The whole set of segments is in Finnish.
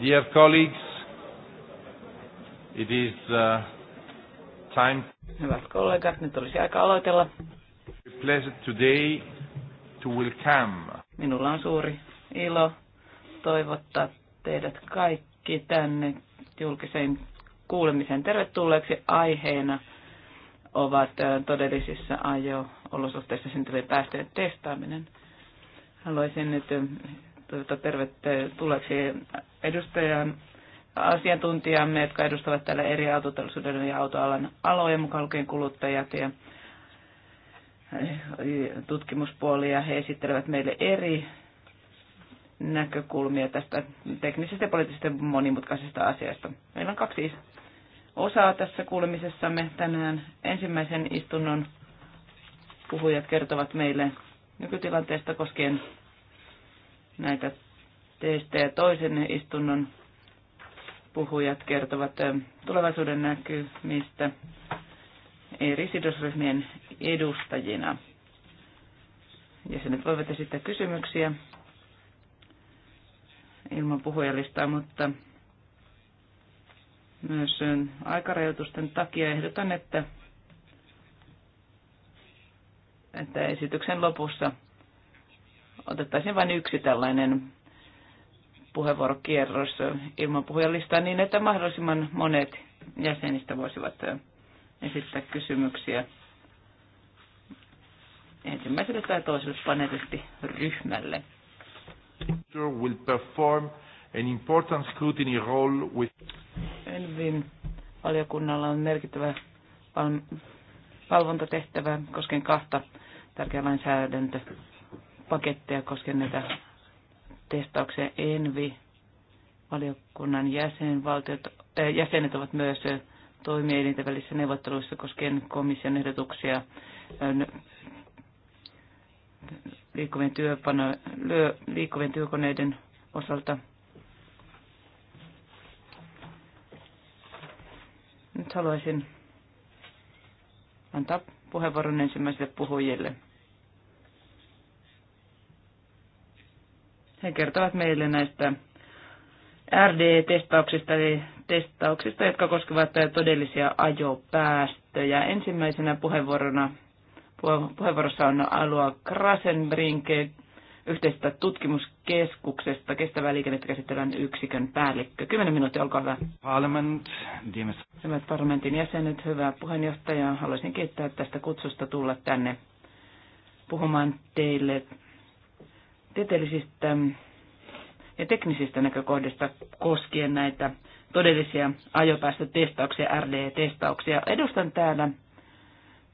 Dear colleagues, it is uh, time. Hyvät kollegat, nyt olisi aika aloitella. Pleasure today to welcome. Minulla on suuri ilo toivottaa teidät kaikki tänne julkiseen kuulemiseen tervetulleeksi. Aiheena ovat todellisissa ajo-olosuhteissa syntyvien päästöjen testaaminen. Haluaisin nyt tervetulleeksi edustajan asiantuntijamme, jotka edustavat täällä eri autoteollisuuden ja autoalan aloja, mukaan lukien kuluttajat ja tutkimuspuoli, ja he esittelevät meille eri näkökulmia tästä teknisestä ja poliittisesta monimutkaisesta asiasta. Meillä on kaksi osaa tässä kuulemisessamme tänään. Ensimmäisen istunnon puhujat kertovat meille nykytilanteesta koskien näitä teistejä Toisen istunnon puhujat kertovat tulevaisuuden näkymistä eri sidosryhmien edustajina. Jäsenet voivat esittää kysymyksiä ilman puhujalistaa, mutta myös aikarajoitusten takia ehdotan, että, että esityksen lopussa otettaisiin vain yksi tällainen puheenvuorokierros ilman puhujalistaa niin, että mahdollisimman monet jäsenistä voisivat esittää kysymyksiä ensimmäiselle tai toiselle ryhmälle. Will perform an important scrutiny role with... Elvin valiokunnalla on merkittävä valvontatehtävä koskien kahta tärkeää lainsäädäntöä paketteja koskien näitä testauksia. Envi, valiokunnan jäsenvaltiot, äh, jäsenet ovat myös toimielinten välissä neuvotteluissa koskien komission ehdotuksia äh, liikkuvien, työpano, lyö, liikkuvien työkoneiden osalta. Nyt haluaisin antaa puheenvuoron ensimmäiselle puhujille. He kertovat meille näistä RDE-testauksista, eli testauksista, jotka koskevat todellisia ajopäästöjä. Ensimmäisenä puheenvuorona, puheenvuorossa on Alua Krasenbrink yhteisestä tutkimuskeskuksesta kestävää liikennettä käsittelevän yksikön päällikkö. Kymmenen minuuttia, olkaa hyvä. Parlament, Hyvät parlamentin jäsenet, hyvä puheenjohtaja. Haluaisin kiittää tästä kutsusta tulla tänne puhumaan teille tieteellisistä ja teknisistä näkökohdista koskien näitä todellisia ajopäästötestauksia, RDE-testauksia. Edustan täällä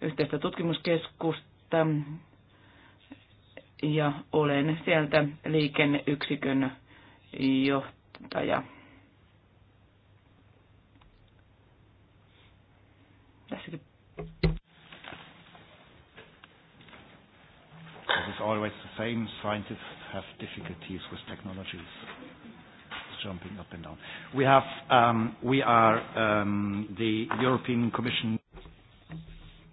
yhteistä tutkimuskeskusta ja olen sieltä liikenneyksikön johtaja. Tässäkin. This is always the same. Scientists have difficulties with technologies jumping up and down. We have, um, we are um, the European Commission.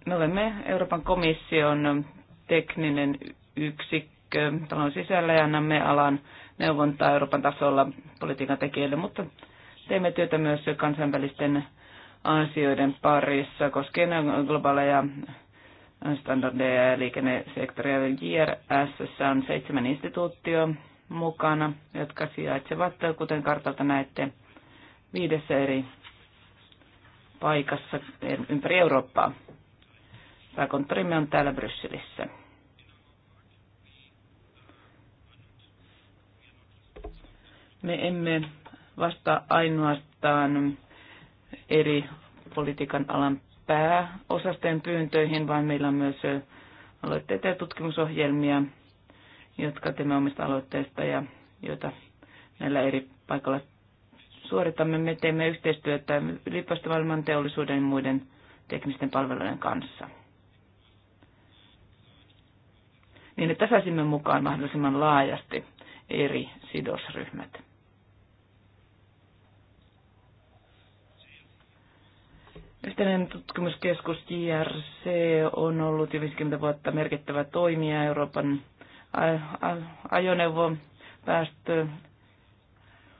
Me olemme Euroopan komission tekninen yksikkö talon sisällä ja annamme alan neuvontaa Euroopan tasolla politiikan tekijöille, mutta teemme työtä myös kansainvälisten asioiden parissa koskien globaaleja liikennesektori ja liikennesektoria. JRS on seitsemän instituutio mukana, jotka sijaitsevat, kuten kartalta näette, viidessä eri paikassa ympäri Eurooppaa. Pääkonttorimme on täällä Brysselissä. Me emme vastaa ainoastaan eri politiikan alan pääosastojen pyyntöihin, vaan meillä on myös aloitteita ja tutkimusohjelmia, jotka teemme omista aloitteista ja joita näillä eri paikalla suoritamme. Me teemme yhteistyötä yliopistovalman teollisuuden ja muiden teknisten palveluiden kanssa. Niin, että saisimme mukaan mahdollisimman laajasti eri sidosryhmät. Yhteinen tutkimuskeskus JRC on ollut jo 50 vuotta merkittävä toimija Euroopan ajoneuvopäästö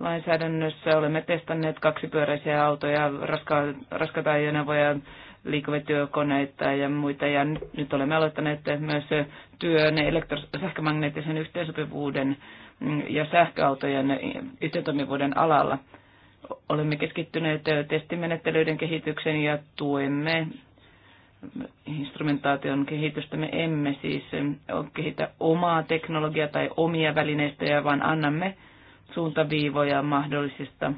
lainsäädännössä. Olemme testanneet kaksipyöräisiä autoja, raskaita ajoneuvoja, liikuvatyökoneita ja muita. Ja nyt olemme aloittaneet myös työn elektrosähkömagneettisen yhteensopivuuden ja sähköautojen yhteentoimivuuden alalla. Olemme keskittyneet testimenettelyiden kehitykseen ja tuemme instrumentaation kehitystä. Me emme siis kehitä omaa teknologiaa tai omia välineistöjä, vaan annamme suuntaviivoja mahdollisista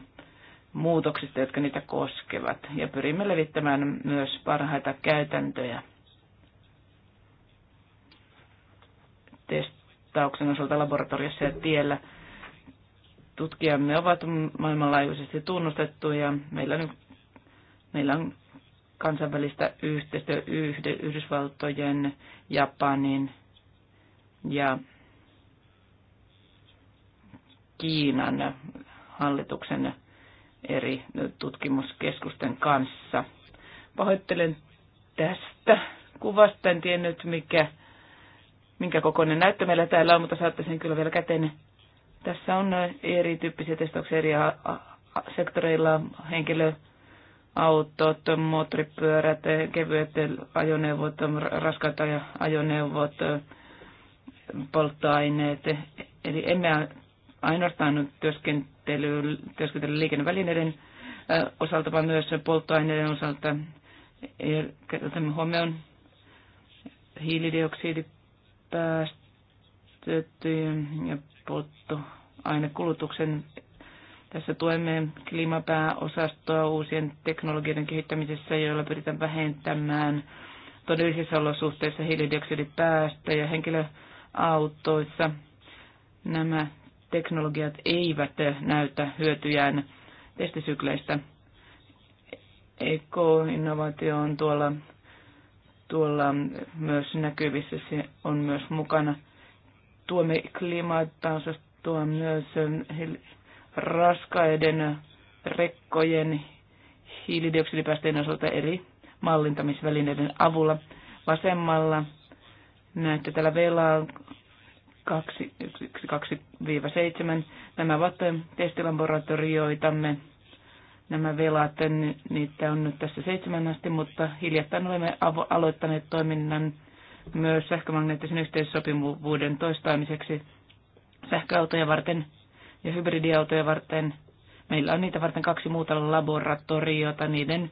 muutoksista, jotka niitä koskevat. Ja pyrimme levittämään myös parhaita käytäntöjä. Testauksen osalta laboratoriossa ja tiellä tutkijamme ovat maailmanlaajuisesti tunnustettuja. Meillä on, meillä on kansainvälistä yhteistyö Yhdysvaltojen, Japanin ja Kiinan hallituksen eri tutkimuskeskusten kanssa. Pahoittelen tästä kuvasta, en tiennyt mikä, minkä kokoinen näyttö meillä täällä on, mutta saatte sen kyllä vielä käteen tässä on erityyppisiä testauksia eri sektoreilla, henkilöautot, moottoripyörät, kevyet ajoneuvot, raskaat ajoneuvot, polttoaineet. Eli emme ainoastaan työskentely, työskentely liikennevälineiden osalta, vaan myös polttoaineiden osalta. Otamme huomioon hiilidioksidipäästöt käytettyjen ja polttoainekulutuksen. Tässä tuemme klimapääosastoa uusien teknologioiden kehittämisessä, joilla pyritään vähentämään todellisissa olosuhteissa hiilidioksidipäästöjä henkilöautoissa. Nämä teknologiat eivät näytä hyötyjään testisykleistä. Eko-innovaatio on tuolla, tuolla myös näkyvissä, se on myös mukana klimaattansa, tuo myös raskaiden rekkojen hiilidioksidipäästöjen osalta eri mallintamisvälineiden avulla. Vasemmalla näette täällä velaa 2-7. Nämä ovat testilaboratorioitamme. Nämä velat, niitä on nyt tässä seitsemän asti, mutta hiljattain olemme aloittaneet toiminnan myös sähkömagneettisen yhteissopimuvuuden toistaamiseksi sähköautoja varten ja hybridiautoja varten. Meillä on niitä varten kaksi muuta laboratoriota. Niiden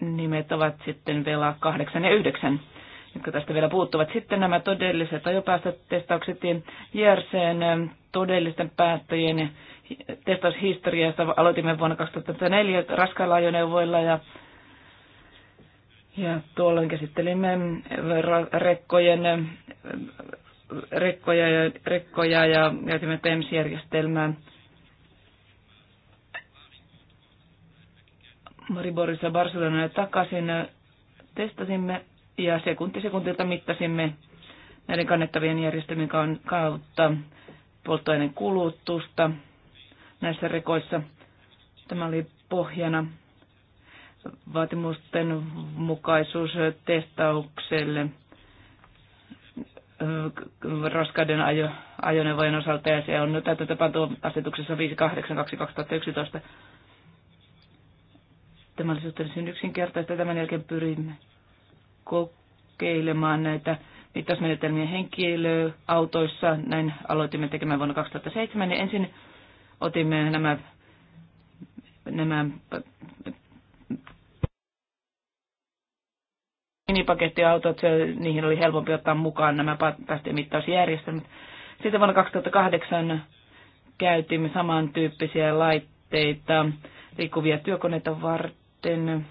nimet ovat sitten vielä 8 ja 9, jotka tästä vielä puuttuvat. Sitten nämä todelliset ajopäästötestaukset JRCn ähm, todellisten päästöjen testaushistoriasta aloitimme vuonna 2004 raskailla ajoneuvoilla ja ja tuolloin käsittelimme rekkojen, rekkoja ja, rekkoja ja käytimme TEMS-järjestelmää. Mariborissa Barcelonaan takaisin testasimme ja sekunti sekuntilta mittasimme näiden kannettavien järjestelmien kautta polttoaineen kulutusta näissä rekoissa. Tämä oli pohjana vaatimusten mukaisuus testaukselle raskaiden ajo, ajoneuvojen osalta ja se on nyt täytäntöpantu asetuksessa 582-2011. Tämä oli suhteellisen yksinkertaista. Tämän jälkeen pyrimme kokeilemaan näitä mittausmenetelmiä henkilöautoissa. Näin aloitimme tekemään vuonna 2007 ja ensin otimme nämä, nämä minipakettiautot, niihin oli helpompi ottaa mukaan nämä päästöjen mittausjärjestelmät. Sitten vuonna 2008 käytimme samantyyppisiä laitteita liikkuvia työkoneita varten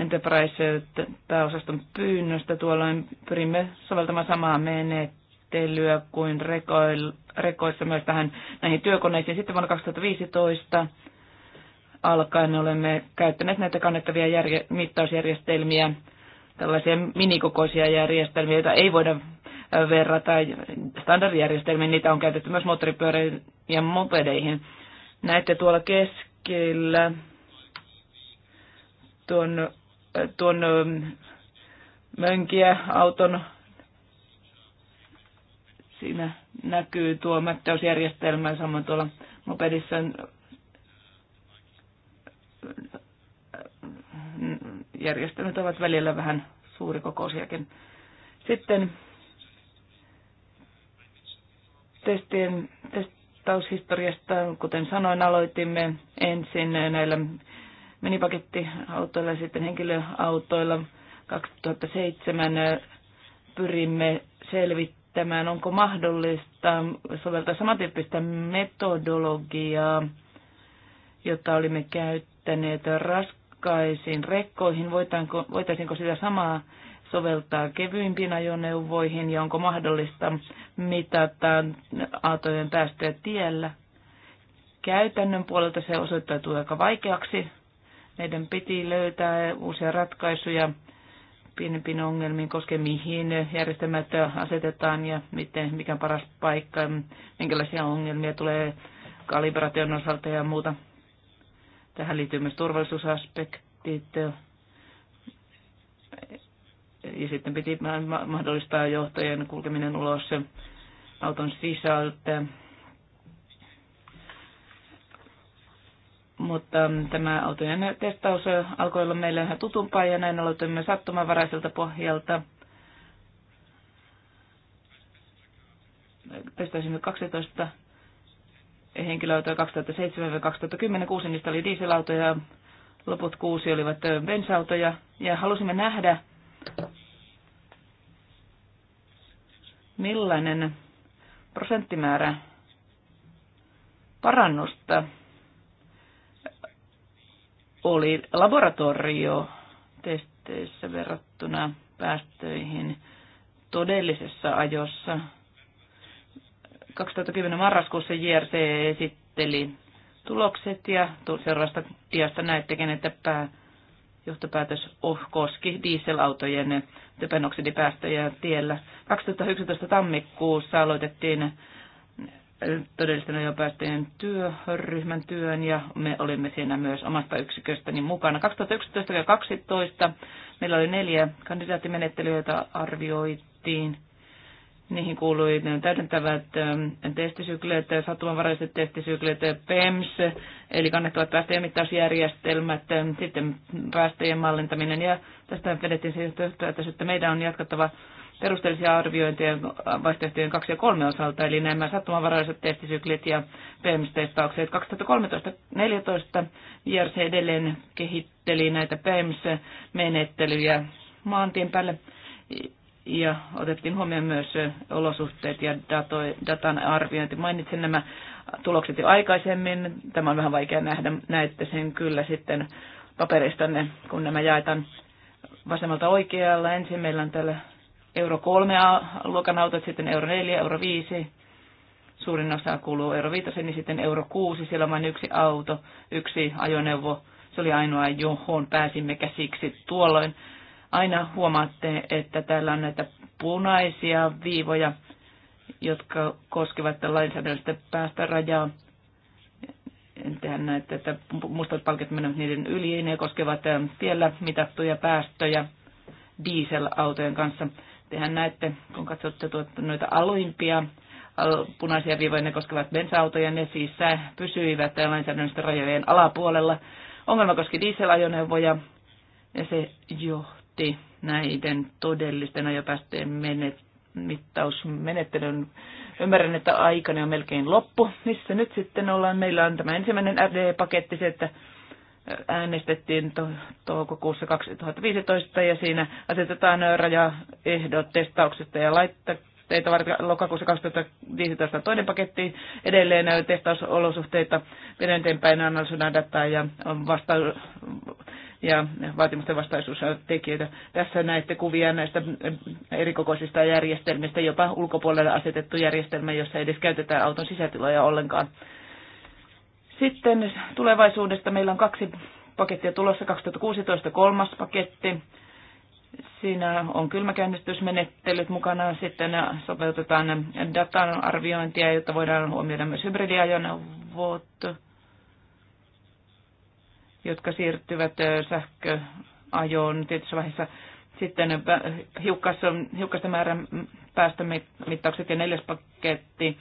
Enterprise-pääosaston pyynnöstä. Tuolloin pyrimme soveltamaan samaa menettelyä kuin rekoissa myös tähän näihin työkoneisiin. Sitten vuonna 2015 alkaen olemme käyttäneet näitä kannettavia järje- mittausjärjestelmiä, tällaisia minikokoisia järjestelmiä, joita ei voida verrata standardijärjestelmiin. Niitä on käytetty myös moottoripyöriin ja mopedeihin. Näette tuolla keskellä tuon, tuon mönkiä auton. Siinä näkyy tuo mättäysjärjestelmä, samoin tuolla mopedissa järjestelmät ovat välillä vähän suurikokoisiakin. Sitten testien, testaushistoriasta, kuten sanoin, aloitimme ensin näillä minipakettiautoilla ja sitten henkilöautoilla 2007 pyrimme selvittämään, onko mahdollista soveltaa samantyyppistä metodologiaa, jota olimme käyttäneet liittäneet raskaisiin rekkoihin. Voitaisiinko sitä samaa soveltaa kevyimpiin ajoneuvoihin ja onko mahdollista mitata autojen päästöjä tiellä? Käytännön puolelta se osoittautuu aika vaikeaksi. Meidän piti löytää uusia ratkaisuja pienempiin ongelmiin koskee mihin järjestelmät asetetaan ja miten, mikä on paras paikka, minkälaisia ongelmia tulee kalibraation osalta ja muuta. Tähän liittyy myös turvallisuusaspektit. Ja sitten piti mahdollistaa johtajien kulkeminen ulos auton sisältä. Mutta tämä autojen testaus alkoi olla meille ihan tutumpaa ja näin aloitimme sattumanvaraiselta pohjalta. Testaisimme 12 henkilöautoja 2007-2010. Kuusi niistä oli dieselautoja, loput kuusi olivat bensautoja. Ja halusimme nähdä, millainen prosenttimäärä parannusta oli laboratoriotesteissä verrattuna päästöihin todellisessa ajossa 2010 marraskuussa JRC esitteli tulokset ja seuraavasta tiasta näettekin, että pää, johtopäätös oh-, koski dieselautojen typenoksidipäästöjä tiellä. 2011 tammikuussa aloitettiin todellisten ajopäästöjen työryhmän työn ja me olimme siinä myös omasta yksiköstäni mukana. 2011 ja 2012 meillä oli neljä kandidaattimenettelyä, joita arvioitiin Niihin kuului täydentävät ähm, testisyklet, sattumanvaraiset testisyklet, PEMS, eli kannettavat päästöjen mittausjärjestelmät, ähm, sitten päästöjen mallintaminen. Ja tästä vedettiin se siis johtopäätös, että meidän on jatkattava perusteellisia arviointeja vaihtoehtojen 2 ja 3 osalta, eli nämä sattumanvaraiset testisyklit ja PEMS-testaukset. 2013-2014 JRC edelleen kehitteli näitä PEMS-menettelyjä maantien päälle ja otettiin huomioon myös olosuhteet ja datan arviointi. Mainitsin nämä tulokset jo aikaisemmin. Tämä on vähän vaikea nähdä. Näette sen kyllä sitten paperistanne, kun nämä jaetaan vasemmalta oikealla. Ensin meillä on täällä euro 3 luokan autot, sitten euro 4, euro 5. Suurin osa kuuluu euro 5, niin sitten euro 6. Siellä on vain yksi auto, yksi ajoneuvo. Se oli ainoa, johon pääsimme käsiksi tuolloin Aina huomaatte, että täällä on näitä punaisia viivoja, jotka koskevat lainsäädännöllistä päästörajaa. Tehän näette, että mustat palkit menevät niiden yli, ne koskevat ähm, tiellä mitattuja päästöjä dieselautojen kanssa. Tehän näette, kun katsotte tuota, noita aloimpia punaisia viivoja, ne koskevat bensa-autoja, ne siis äh, pysyivät lainsäädännöllisten rajojen alapuolella. Ongelma koski dieselajoneuvoja ja se jo vaikutti näiden todellisten ajopäästöjen menet, mittausmenettelyn. Ymmärrän, että aikana on melkein loppu. Missä nyt sitten ollaan? Meillä on tämä ensimmäinen RDE-paketti, se, että äänestettiin to- toukokuussa 2015 ja siinä asetetaan rajaehdot testauksesta ja laitteita varten lokakuussa 2015 toinen paketti edelleen testausolosuhteita pidenteenpäin analysoidaan dataa ja vasta- ja vaatimusten vastaisuustekijöitä. Tässä näette kuvia näistä erikokoisista järjestelmistä, jopa ulkopuolelle asetettu järjestelmä, jossa ei edes käytetään auton sisätiloja ollenkaan. Sitten tulevaisuudesta meillä on kaksi pakettia tulossa, 2016 kolmas paketti. Siinä on kylmäkäynnistysmenettelyt mukana, sitten sopeutetaan datan arviointia, jotta voidaan huomioida myös hybridiajoneuvot jotka siirtyvät sähköajoon tietyssä vaiheessa. Sitten hiukkasten määrän päästömittaukset ja neljäs paketti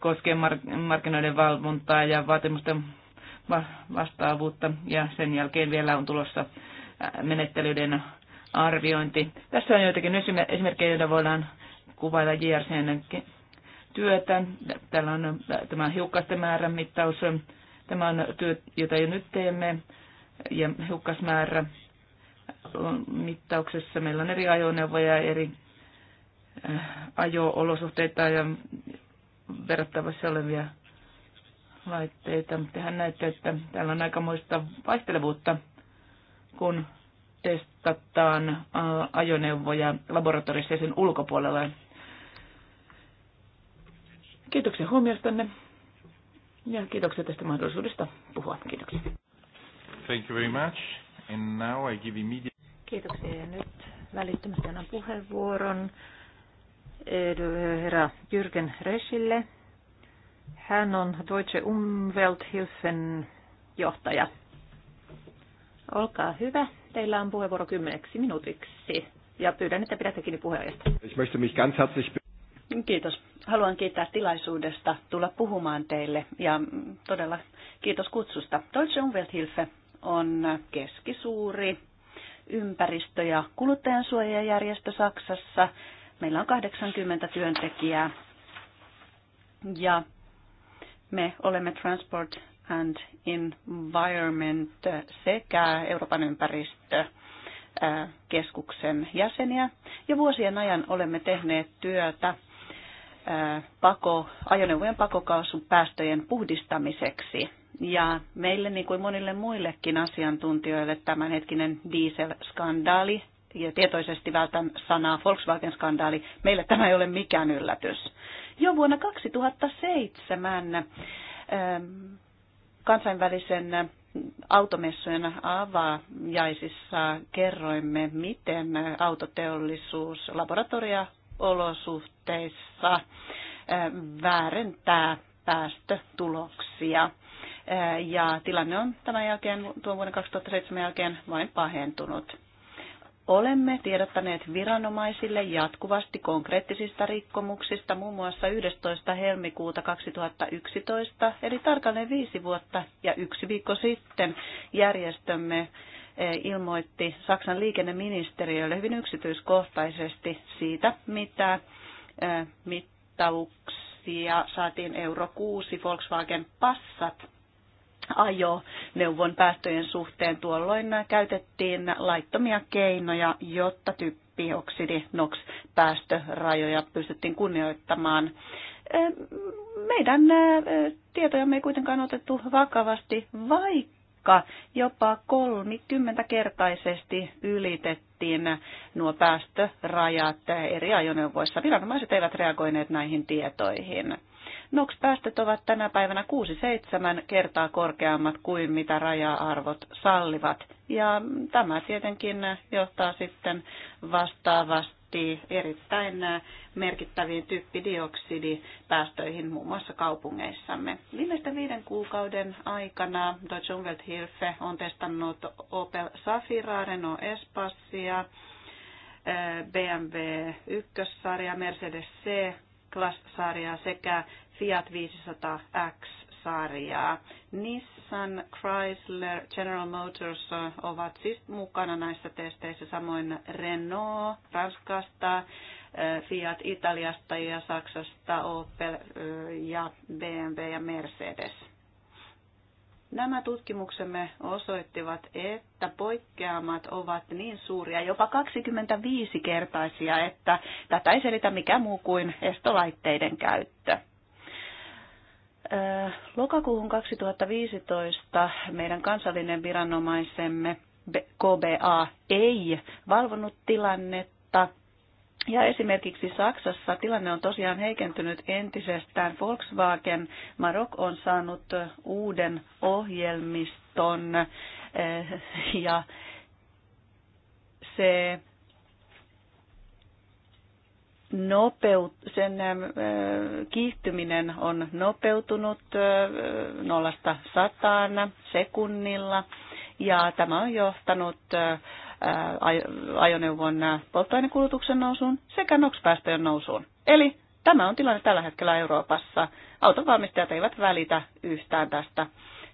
koskee markkinoiden valvontaa ja vaatimusten vastaavuutta ja sen jälkeen vielä on tulossa menettelyiden arviointi. Tässä on joitakin esimerkkejä, joita voidaan kuvailla JRCn työtä. Täällä on tämä hiukkasten määrän mittaus, Tämä on työ, jota jo nyt teemme ja hukkasmäärä mittauksessa. Meillä on eri ajoneuvoja, eri äh, ajo-olosuhteita ja verrattavassa olevia laitteita. Tehän näette, että täällä on aikamoista vaihtelevuutta, kun testataan äh, ajoneuvoja laboratoriossa ja sen ulkopuolella. Kiitoksia huomiostanne. Ja kiitoksia tästä mahdollisuudesta puhua. Kiitoksia. Thank you very much. And now I give immediate... Kiitoksia. Ja nyt välittömästi annan puheenvuoron herra Jürgen Reschille. Hän on Deutsche Umwelthilfen johtaja. Olkaa hyvä. Teillä on puheenvuoro kymmeneksi minuutiksi. Ja pyydän, että pidätte kiinni puheenjohtajasta. Kiitos haluan kiittää tilaisuudesta tulla puhumaan teille ja todella kiitos kutsusta. Deutsche Umwelthilfe on keskisuuri ympäristö- ja kuluttajansuojajärjestö Saksassa. Meillä on 80 työntekijää ja me olemme Transport and Environment sekä Euroopan ympäristö äh, keskuksen jäseniä ja vuosien ajan olemme tehneet työtä pako, ajoneuvojen pakokaasun päästöjen puhdistamiseksi. Ja meille, niin kuin monille muillekin asiantuntijoille, tämänhetkinen dieselskandaali, ja tietoisesti vältän sanaa Volkswagen-skandaali, meille tämä ei ole mikään yllätys. Jo vuonna 2007 kansainvälisen automessujen avaajaisissa kerroimme, miten autoteollisuus laboratoria olosuhteissa väärentää päästötuloksia. Ja tilanne on tämän jälkeen, tuon vuoden 2007 jälkeen vain pahentunut. Olemme tiedottaneet viranomaisille jatkuvasti konkreettisista rikkomuksista muun muassa 11. helmikuuta 2011, eli tarkalleen viisi vuotta ja yksi viikko sitten järjestömme Eh, ilmoitti Saksan liikenneministeriölle hyvin yksityiskohtaisesti siitä, mitä eh, mittauksia saatiin Euro 6 Volkswagen Passat ajo neuvon päästöjen suhteen. Tuolloin käytettiin laittomia keinoja, jotta typpioksidi NOx päästörajoja pystyttiin kunnioittamaan. Eh, meidän tietoja me ei kuitenkaan otettu vakavasti, vaikka saakka jopa 30-kertaisesti ylitettiin nuo päästörajat eri ajoneuvoissa. Viranomaiset eivät reagoineet näihin tietoihin. NOx-päästöt ovat tänä päivänä 6-7 kertaa korkeammat kuin mitä raja-arvot sallivat. Ja tämä tietenkin johtaa sitten vastaavasti johti erittäin äh, merkittäviin typpidioksidipäästöihin muun muassa kaupungeissamme. Viimeisten viiden kuukauden aikana Deutsche Umwelthilfe on testannut Opel Safira, Renault Espacia, äh, BMW 1-sarja, Mercedes C-Class-sarja sekä Fiat 500X sarjaa. Nissan, Chrysler, General Motors ovat siis mukana näissä testeissä, samoin Renault Ranskasta, Fiat Italiasta ja Saksasta, Opel ja BMW ja Mercedes. Nämä tutkimuksemme osoittivat, että poikkeamat ovat niin suuria, jopa 25-kertaisia, että tätä ei selitä mikä muu kuin estolaitteiden käyttö. Lokakuuhun 2015 meidän kansallinen viranomaisemme KBA ei valvonut tilannetta. Ja esimerkiksi Saksassa tilanne on tosiaan heikentynyt entisestään. Volkswagen Marok on saanut uuden ohjelmiston ja se nopeut, sen ähm, kiihtyminen on nopeutunut äh, nollasta sataan sekunnilla ja tämä on johtanut äh, äh, ajoneuvon polttoainekulutuksen nousuun sekä NOx-päästöjen nousuun. Eli tämä on tilanne tällä hetkellä Euroopassa. Autonvalmistajat eivät välitä yhtään tästä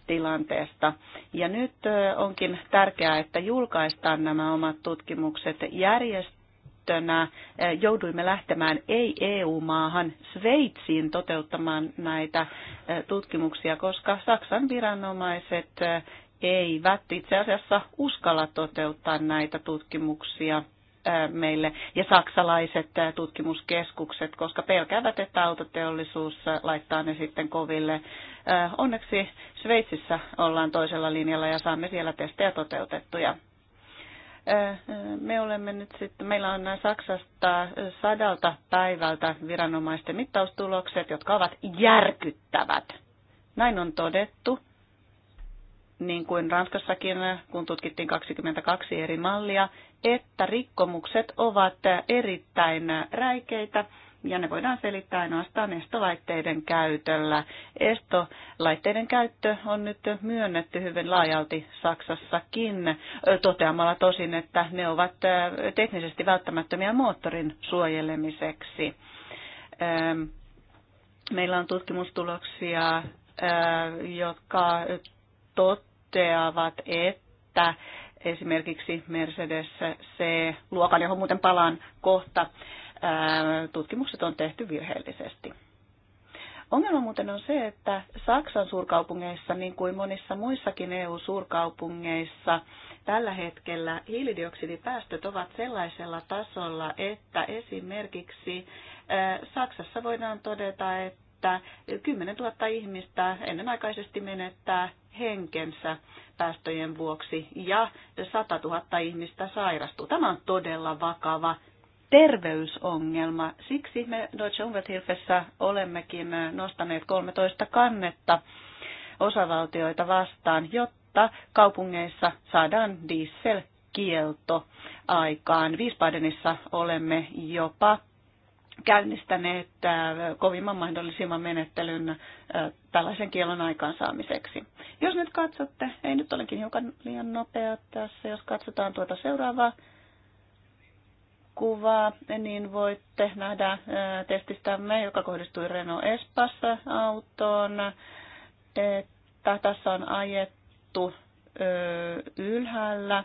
tilanteesta. Ja nyt onkin tärkeää, että julkaistaan nämä omat tutkimukset järjestelmään enemmistönä jouduimme lähtemään ei-EU-maahan Sveitsiin toteuttamaan näitä tutkimuksia, koska Saksan viranomaiset eivät itse asiassa uskalla toteuttaa näitä tutkimuksia meille ja saksalaiset tutkimuskeskukset, koska pelkäävät, että autoteollisuus laittaa ne sitten koville. Onneksi Sveitsissä ollaan toisella linjalla ja saamme siellä testejä toteutettuja me olemme nyt sitten, meillä on Saksasta sadalta päivältä viranomaisten mittaustulokset, jotka ovat järkyttävät. Näin on todettu, niin kuin Ranskassakin, kun tutkittiin 22 eri mallia, että rikkomukset ovat erittäin räikeitä ja ne voidaan selittää ainoastaan estolaitteiden käytöllä. Estolaitteiden käyttö on nyt myönnetty hyvin laajalti Saksassakin, toteamalla tosin, että ne ovat teknisesti välttämättömiä moottorin suojelemiseksi. Meillä on tutkimustuloksia, jotka toteavat, että esimerkiksi Mercedes C-luokan, johon muuten palaan kohta, Ähm, tutkimukset on tehty virheellisesti. Ongelma muuten on se, että Saksan suurkaupungeissa, niin kuin monissa muissakin EU-suurkaupungeissa, tällä hetkellä hiilidioksidipäästöt ovat sellaisella tasolla, että esimerkiksi äh, Saksassa voidaan todeta, että 10 000 ihmistä ennenaikaisesti menettää henkensä päästöjen vuoksi ja 100 000 ihmistä sairastuu. Tämä on todella vakava terveysongelma. Siksi me Deutsche Umwelthilfessä olemmekin nostaneet 13 kannetta osavaltioita vastaan, jotta kaupungeissa saadaan dieselkielto aikaan. Viisbadenissa olemme jopa käynnistäneet äh, kovimman mahdollisimman menettelyn äh, tällaisen kielon aikaansaamiseksi. Jos nyt katsotte, ei nyt olekin hiukan liian nopea tässä, jos katsotaan tuota seuraavaa kuvaa, niin voitte nähdä äh, testistämme, joka kohdistui Renault Espassa autoon, että tässä on ajettu ylhäällä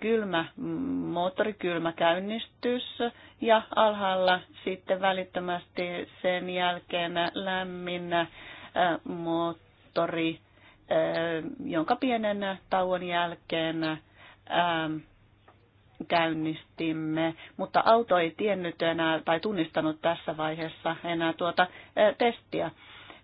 kylmä kylmä käynnistys ja alhaalla sitten välittömästi sen jälkeen lämmin moottori, jonka pienen tauon jälkeen käynnistimme, mutta auto ei tiennyt enää tai tunnistanut tässä vaiheessa enää tuota testiä.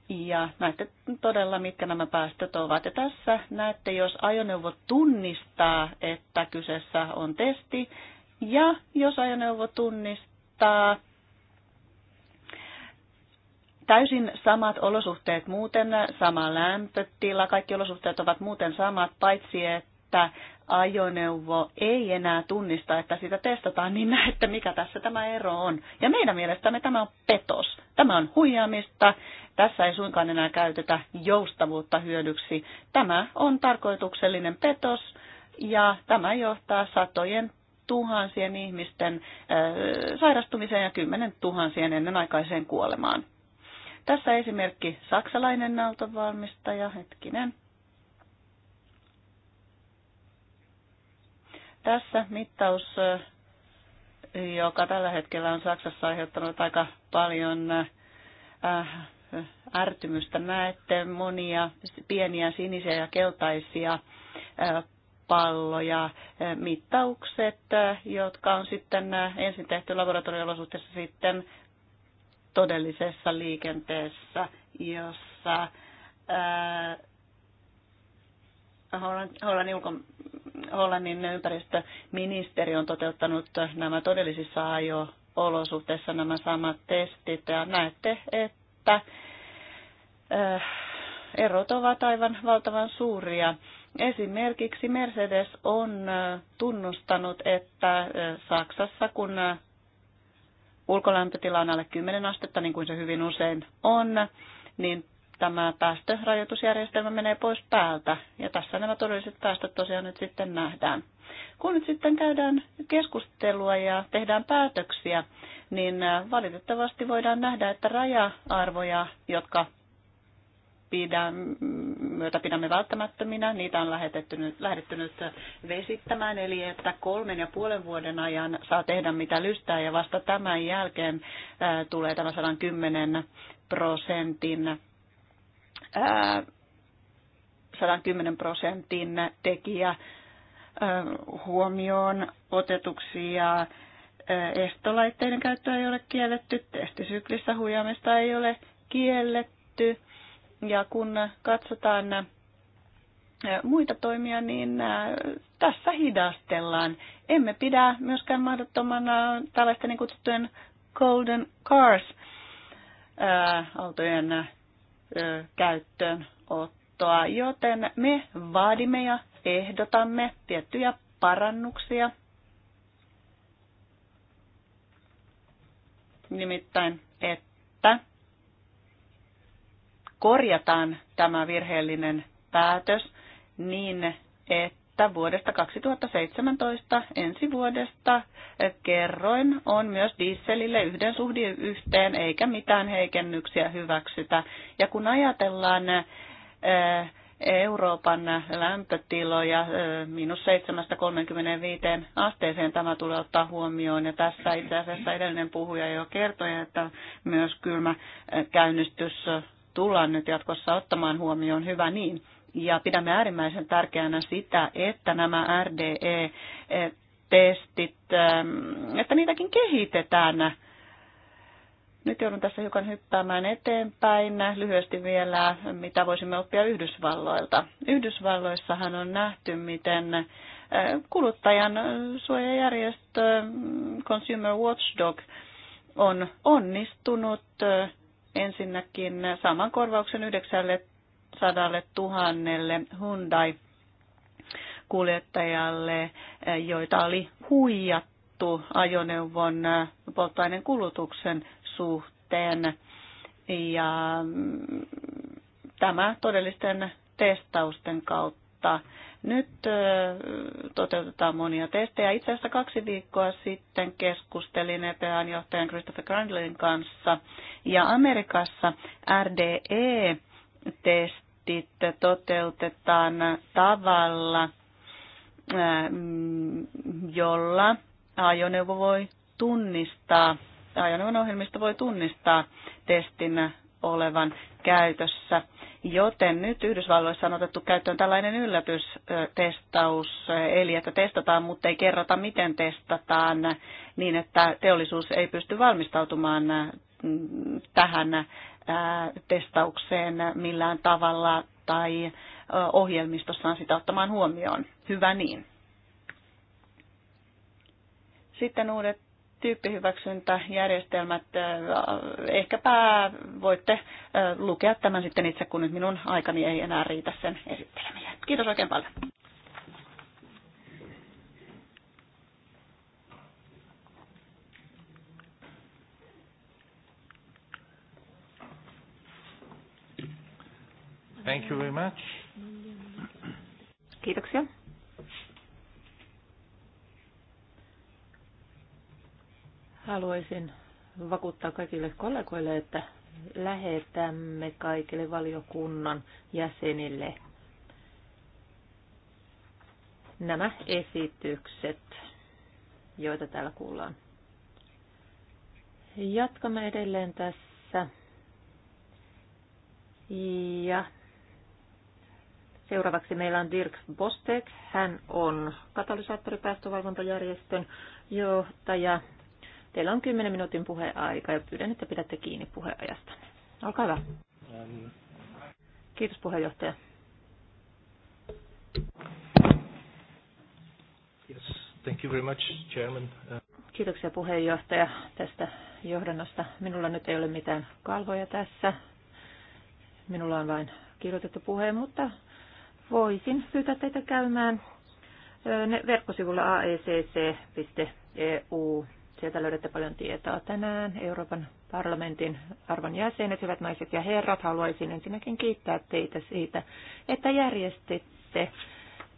Ja näette todella, mitkä nämä päästöt ovat. Ja tässä näette, jos ajoneuvo tunnistaa, että kyseessä on testi, ja jos ajoneuvo tunnistaa täysin samat olosuhteet muuten, sama lämpötila, kaikki olosuhteet ovat muuten samat, paitsi että ajoneuvo ei enää tunnista, että sitä testataan, niin näette, mikä tässä tämä ero on. Ja meidän mielestämme tämä on petos. Tämä on huijaamista. Tässä ei suinkaan enää käytetä joustavuutta hyödyksi. Tämä on tarkoituksellinen petos ja tämä johtaa satojen tuhansien ihmisten sairastumiseen ja kymmenen tuhansien ennenaikaiseen kuolemaan. Tässä esimerkki saksalainen autonvalmistaja, hetkinen. Tässä mittaus, joka tällä hetkellä on Saksassa aiheuttanut aika paljon äh, ärtymystä, näette monia pieniä sinisiä ja keltaisia äh, palloja, mittaukset, jotka on sitten äh, ensin tehty laboratoriolosuhteessa sitten todellisessa liikenteessä, jossa Hollannin ulko, Hollannin ympäristöministeri on toteuttanut nämä todellisissa ajo-olosuhteissa nämä samat testit ja näette, että äh, erot ovat aivan valtavan suuria. Esimerkiksi Mercedes on äh, tunnustanut, että äh, Saksassa kun ulkolämpötila on alle 10 astetta, niin kuin se hyvin usein on, niin tämä päästörajoitusjärjestelmä menee pois päältä. Ja tässä nämä todelliset päästöt tosiaan nyt sitten nähdään. Kun nyt sitten käydään keskustelua ja tehdään päätöksiä, niin valitettavasti voidaan nähdä, että raja-arvoja, jotka pidän, myötä pidämme välttämättöminä. Niitä on lähetetty nyt, lähdetty nyt vesittämään, eli että kolmen ja puolen vuoden ajan saa tehdä mitä lystää ja vasta tämän jälkeen tulee tämä 110 prosentin 110 prosentin tekijä huomioon otetuksi ja estolaitteiden käyttöä ei ole kielletty, testisyklissä huijaamista ei ole kielletty. Ja kun katsotaan muita toimia, niin tässä hidastellaan. Emme pidä myöskään mahdottomana tällaisten niin kutsuttujen golden cars autojen käyttöönottoa, joten me vaadimme ja ehdotamme tiettyjä parannuksia. Nimittäin, että korjataan tämä virheellinen päätös niin, että että vuodesta 2017 ensi vuodesta kerroin on myös dieselille yhden suhdin yhteen, eikä mitään heikennyksiä hyväksytä. Ja kun ajatellaan eh, Euroopan lämpötiloja eh, miinus 7-35 asteeseen tämä tulee ottaa huomioon. Ja tässä itse asiassa edellinen puhuja jo kertoi, että myös kylmä eh, käynnistys tullaan nyt jatkossa ottamaan huomioon. Hyvä niin ja pidämme äärimmäisen tärkeänä sitä, että nämä RDE-testit, ähm, että niitäkin kehitetään. Nyt joudun tässä hiukan hyppäämään eteenpäin. Lyhyesti vielä, mitä voisimme oppia Yhdysvalloilta. Yhdysvalloissahan on nähty, miten äh, kuluttajan suojajärjestö äh, Consumer Watchdog on onnistunut äh, ensinnäkin saman korvauksen yhdeksälle 200 000 Hyundai kuljettajalle, eh, joita oli huijattu ajoneuvon eh, polttoaineen kulutuksen suhteen. Ja mm, tämä todellisten testausten kautta. Nyt eh, toteutetaan monia testejä. Itse asiassa kaksi viikkoa sitten keskustelin EPAn johtajan Christopher Grandlin kanssa. Ja Amerikassa RDE-testi projektit toteutetaan tavalla, jolla ajoneuvo voi tunnistaa, ajoneuvon ohjelmista voi tunnistaa testin olevan käytössä. Joten nyt Yhdysvalloissa on otettu käyttöön tällainen yllätystestaus, eli että testataan, mutta ei kerrota, miten testataan, niin että teollisuus ei pysty valmistautumaan mm, tähän testaukseen millään tavalla tai ohjelmistossaan sitä ottamaan huomioon. Hyvä niin. Sitten uudet tyyppihyväksyntäjärjestelmät, ehkäpä voitte lukea tämän sitten itse, kun nyt minun aikani ei enää riitä sen esittelemiseen. Kiitos oikein paljon. Thank you very much. Kiitoksia. Haluaisin vakuuttaa kaikille kollegoille, että lähetämme kaikille valiokunnan jäsenille nämä esitykset, joita täällä kuullaan. Jatkamme edelleen tässä. Ja Seuraavaksi meillä on Dirk Bostek. Hän on katalysaattoripäästövalvontajärjestön johtaja. Teillä on 10 minuutin puheaika ja pyydän, että pidätte kiinni puheajasta. Olkaa hyvä. Ähm. Kiitos puheenjohtaja. Yes, thank you very much, Chairman. Äh. Kiitoksia puheenjohtaja tästä johdannosta. Minulla nyt ei ole mitään kalvoja tässä. Minulla on vain kirjoitettu puheen, mutta voisin pyytää teitä käymään verkkosivulla aecc.eu. E Sieltä löydätte paljon tietoa tänään. Euroopan parlamentin arvon jäsenet, hyvät naiset ja herrat, haluaisin ensinnäkin kiittää teitä siitä, että järjestitte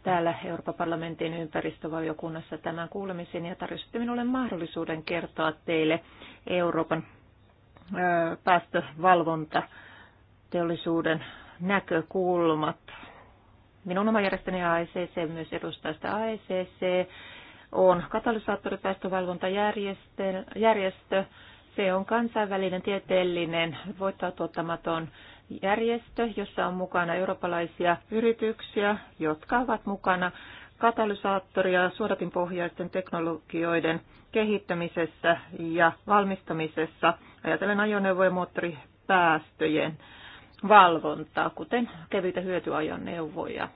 täällä Euroopan parlamentin ympäristövaliokunnassa tämän kuulemisen ja tarjositte minulle mahdollisuuden kertoa teille Euroopan päästövalvonta teollisuuden näkökulmat minun oma järjestäni AECC myös edustaa sitä AECC, on katalysaattoripäästövalvontajärjestö. Se on kansainvälinen tieteellinen voittaa tuottamaton järjestö, jossa on mukana eurooppalaisia yrityksiä, jotka ovat mukana katalysaattoria suodatinpohjaisten teknologioiden kehittämisessä ja valmistamisessa, ajatellen ajoneuvojen moottoripäästöjen valvontaa, kuten kevyitä hyötyajoneuvoja.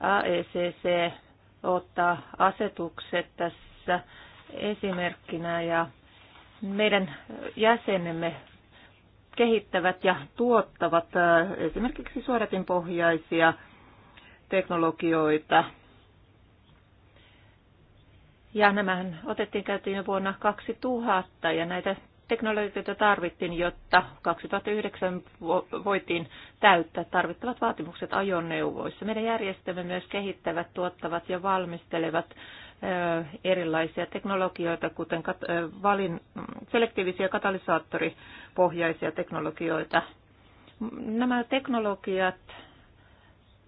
AECC ottaa asetukset tässä esimerkkinä ja meidän jäsenemme kehittävät ja tuottavat esimerkiksi suodatinpohjaisia teknologioita. Ja nämähän otettiin käyttöön jo vuonna 2000 ja näitä teknologioita tarvittiin, jotta 2009 voitiin täyttää tarvittavat vaatimukset ajoneuvoissa. Meidän järjestelmä myös kehittävät, tuottavat ja valmistelevat erilaisia teknologioita, kuten valin, selektiivisiä katalysaattoripohjaisia teknologioita. Nämä teknologiat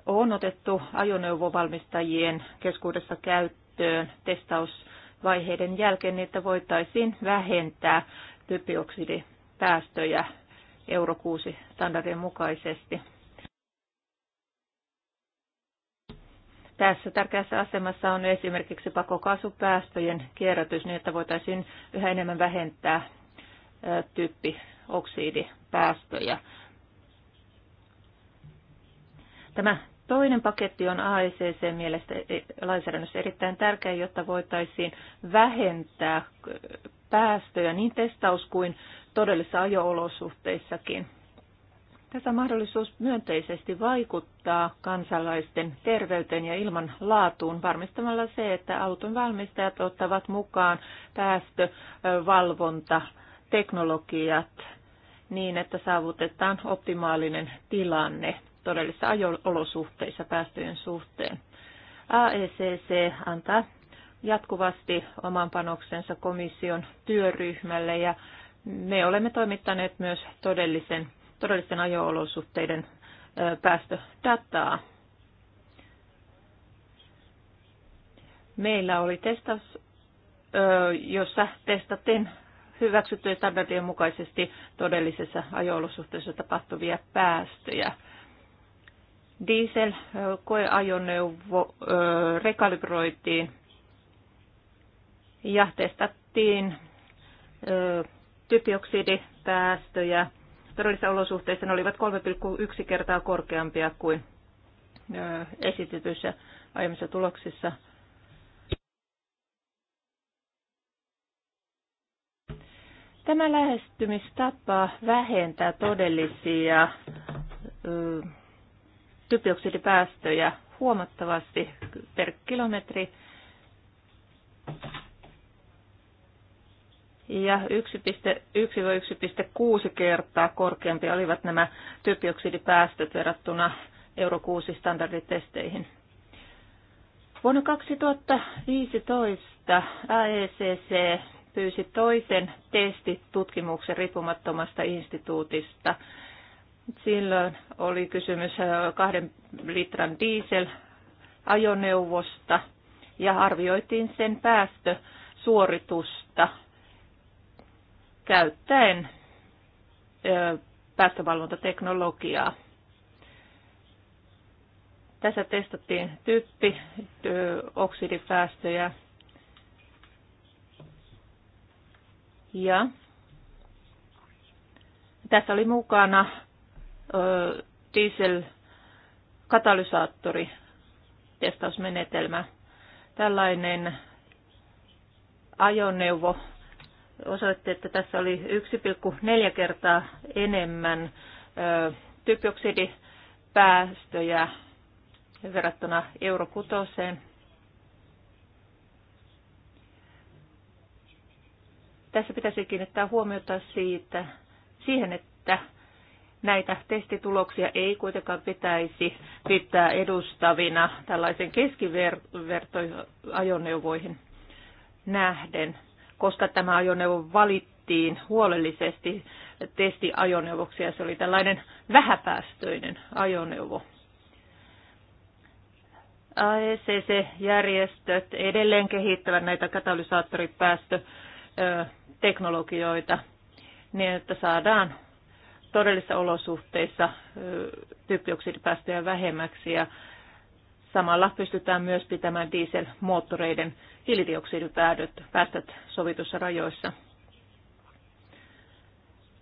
on otettu ajoneuvovalmistajien keskuudessa käyttöön testausvaiheiden jälkeen, jälkeen niitä voitaisiin vähentää typioksidipäästöjä Euro 6 standardien mukaisesti. Tässä tärkeässä asemassa on esimerkiksi pakokaasupäästöjen kierrätys niin, että voitaisiin yhä enemmän vähentää typpioksidipäästöjä. Tämä Toinen paketti on AECC mielestä e, lainsäädännössä erittäin tärkeä, jotta voitaisiin vähentää päästöjä niin testaus kuin todellisissa olosuhteissakin. Tässä mahdollisuus myönteisesti vaikuttaa kansalaisten terveyteen ja ilman laatuun varmistamalla se, että auton valmistajat ottavat mukaan päästövalvonta, teknologiat niin, että saavutetaan optimaalinen tilanne todellista ajolosuhteissa päästöjen suhteen. AECC antaa jatkuvasti oman panoksensa komission työryhmälle ja me olemme toimittaneet myös todellisen, todellisten ajoolosuhteiden päästödataa. Meillä oli testaus, jossa testattiin hyväksyttyjen standardien mukaisesti todellisessa ajoolosuhteessa tapahtuvia päästöjä. Diesel koeajoneuvo rekalibroitiin ja testattiin typioksidipäästöjä. Todellisissa olosuhteissa ne olivat 3,1 kertaa korkeampia kuin esitetyissä aiemmissa tuloksissa. Tämä lähestymistapa vähentää todellisia typioksidipäästöjä huomattavasti per kilometri. Ja 1,1-1,6 kertaa korkeampi olivat nämä typioksidipäästöt verrattuna Euro 6-standarditesteihin. Vuonna 2015 AECC pyysi toisen testitutkimuksen riippumattomasta instituutista – Silloin oli kysymys äh, kahden litran diesel-ajoneuvosta ja arvioitiin sen päästösuoritusta käyttäen päästövalvontateknologiaa. Tässä testattiin tyyppi oksidipäästöjä ja tässä oli mukana katalysaattori testausmenetelmä. Tällainen ajoneuvo osoitti, että tässä oli 1,4 kertaa enemmän typioksidipäästöjä verrattuna euro 6. Tässä pitäisi kiinnittää huomiota siitä, siihen, että Näitä testituloksia ei kuitenkaan pitäisi pitää edustavina tällaisen keskivertoajoneuvoihin nähden, koska tämä ajoneuvo valittiin huolellisesti testiajoneuvoksi ja se oli tällainen vähäpäästöinen ajoneuvo. AECC-järjestöt edelleen kehittävät näitä katalysaattoripäästöteknologioita niin, että saadaan todellisissa olosuhteissa typpioksidipäästöjä vähemmäksi ja samalla pystytään myös pitämään dieselmoottoreiden hiilidioksidipäästöt päästöt sovitussa rajoissa.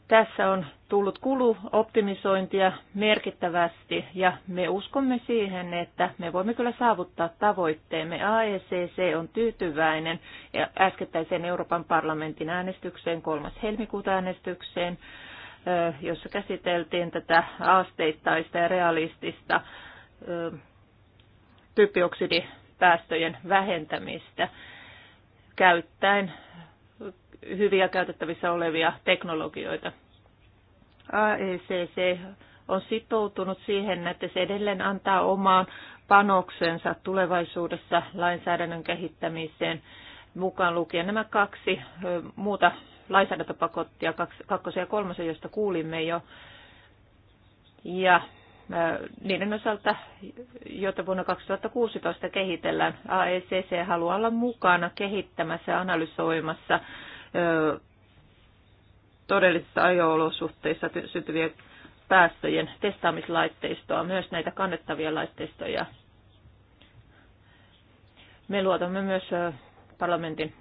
Tässä on tullut kuluoptimisointia merkittävästi ja me uskomme siihen, että me voimme kyllä saavuttaa tavoitteemme. AECC on tyytyväinen äskettäiseen Euroopan parlamentin äänestykseen, kolmas helmikuuta äänestykseen, jossa käsiteltiin tätä asteittaista ja realistista typioksidipäästöjen vähentämistä käyttäen hyviä käytettävissä olevia teknologioita. AECC on sitoutunut siihen, että se edelleen antaa omaan panoksensa tulevaisuudessa lainsäädännön kehittämiseen mukaan lukien nämä kaksi muuta lainsäädäntöpakottia kakkosen ja kolmosen, joista kuulimme jo. Ja niiden osalta, joita vuonna 2016 kehitellään. AECC haluaa olla mukana kehittämässä ja analysoimassa todellisissa ajo-olosuhteissa syntyviä päästöjen testaamislaitteistoa, myös näitä kannettavia laitteistoja. Me luotamme myös parlamentin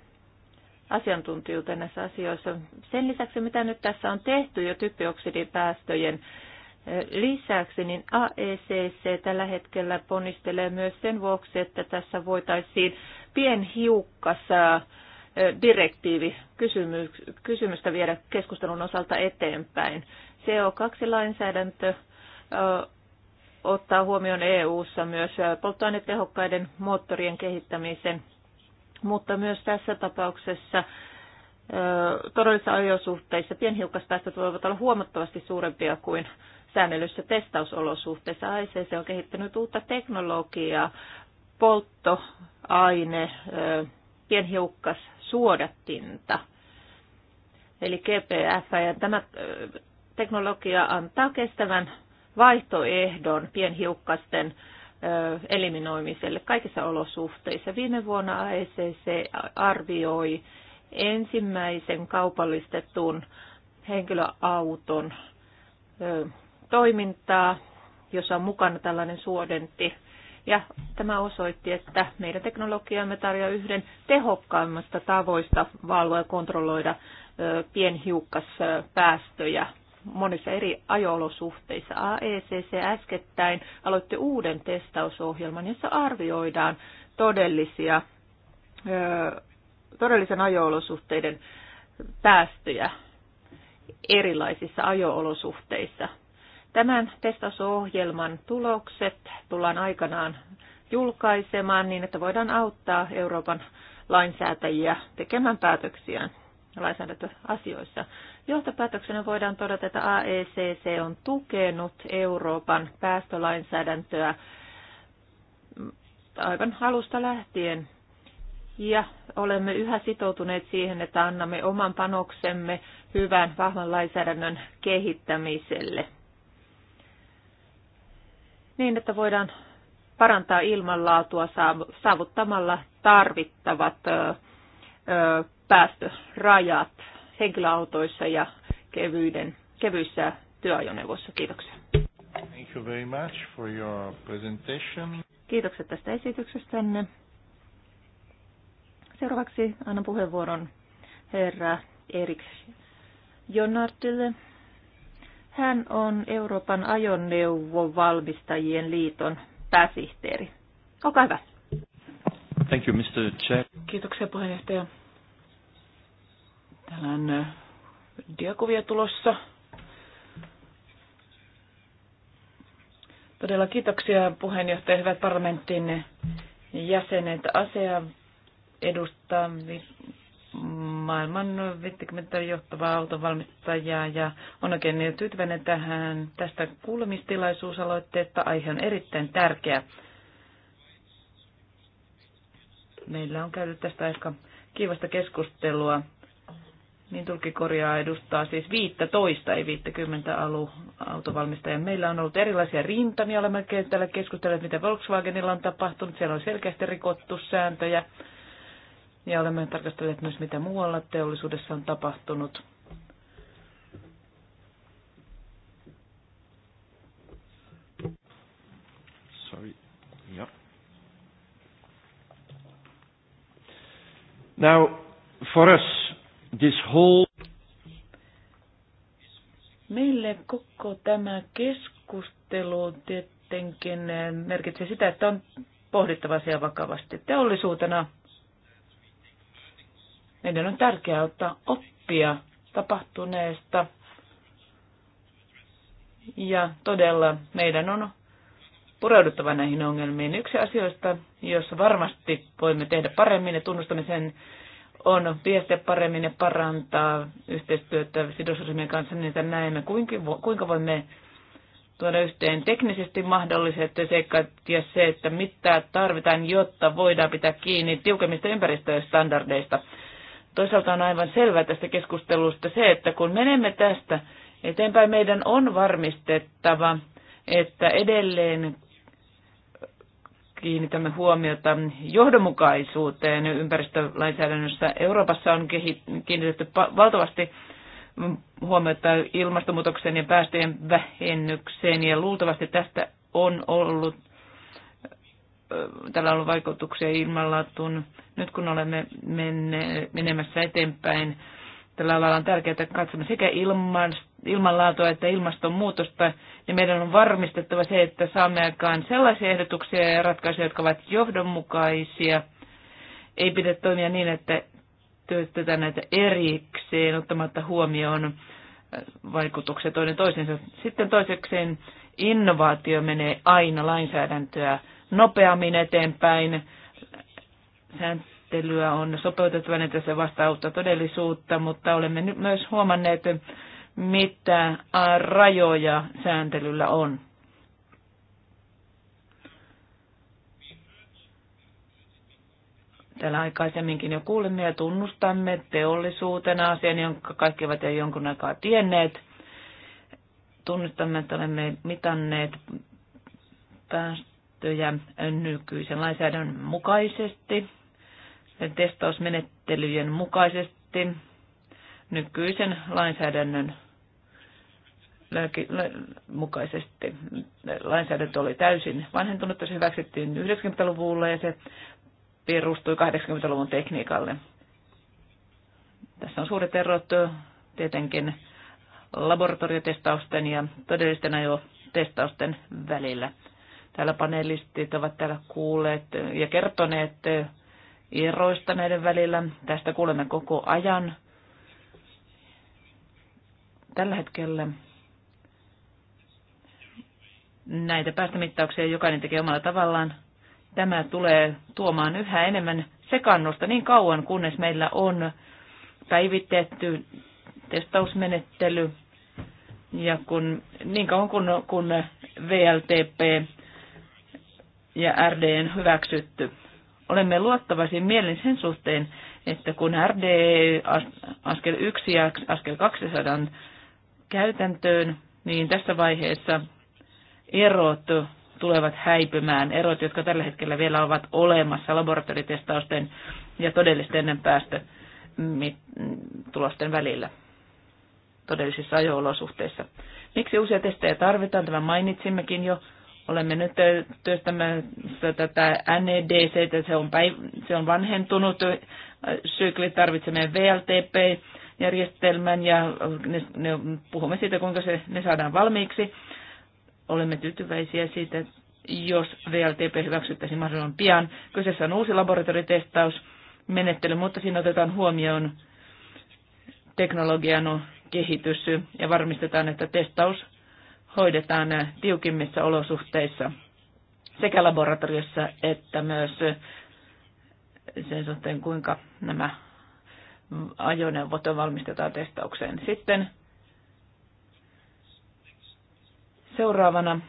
asiantuntijuuteen näissä asioissa. Sen lisäksi, mitä nyt tässä on tehty jo typpioksidipäästöjen lisäksi, niin AECC tällä hetkellä ponnistelee myös sen vuoksi, että tässä voitaisiin pienhiukkassa direktiivi kysymystä viedä keskustelun osalta eteenpäin. CO2-lainsäädäntö ottaa huomioon EU-ssa myös polttoainetehokkaiden moottorien kehittämisen mutta myös tässä tapauksessa todellisissa ajosuhteissa pienhiukkaspäästöt voivat olla huomattavasti suurempia kuin säännellyssä testausolosuhteissa. ICC on kehittänyt uutta teknologiaa, polttoaine, pienhiukkas, suodattinta, eli GPF, ja tämä teknologia antaa kestävän vaihtoehdon pienhiukkasten eliminoimiselle kaikissa olosuhteissa. Viime vuonna AECC arvioi ensimmäisen kaupallistetun henkilöauton toimintaa, jossa on mukana tällainen suodentti. Ja tämä osoitti, että meidän teknologiamme tarjoaa yhden tehokkaimmasta tavoista valvoa ja kontrolloida pienhiukkaspäästöjä monissa eri ajoolosuhteissa. AECC äskettäin aloitti uuden testausohjelman, jossa arvioidaan todellisia, todellisen ajoolosuhteiden päästöjä erilaisissa ajoolosuhteissa. Tämän testausohjelman tulokset tullaan aikanaan julkaisemaan niin, että voidaan auttaa Euroopan lainsäätäjiä tekemään päätöksiään lainsäädäntöasioissa. Johtopäätöksenä voidaan todeta, että AECC on tukenut Euroopan päästölainsäädäntöä aivan alusta lähtien. Ja olemme yhä sitoutuneet siihen, että annamme oman panoksemme hyvän, vahvan lainsäädännön kehittämiselle. Niin, että voidaan parantaa ilmanlaatua saavuttamalla tarvittavat päästörajat henkilöautoissa ja kevyiden, kevyissä työajoneuvoissa. Kiitoksia. Thank you very much for your presentation. Kiitokset tästä esityksestänne. Seuraavaksi annan puheenvuoron herra Erik Jonartille. Hän on Euroopan ajoneuvovalmistajien liiton pääsihteeri. Olkaa hyvä. Thank you, Mr. Chair. Kiitoksia puheenjohtaja. Täällä on äh, diakuvia tulossa. Todella kiitoksia puheenjohtaja, hyvät parlamentin jäsenet. ASEA edustaa maailman 50 johtavaa autovalmistajaa ja on oikein tyytyväinen tähän tästä kuulemistilaisuusaloitteesta. Aihe on erittäin tärkeä. Meillä on käyty tästä aika kiivasta keskustelua niin tulkikorjaa edustaa siis 15, ei 50 alu autovalmistajia. Meillä on ollut erilaisia rintamia, olemme täällä keskustelleet, mitä Volkswagenilla on tapahtunut. Siellä on selkeästi rikottu sääntöjä ja olemme tarkastelleet myös, mitä muualla teollisuudessa on tapahtunut. Sorry. Yeah. Now, for us, this whole Meille koko tämä keskustelu tietenkin merkitsee sitä, että on pohdittava asia vakavasti. Teollisuutena meidän on tärkeää ottaa oppia tapahtuneesta. Ja todella meidän on pureuduttava näihin ongelmiin. Yksi asioista, jossa varmasti voimme tehdä paremmin ja tunnustamme sen, on viestiä paremmin ja parantaa yhteistyötä sidosryhmien kanssa, niin että näemme, kuinka voimme tuoda yhteen teknisesti mahdolliset seikat ja se, että mitä tarvitaan, jotta voidaan pitää kiinni tiukemmista ympäristöstandardeista. Toisaalta on aivan selvää tästä keskustelusta se, että kun menemme tästä eteenpäin, meidän on varmistettava, että edelleen kiinnitämme huomiota johdonmukaisuuteen ympäristölainsäädännössä. Euroopassa on kiinnitetty valtavasti huomiota ilmastonmuutokseen ja päästöjen vähennykseen ja luultavasti tästä on ollut tällä on ollut vaikutuksia ilmanlaatuun. Nyt kun olemme menne, menemässä eteenpäin, tällä alalla on tärkeää, että katsomme sekä ilmasto, ilmanlaatua että ilmastonmuutosta, niin meidän on varmistettava se, että saamme aikaan sellaisia ehdotuksia ja ratkaisuja, jotka ovat johdonmukaisia. Ei pidä toimia niin, että työstetään näitä erikseen ottamatta huomioon äh, vaikutuksia toinen toisensa. Sitten toisekseen innovaatio menee aina lainsäädäntöä nopeammin eteenpäin. Sääntelyä on sopeutettava, niin että se uutta todellisuutta, mutta olemme nyt myös huomanneet, mitä rajoja sääntelyllä on. Täällä aikaisemminkin jo kuulimme ja tunnustamme teollisuutena asian, jonka kaikki ovat jo jonkun aikaa tienneet. Tunnustamme, että olemme mitanneet päästöjä nykyisen lainsäädännön mukaisesti, testausmenettelyjen mukaisesti, nykyisen lainsäädännön mukaisesti. Lainsäädäntö oli täysin vanhentunut, se hyväksyttiin 90-luvulla ja se perustui 80-luvun tekniikalle. Tässä on suuri erot tietenkin laboratoriotestausten ja todellisten ajotestausten välillä. Täällä panelistit ovat täällä kuulleet ja kertoneet eroista näiden välillä. Tästä kuulemme koko ajan. Tällä hetkellä näitä päästömittauksia jokainen tekee omalla tavallaan. Tämä tulee tuomaan yhä enemmän sekannusta niin kauan, kunnes meillä on päivitetty testausmenettely ja kun, niin kauan kun, kun VLTP ja RDN hyväksytty. Olemme luottavaisin mielin sen suhteen, että kun RD askel 1 ja askel 2 saadaan käytäntöön, niin tässä vaiheessa erot tulevat häipymään, erot, jotka tällä hetkellä vielä ovat olemassa laboratoritestausten ja todellisten päästötulosten välillä todellisissa ajo-olosuhteissa. Miksi uusia testejä tarvitaan? Tämä mainitsimmekin jo. Olemme nyt työstämässä tätä NEDC, että se on, päiv- se on vanhentunut sykli, tarvitsemme VLTP-järjestelmän ja ne, ne, puhumme siitä, kuinka se, ne saadaan valmiiksi. Olemme tyytyväisiä siitä, jos VLTP hyväksyttäisiin mahdollisimman pian. Kyseessä on uusi laboratoritestausmenettely, mutta siinä otetaan huomioon teknologian kehitys ja varmistetaan, että testaus hoidetaan tiukimmissa olosuhteissa sekä laboratoriossa että myös sen suhteen, kuinka nämä ajoneuvot valmistetaan testaukseen. Sitten Seuraavana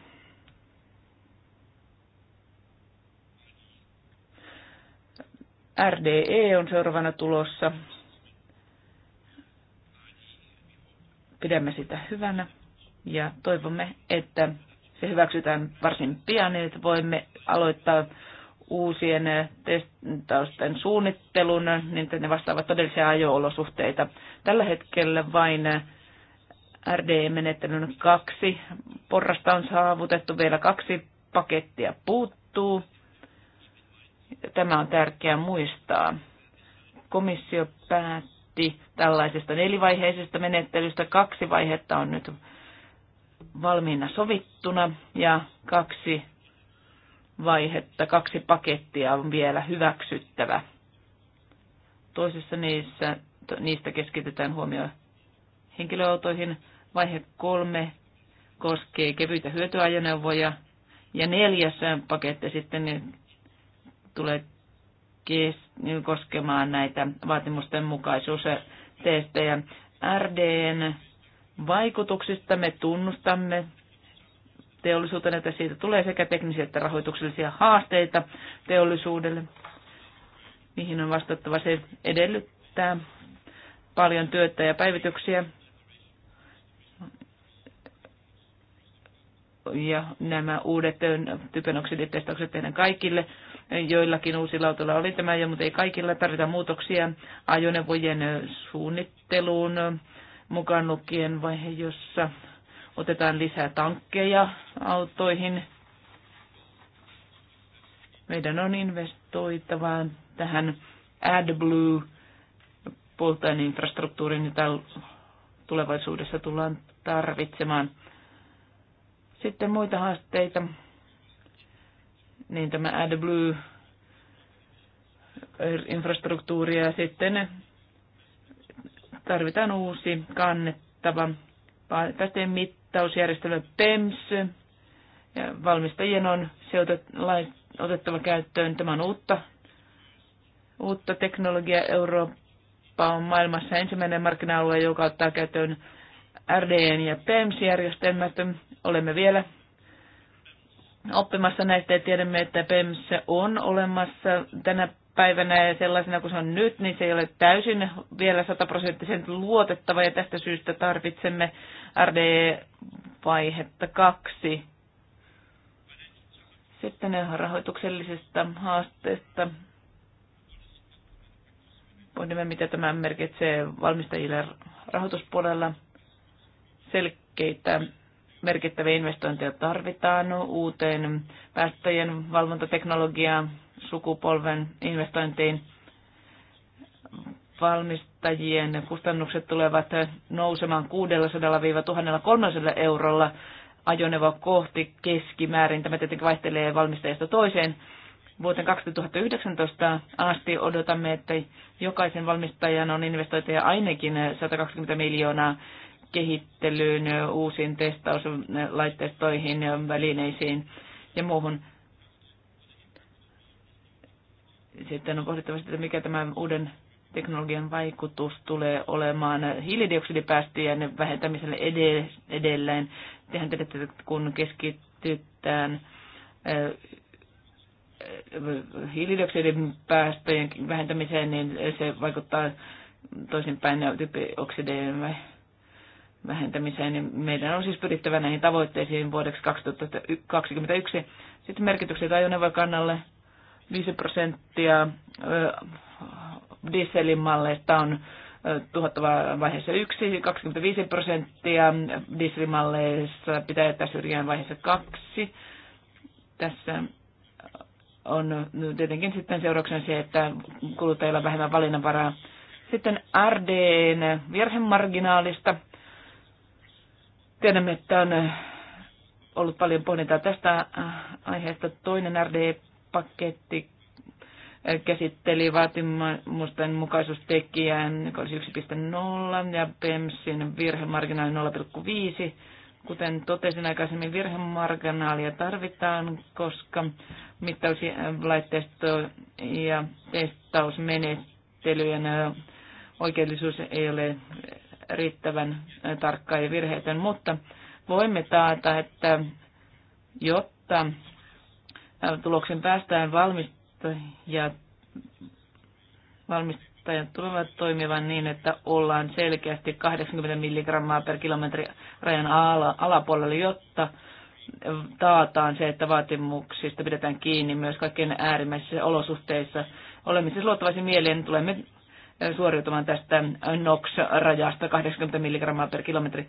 RDE on seuraavana tulossa. Pidämme sitä hyvänä ja toivomme, että se hyväksytään varsin pian, niin että voimme aloittaa uusien testausten suunnittelun, niin että ne vastaavat todellisia ajo-olosuhteita. Tällä hetkellä vain RDE-menettelyn kaksi porrasta on saavutettu, vielä kaksi pakettia puuttuu. Tämä on tärkeää muistaa. Komissio päätti tällaisesta nelivaiheisesta menettelystä. Kaksi vaihetta on nyt valmiina sovittuna ja kaksi vaihetta, kaksi pakettia on vielä hyväksyttävä. Toisessa niissä, niistä keskitetään huomioon henkilöautoihin, Vaihe kolme koskee kevyitä hyötyajoneuvoja. Ja neljäs paketti sitten tulee koskemaan näitä vaatimusten mukaisuustestejä. RDn vaikutuksista me tunnustamme teollisuutena, että siitä tulee sekä teknisiä että rahoituksellisia haasteita teollisuudelle. mihin on vastattava se edellyttää paljon työtä ja päivityksiä. ja nämä uudet typenoksiditestaukset tehdään kaikille. Joillakin uusilla autoilla oli tämä jo, mutta ei kaikilla. tarvita muutoksia ajoneuvojen suunnitteluun mukaan lukien vaihe, jossa otetaan lisää tankkeja autoihin. Meidän on investoitava tähän AdBlue polttoaineinfrastruktuuriin, jota tulevaisuudessa tullaan tarvitsemaan. Sitten muita haasteita, niin tämä AdBlue infrastruktuuria ja sitten tarvitaan uusi kannettava päästöjen mittausjärjestelmä PEMS. Ja valmistajien on se otettava käyttöön. Tämä on uutta, uutta teknologiaa. Eurooppa on maailmassa ensimmäinen markkina-alue, joka ottaa käyttöön RDN ja PEMS-järjestelmät. Olemme vielä oppimassa näistä ja tiedämme, että PEMS on olemassa tänä päivänä ja sellaisena kuin se on nyt, niin se ei ole täysin vielä sataprosenttisen luotettava ja tästä syystä tarvitsemme RDE-vaihetta kaksi. Sitten rahoituksellisesta haasteesta. Pohdimme, mitä tämä merkitsee valmistajille rahoituspuolella. Selkeitä merkittäviä investointeja tarvitaan uuteen päästöjen valvontateknologiaan, sukupolven investointiin. Valmistajien kustannukset tulevat nousemaan 600-1300 eurolla ajoneuvoa kohti keskimäärin. Tämä tietenkin vaihtelee valmistajasta toiseen. Vuoteen 2019 asti odotamme, että jokaisen valmistajan on investoitava ainakin 120 miljoonaa kehittelyyn, uusiin testauslaitteistoihin, välineisiin ja muuhun. Sitten on pohdittava sitä, mikä tämä uuden teknologian vaikutus tulee olemaan hiilidioksidipäästöjen vähentämiselle edelleen. Tehän tiedätte, että kun keskitytään äh, hiilidioksidin päästöjen vähentämiseen, niin se vaikuttaa toisinpäin typioksideiden vähentämiseen, niin meidän on siis pyrittävä näihin tavoitteisiin vuodeksi 2021. Sitten merkitykset ajoneuvokannalle 5 prosenttia dieselin malleista on tuhottava vaiheessa 1, 25 prosenttia malleissa pitää jättää syrjään vaiheessa 2. Tässä on tietenkin sitten seurauksena se, että kuluttajilla on vähemmän valinnanvaraa. Sitten RDn virhemarginaalista Tiedämme, että on äh, ollut paljon pohdintaa tästä äh, aiheesta. Toinen RD-paketti äh, käsitteli vaatimusten mukaisuustekijän, joka olisi 1.0 ja PEMSin virhemarginaali 0,5. Kuten totesin aikaisemmin, virhemarginaalia tarvitaan, koska mittauslaitteisto ja testausmenettelyjen oikeellisuus ei ole riittävän tarkka ja virheetön, mutta voimme taata, että jotta tuloksen päästään valmistajat, valmistajat tulevat toimivan niin, että ollaan selkeästi 80 milligrammaa per kilometri rajan alapuolella, jotta taataan se, että vaatimuksista pidetään kiinni myös kaikkien äärimmäisissä olosuhteissa. Olemme siis luottavaisin mieleen, tulemme suoriutumaan tästä NOx-rajasta 80 milligrammaa per kilometri.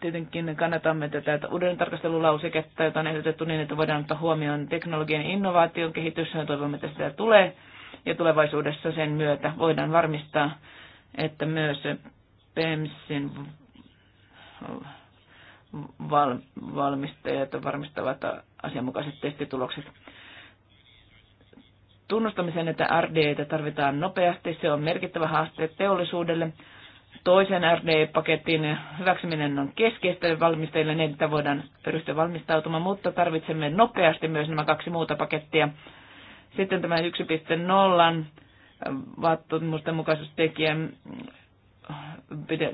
Tietenkin kannatamme tätä uuden tarkastelulauseketta, jota on ehdotettu niin, että voidaan ottaa huomioon teknologian innovaation kehitys. Toivomme, että sitä tulee ja tulevaisuudessa sen myötä voidaan varmistaa, että myös PEMSin valmistajat varmistavat asianmukaiset testitulokset tunnustamisen, että rdeitä tarvitaan nopeasti. Se on merkittävä haaste teollisuudelle. Toisen rde paketin hyväksyminen on keskeistä valmistajille, niin että voidaan ryhtyä valmistautumaan, mutta tarvitsemme nopeasti myös nämä kaksi muuta pakettia. Sitten tämä 1.0 vaatimusten mukaisuustekijä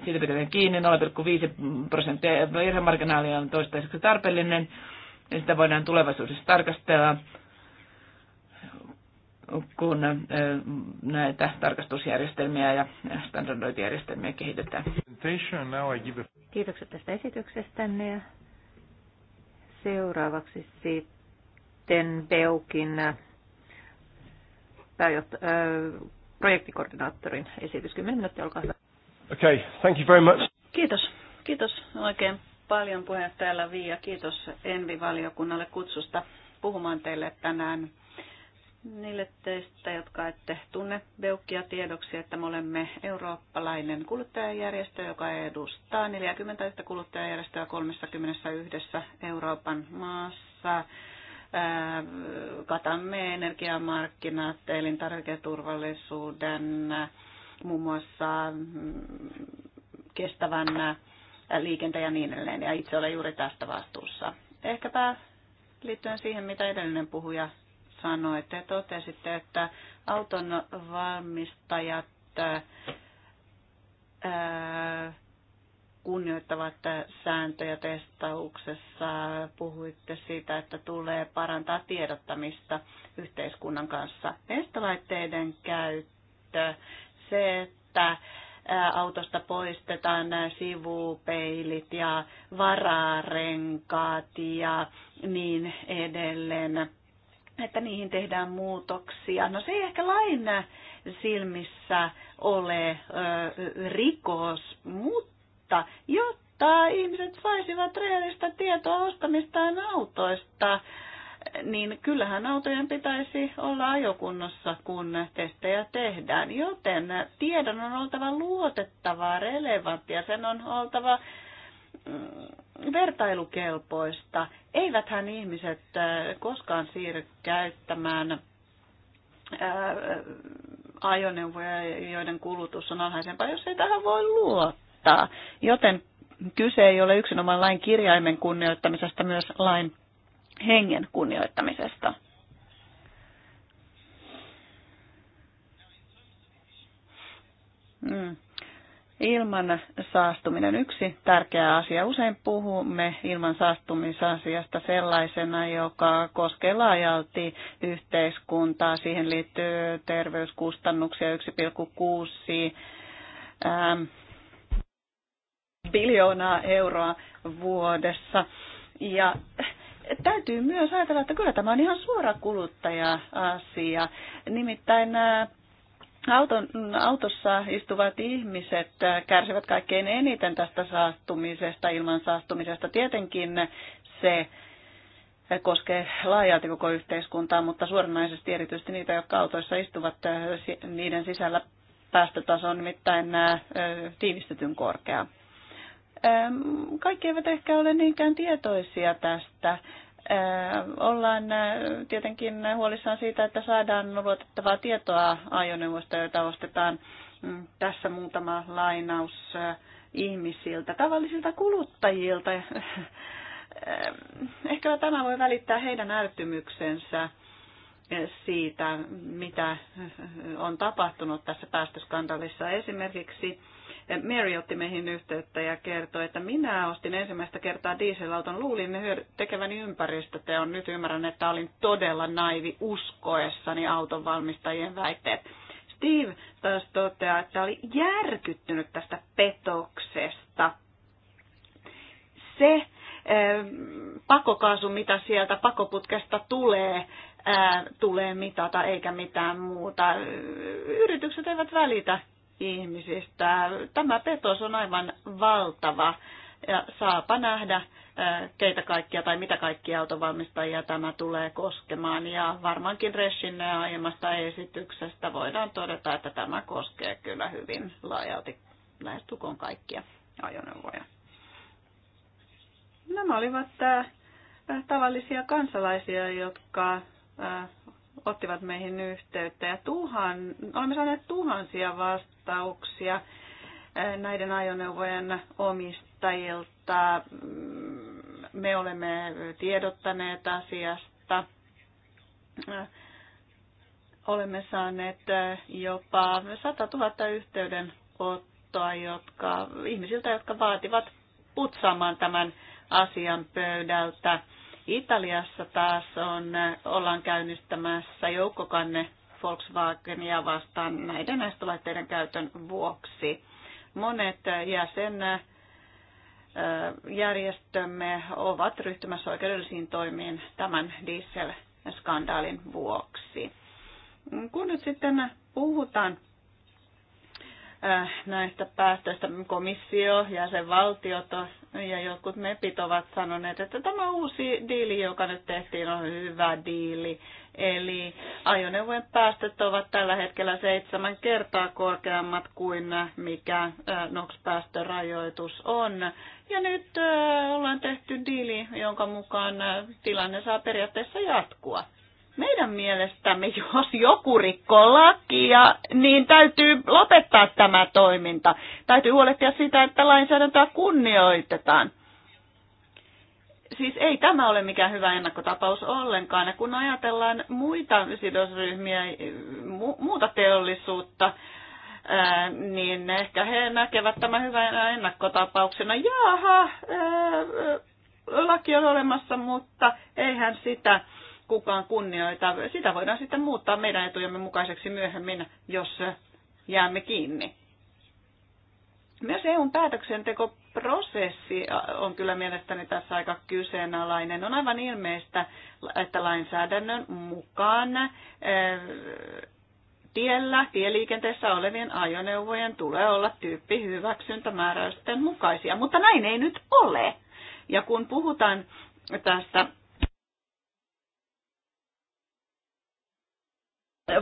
siitä pidetään kiinni, 0,5 prosenttia virhemarginaalia on toistaiseksi tarpeellinen, ja sitä voidaan tulevaisuudessa tarkastella kun näitä tarkastusjärjestelmiä ja standardointijärjestelmiä kehitetään. Kiitokset tästä esityksestänne ja seuraavaksi sitten Beukin projektikoordinaattorin esitys. 10 minuuttia, olkaa hyvä. Okay, thank you very much. Kiitos. Kiitos oikein paljon puheenjohtajalla Viia. Kiitos Envi-valiokunnalle kutsusta puhumaan teille tänään niille teistä, jotka ette tunne Beukkia tiedoksi, että me olemme eurooppalainen kuluttajajärjestö, joka edustaa 41 kuluttajajärjestöä 31 Euroopan maassa. Katamme energiamarkkinat, elintarviketurvallisuuden, muun muassa mm, kestävän liikenteen ja niin edelleen. Ja itse olen juuri tästä vastuussa. Ehkäpä liittyen siihen, mitä edellinen puhuja sanoi. Te totesitte, että auton valmistajat kunnioittavat sääntöjä testauksessa. Puhuitte siitä, että tulee parantaa tiedottamista yhteiskunnan kanssa. Testalaitteiden käyttö, se, että autosta poistetaan nämä sivupeilit ja vararenkaat ja niin edelleen että niihin tehdään muutoksia. No se ei ehkä lain silmissä ole ö, rikos, mutta jotta ihmiset saisivat rehellistä tietoa ostamistaan autoista, niin kyllähän autojen pitäisi olla ajokunnossa, kun testejä tehdään. Joten tiedon on oltava luotettavaa, relevanttia, sen on oltava mm, vertailukelpoista. Eiväthän ihmiset äh, koskaan siirry käyttämään äh, ajoneuvoja, joiden kulutus on alhaisempaa, jos ei tähän voi luottaa. Joten kyse ei ole yksinomaan lain kirjaimen kunnioittamisesta, myös lain hengen kunnioittamisesta. Mm. Ilman saastuminen yksi tärkeä asia. Usein puhumme ilman saastumisasiasta sellaisena, joka koskee laajalti yhteiskuntaa. Siihen liittyy terveyskustannuksia 1,6 ähm, biljoonaa euroa vuodessa. Ja täytyy myös ajatella, että kyllä tämä on ihan suora kuluttaja-asia. Nimittäin äh, Auton, autossa istuvat ihmiset äh, kärsivät kaikkein eniten tästä saastumisesta, ilman saastumisesta. Tietenkin se äh, koskee laajalti koko yhteiskuntaa, mutta suoranaisesti erityisesti niitä, jotka autoissa istuvat, äh, niiden sisällä päästötaso on nimittäin nämä tiivistetyn korkea. Kaikki eivät ehkä ole niinkään tietoisia tästä. Ollaan tietenkin huolissaan siitä, että saadaan luotettavaa tietoa ajoneuvosta, joita ostetaan. Mm, tässä muutama lainaus ihmisiltä, tavallisilta kuluttajilta. Ehkä tämä voi välittää heidän ärtymyksensä siitä, mitä on tapahtunut tässä päästöskandalissa. Esimerkiksi Mary otti meihin yhteyttä ja kertoi, että minä ostin ensimmäistä kertaa dieselauton. Luulin tekeväni ympäristöteon. Nyt ymmärrän, että olin todella naivi uskoessani auton valmistajien väitteet. Steve taas toteaa, että oli järkyttynyt tästä petoksesta. Se ähm, pakokaasu, mitä sieltä pakoputkesta tulee, ää, äh, tulee mitata eikä mitään muuta. Yritykset eivät välitä ihmisistä. Tämä petos on aivan valtava ja saapa nähdä, keitä kaikkia tai mitä kaikkia autovalmistajia tämä tulee koskemaan. Ja varmaankin Reshin aiemmasta esityksestä voidaan todeta, että tämä koskee kyllä hyvin laajalti lähestulkoon kaikkia ajoneuvoja. Nämä olivat tavallisia kansalaisia, jotka ottivat meihin yhteyttä ja tuhan, olemme saaneet tuhansia vastauksia eh, näiden ajoneuvojen omistajilta. Mm, me olemme tiedottaneet asiasta. Eh, olemme saaneet eh, jopa 100 000 yhteydenottoa jotka, ihmisiltä, jotka vaativat putsaamaan tämän asian pöydältä Italiassa taas on, ollaan käynnistämässä joukkokanne Volkswagenia vastaan näiden laitteiden käytön vuoksi. Monet jäsen järjestömme ovat ryhtymässä oikeudellisiin toimiin tämän dieselskandaalin vuoksi. Kun nyt sitten puhutaan näistä päästöistä, komissio ja sen valtiot ja jotkut mepit ovat sanoneet, että tämä uusi diili, joka nyt tehtiin, on hyvä diili. Eli ajoneuvojen päästöt ovat tällä hetkellä seitsemän kertaa korkeammat kuin mikä NOx-päästörajoitus on. Ja nyt ollaan tehty diili, jonka mukaan tilanne saa periaatteessa jatkua. Meidän mielestämme, jos joku rikkoo lakia, niin täytyy lopettaa tämä toiminta. Täytyy huolehtia siitä, että lainsäädäntöä kunnioitetaan. Siis ei tämä ole mikään hyvä ennakkotapaus ollenkaan. Ja kun ajatellaan muita sidosryhmiä, muuta teollisuutta, niin ehkä he näkevät tämän hyvänä ennakkotapauksena. Jaha, laki on olemassa, mutta eihän sitä kukaan kunnioita. Sitä voidaan sitten muuttaa meidän etujemme mukaiseksi myöhemmin, jos jäämme kiinni. Myös EUn päätöksentekoprosessi on kyllä mielestäni tässä aika kyseenalainen. On aivan ilmeistä, että lainsäädännön mukaan eh, tiellä, tieliikenteessä olevien ajoneuvojen tulee olla hyväksyntämääräysten mukaisia, mutta näin ei nyt ole. Ja kun puhutaan tästä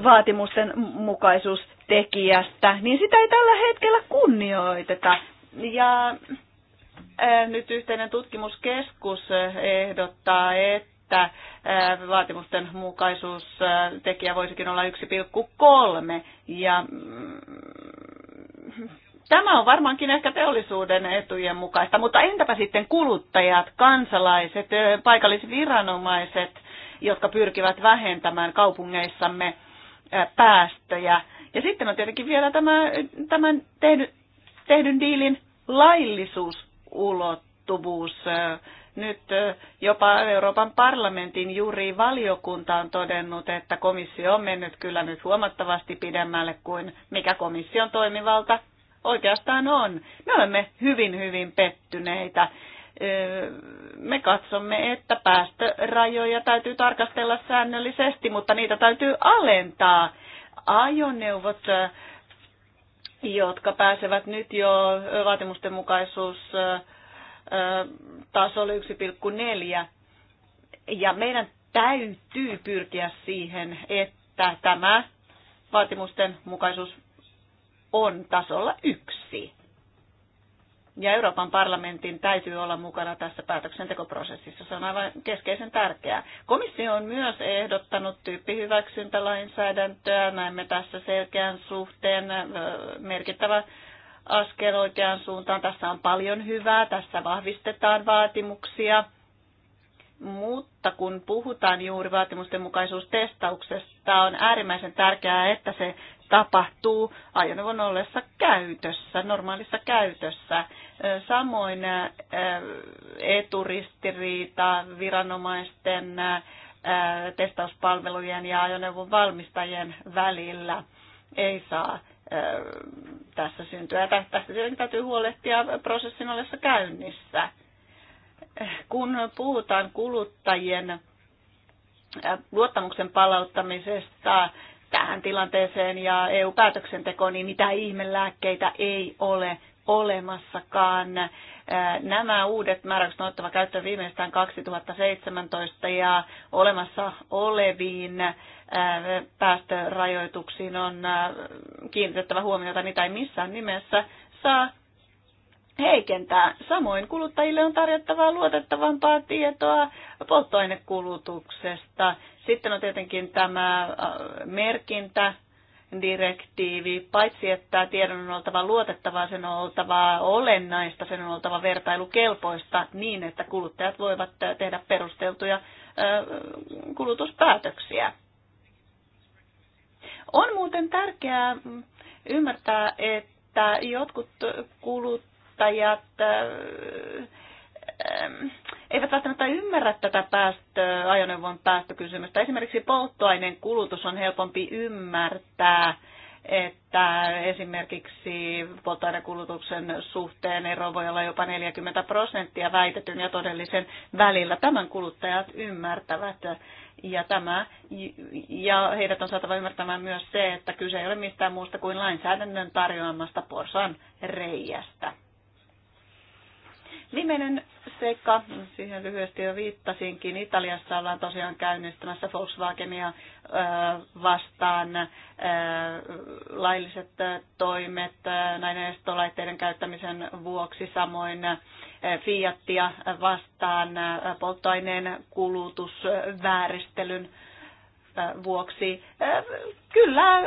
vaatimusten mukaisuustekijästä, niin sitä ei tällä hetkellä kunnioiteta. Ja nyt yhteinen tutkimuskeskus ehdottaa, että vaatimusten mukaisuustekijä voisikin olla 1,3. Ja mm, tämä on varmaankin ehkä teollisuuden etujen mukaista, mutta entäpä sitten kuluttajat, kansalaiset, paikallisviranomaiset, jotka pyrkivät vähentämään kaupungeissamme päästöjä. Ja sitten on tietenkin vielä tämä, tämän tehdy, tehdyn diilin laillisuusulottuvuus. Nyt jopa Euroopan parlamentin juuri valiokunta on todennut, että komissio on mennyt kyllä nyt huomattavasti pidemmälle kuin mikä komission toimivalta oikeastaan on. Me olemme hyvin, hyvin pettyneitä me katsomme, että päästörajoja täytyy tarkastella säännöllisesti, mutta niitä täytyy alentaa. Ajoneuvot, jotka pääsevät nyt jo vaatimusten mukaisuus tasolle 1,4. Ja meidän täytyy pyrkiä siihen, että tämä vaatimusten mukaisuus on tasolla yksi. Ja Euroopan parlamentin täytyy olla mukana tässä päätöksentekoprosessissa. Se on aivan keskeisen tärkeää. Komissio on myös ehdottanut tyyppihyväksyntälainsäädäntöä. Näemme tässä selkeän suhteen merkittävä askel oikeaan suuntaan. Tässä on paljon hyvää, tässä vahvistetaan vaatimuksia. Mutta kun puhutaan juuri vaatimusten mukaisuustestauksesta, on äärimmäisen tärkeää, että se tapahtuu ajoneuvon ollessa käytössä, normaalissa käytössä. Samoin eturistiriita viranomaisten testauspalvelujen ja ajoneuvon valmistajien välillä ei saa tässä syntyä. Tästä täytyy huolehtia prosessin ollessa käynnissä. Kun puhutaan kuluttajien luottamuksen palauttamisesta tähän tilanteeseen ja EU-päätöksentekoon, niin mitä ihmelääkkeitä ei ole olemassakaan. Äh, nämä uudet määräykset on ottava käyttöön viimeistään 2017 ja olemassa oleviin äh, päästörajoituksiin on äh, kiinnitettävä huomiota, niitä ei missään nimessä saa heikentää. Samoin kuluttajille on tarjottavaa luotettavampaa tietoa polttoainekulutuksesta. Sitten on tietenkin tämä äh, merkintä, direktiivi, paitsi että tiedon on oltava luotettavaa, sen on oltava olennaista, sen on oltava vertailukelpoista niin, että kuluttajat voivat äh, tehdä perusteltuja äh, kulutuspäätöksiä. On muuten tärkeää ymmärtää, että jotkut kuluttajat eivät välttämättä ymmärrä tätä päästö, ajoneuvon päästökysymystä. Esimerkiksi polttoaineen kulutus on helpompi ymmärtää, että esimerkiksi polttoainekulutuksen suhteen ero voi olla jopa 40 prosenttia väitetyn ja todellisen välillä. Tämän kuluttajat ymmärtävät ja, tämä, ja heidät on saatava ymmärtämään myös se, että kyse ei ole mistään muusta kuin lainsäädännön tarjoamasta porsan reiästä. Viimeinen seikka, siihen lyhyesti jo viittasinkin. Italiassa ollaan tosiaan käynnistämässä Volkswagenia vastaan lailliset toimet näiden estolaitteiden käyttämisen vuoksi, samoin Fiatia vastaan polttoaineen kulutusvääristelyn vuoksi. Kyllä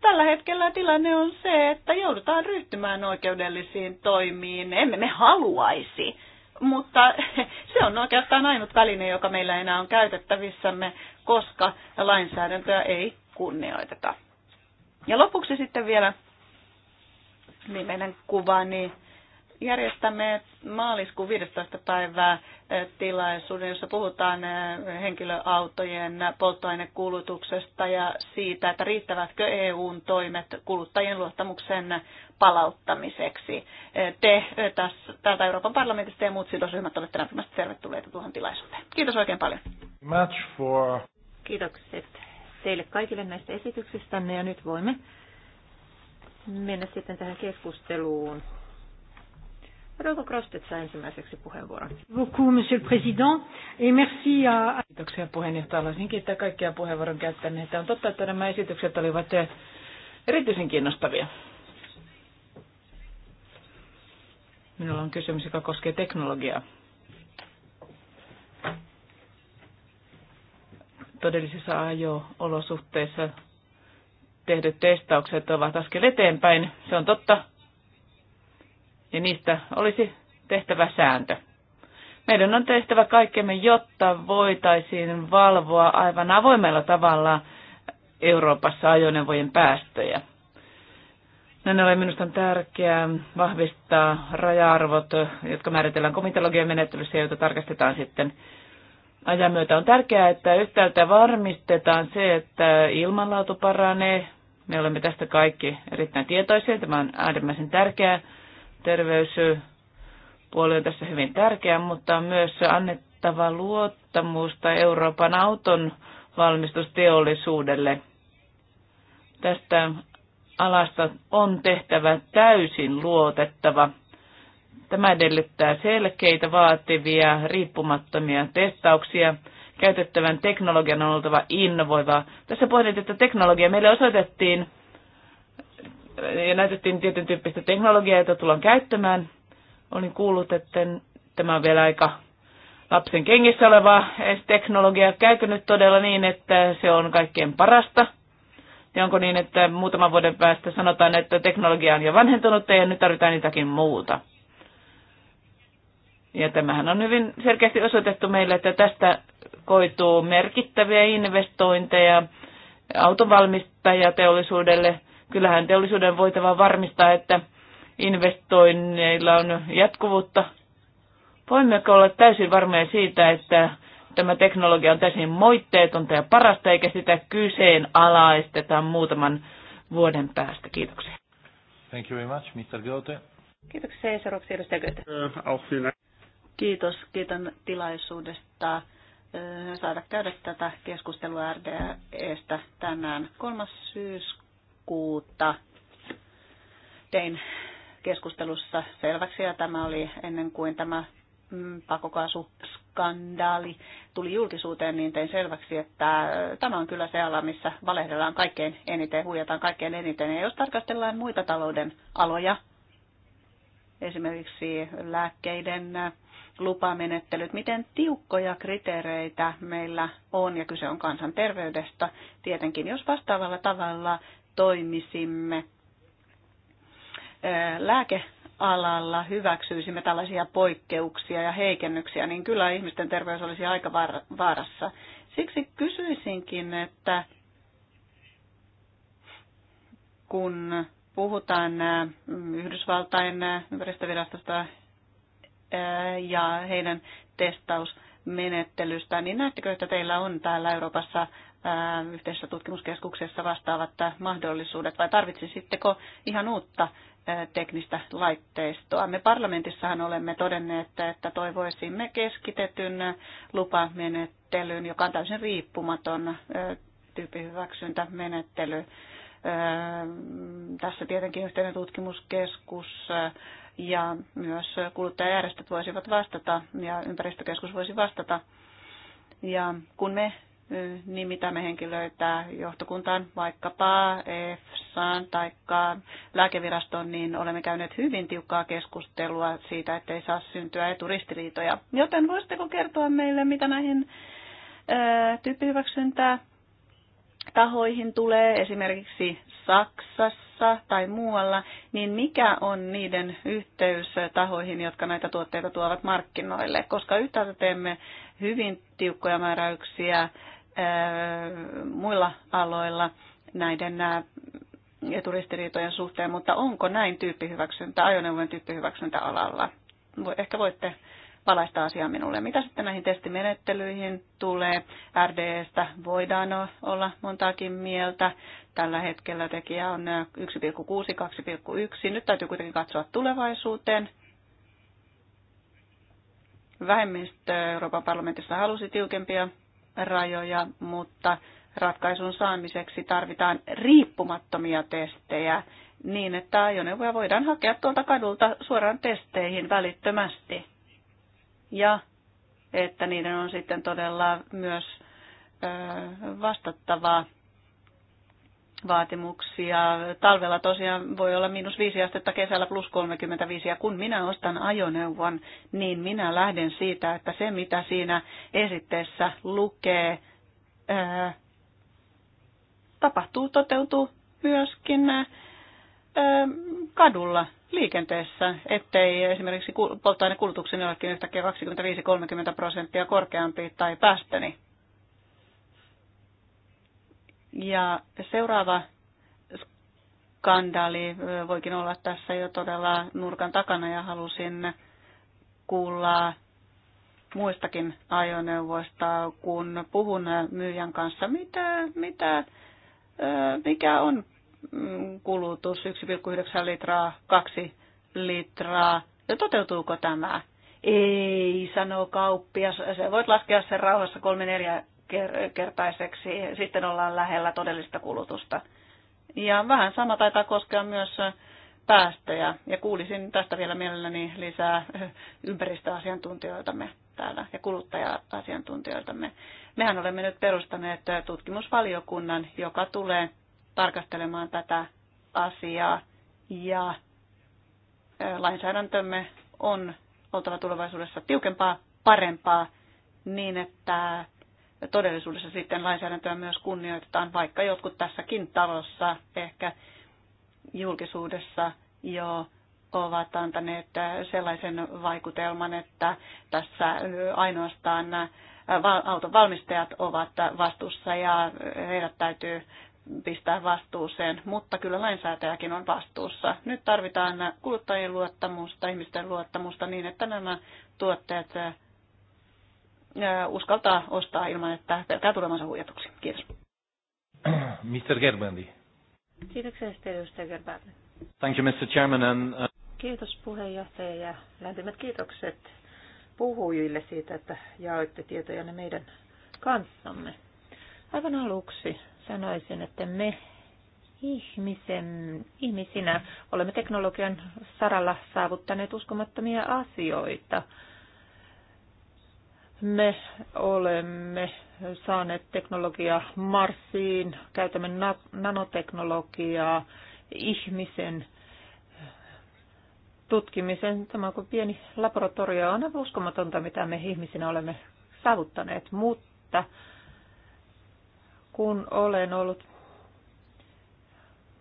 tällä hetkellä tilanne on se, että joudutaan ryhtymään oikeudellisiin toimiin. Emme me haluaisi, mutta se on oikeastaan ainut väline, joka meillä enää on käytettävissämme, koska lainsäädäntöä ei kunnioiteta. Ja lopuksi sitten vielä viimeinen kuvani järjestämme maaliskuun 15. päivää eh, tilaisuuden, jossa puhutaan eh, henkilöautojen polttoainekulutuksesta ja siitä, että riittävätkö EUn toimet kuluttajien luottamuksen palauttamiseksi. Eh, te tässä, täältä Euroopan parlamentista ja muut sidosryhmät olette lämpimästi tervetulleita tuohon tilaisuuteen. Kiitos oikein paljon. Match for... Kiitokset teille kaikille näistä esityksistänne ja nyt voimme mennä sitten tähän keskusteluun. Rouva Krostet saa ensimmäiseksi puheenvuoron. Beaucoup, monsieur le président, et merci à... Kiitoksia puheenjohtaja. Haluaisin kiittää kaikkia puheenvuoron käyttäneitä. On totta, että nämä esitykset olivat erityisen kiinnostavia. Minulla on kysymys, joka koskee teknologiaa. Todellisissa ajo-olosuhteissa tehdyt testaukset ovat askel eteenpäin, se on totta ja niistä olisi tehtävä sääntö. Meidän on tehtävä kaikkemme, jotta voitaisiin valvoa aivan avoimella tavalla Euroopassa ajoneuvojen päästöjä. Näin ollen minusta on tärkeää vahvistaa raja-arvot, jotka määritellään komitologian menettelyssä, joita tarkastetaan sitten ajan myötä. On tärkeää, että yhtäältä varmistetaan se, että ilmanlaatu paranee. Me olemme tästä kaikki erittäin tietoisia. Tämä on äärimmäisen tärkeää terveyspuoli on tässä hyvin tärkeä, mutta on myös annettava luottamusta Euroopan auton valmistusteollisuudelle. Tästä alasta on tehtävä täysin luotettava. Tämä edellyttää selkeitä, vaativia, riippumattomia testauksia. Käytettävän teknologian on oltava innovoiva. Tässä pohdin, että teknologia meille osoitettiin ja näytettiin tietyn tyyppistä teknologiaa, jota tullaan käyttämään. Olin kuullut, että tämä on vielä aika lapsen kengissä oleva teknologia. Käykö nyt todella niin, että se on kaikkein parasta? Ja onko niin, että muutaman vuoden päästä sanotaan, että teknologia on jo vanhentunut ja nyt tarvitaan jotakin muuta? Ja tämähän on hyvin selkeästi osoitettu meille, että tästä koituu merkittäviä investointeja autovalmistajateollisuudelle, Kyllähän teollisuuden voitava varmistaa, että investoinneilla on jatkuvuutta. Voimmeko olla täysin varmoja siitä, että tämä teknologia on täysin moitteetonta ja parasta, eikä sitä kyseenalaisteta muutaman vuoden päästä. Kiitoksia. Thank you very much, Mr. Goethe. Kiitoksia ja seuraavaksi edustaja Goethe. Äh, Kiitos, kiitän tilaisuudesta äh, saada käydä tätä keskustelua RDEstä tänään 3. syyskuuta lokakuuta tein keskustelussa selväksi, ja tämä oli ennen kuin tämä mm, pakokaasuskandaali tuli julkisuuteen, niin tein selväksi, että äh, tämä on kyllä se ala, missä valehdellaan kaikkein eniten, huijataan kaikkein eniten. Ja jos tarkastellaan muita talouden aloja, esimerkiksi lääkkeiden äh, lupamenettelyt, miten tiukkoja kriteereitä meillä on, ja kyse on kansanterveydestä tietenkin, jos vastaavalla tavalla toimisimme lääkealalla, hyväksyisimme tällaisia poikkeuksia ja heikennyksiä, niin kyllä ihmisten terveys olisi aika vaarassa. Siksi kysyisinkin, että kun puhutaan Yhdysvaltain ympäristövirastosta ja heidän testausmenettelystä, niin näettekö, että teillä on täällä Euroopassa Ähm, yhteisessä tutkimuskeskuksessa vastaavat mahdollisuudet vai tarvitsisitteko ihan uutta teknistä laitteistoa? Me parlamentissahan olemme todenneet, että toivoisimme keskitetyn lupamenettelyn, joka on täysin riippumaton tyyppihyväksyntämenettely. Ähm, tässä tietenkin yhteinen tutkimuskeskus ja myös kuluttajajärjestöt voisivat vastata ja ympäristökeskus voisi vastata. Ja kun me nimitämme niin henkilöitä johtokuntaan, vaikkapa EFSAan tai lääkevirastoon, niin olemme käyneet hyvin tiukkaa keskustelua siitä, että ei saa syntyä eturistiriitoja. Joten voisitteko kertoa meille, mitä näihin tyyppihyväksyntää tahoihin tulee esimerkiksi Saksassa tai muualla, niin mikä on niiden yhteys tahoihin, jotka näitä tuotteita tuovat markkinoille? Koska yhtäältä teemme hyvin tiukkoja määräyksiä muilla aloilla näiden eturistiriitojen suhteen, mutta onko näin tyyppihyväksyntä, ajoneuvojen tyyppihyväksyntä alalla? Ehkä voitte valaista asiaa minulle. Mitä sitten näihin testimenettelyihin tulee? RDEstä voidaan olla montaakin mieltä. Tällä hetkellä tekijä on 1,6, 2,1. Nyt täytyy kuitenkin katsoa tulevaisuuteen. Vähemmistö Euroopan parlamentissa halusi tiukempia rajoja, mutta ratkaisun saamiseksi tarvitaan riippumattomia testejä niin, että ajoneuvoja voidaan hakea tuolta kadulta suoraan testeihin välittömästi. Ja että niiden on sitten todella myös vastattavaa vaatimuksia. Talvella tosiaan voi olla miinus 5 astetta, kesällä plus 35. Ja kun minä ostan ajoneuvon, niin minä lähden siitä, että se mitä siinä esitteessä lukee, ää, tapahtuu, toteutuu myöskin ää, kadulla liikenteessä, ettei esimerkiksi polttoainekulutuksen jollekin yhtäkkiä 25-30 prosenttia korkeampi tai päästöni. Ja seuraava skandaali voikin olla tässä jo todella nurkan takana ja halusin kuulla muistakin ajoneuvoista, kun puhun myyjän kanssa, mitä, mitä, mikä on mm, kulutus 1,9 litraa, 2 litraa, ja toteutuuko tämä? Ei, sanoo kauppias, se voit laskea sen rauhassa 3-4 kertaiseksi, sitten ollaan lähellä todellista kulutusta. Ja vähän sama taitaa koskea myös päästöjä, ja kuulisin tästä vielä mielelläni lisää ympäristöasiantuntijoiltamme täällä ja kuluttaja-asiantuntijoiltamme. Mehän olemme nyt perustaneet tutkimusvaliokunnan, joka tulee tarkastelemaan tätä asiaa, ja lainsäädäntömme on oltava tulevaisuudessa tiukempaa, parempaa, niin että todellisuudessa sitten lainsäädäntöä myös kunnioitetaan, vaikka jotkut tässäkin talossa ehkä julkisuudessa jo ovat antaneet äh, sellaisen vaikutelman, että tässä äh, ainoastaan äh, auton valmistajat ovat vastuussa ja heidät täytyy pistää vastuuseen, mutta kyllä lainsäätäjäkin on vastuussa. Nyt tarvitaan kuluttajien luottamusta, ihmisten luottamusta niin, että nämä tuotteet uskaltaa ostaa ilman, että pelkää tulemansa huijatuksi. Kiitos. Mr. Gerbrandi. Kiitoksia sitten edustaja Gerbrandi. Thank you, Mr. Chairman. And, uh... Kiitos puheenjohtaja ja lämpimät kiitokset puhujille siitä, että jaoitte ne meidän kanssamme. Aivan aluksi sanoisin, että me ihmisen, ihmisinä olemme teknologian saralla saavuttaneet uskomattomia asioita – me olemme saaneet teknologia Marsiin, käytämme nanoteknologiaa ihmisen tutkimisen. Tämä on kuin pieni laboratorio. On aivan uskomatonta, mitä me ihmisinä olemme saavuttaneet, mutta kun olen ollut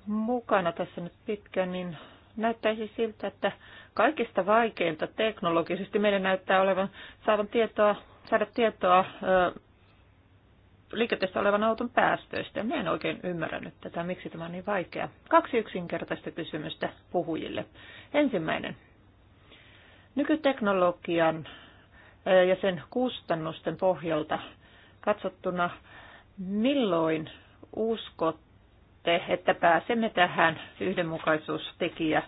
mukana tässä nyt pitkään, niin näyttäisi siltä, että kaikista vaikeinta teknologisesti meidän näyttää olevan saavan tietoa saada tietoa liikenteessä olevan auton päästöistä. Minä en oikein ymmärränyt tätä, miksi tämä on niin vaikea. Kaksi yksinkertaista kysymystä puhujille. Ensimmäinen. Nykyteknologian ja sen kustannusten pohjalta katsottuna, milloin uskotte, että pääsemme tähän yhdenmukaisuustekijä,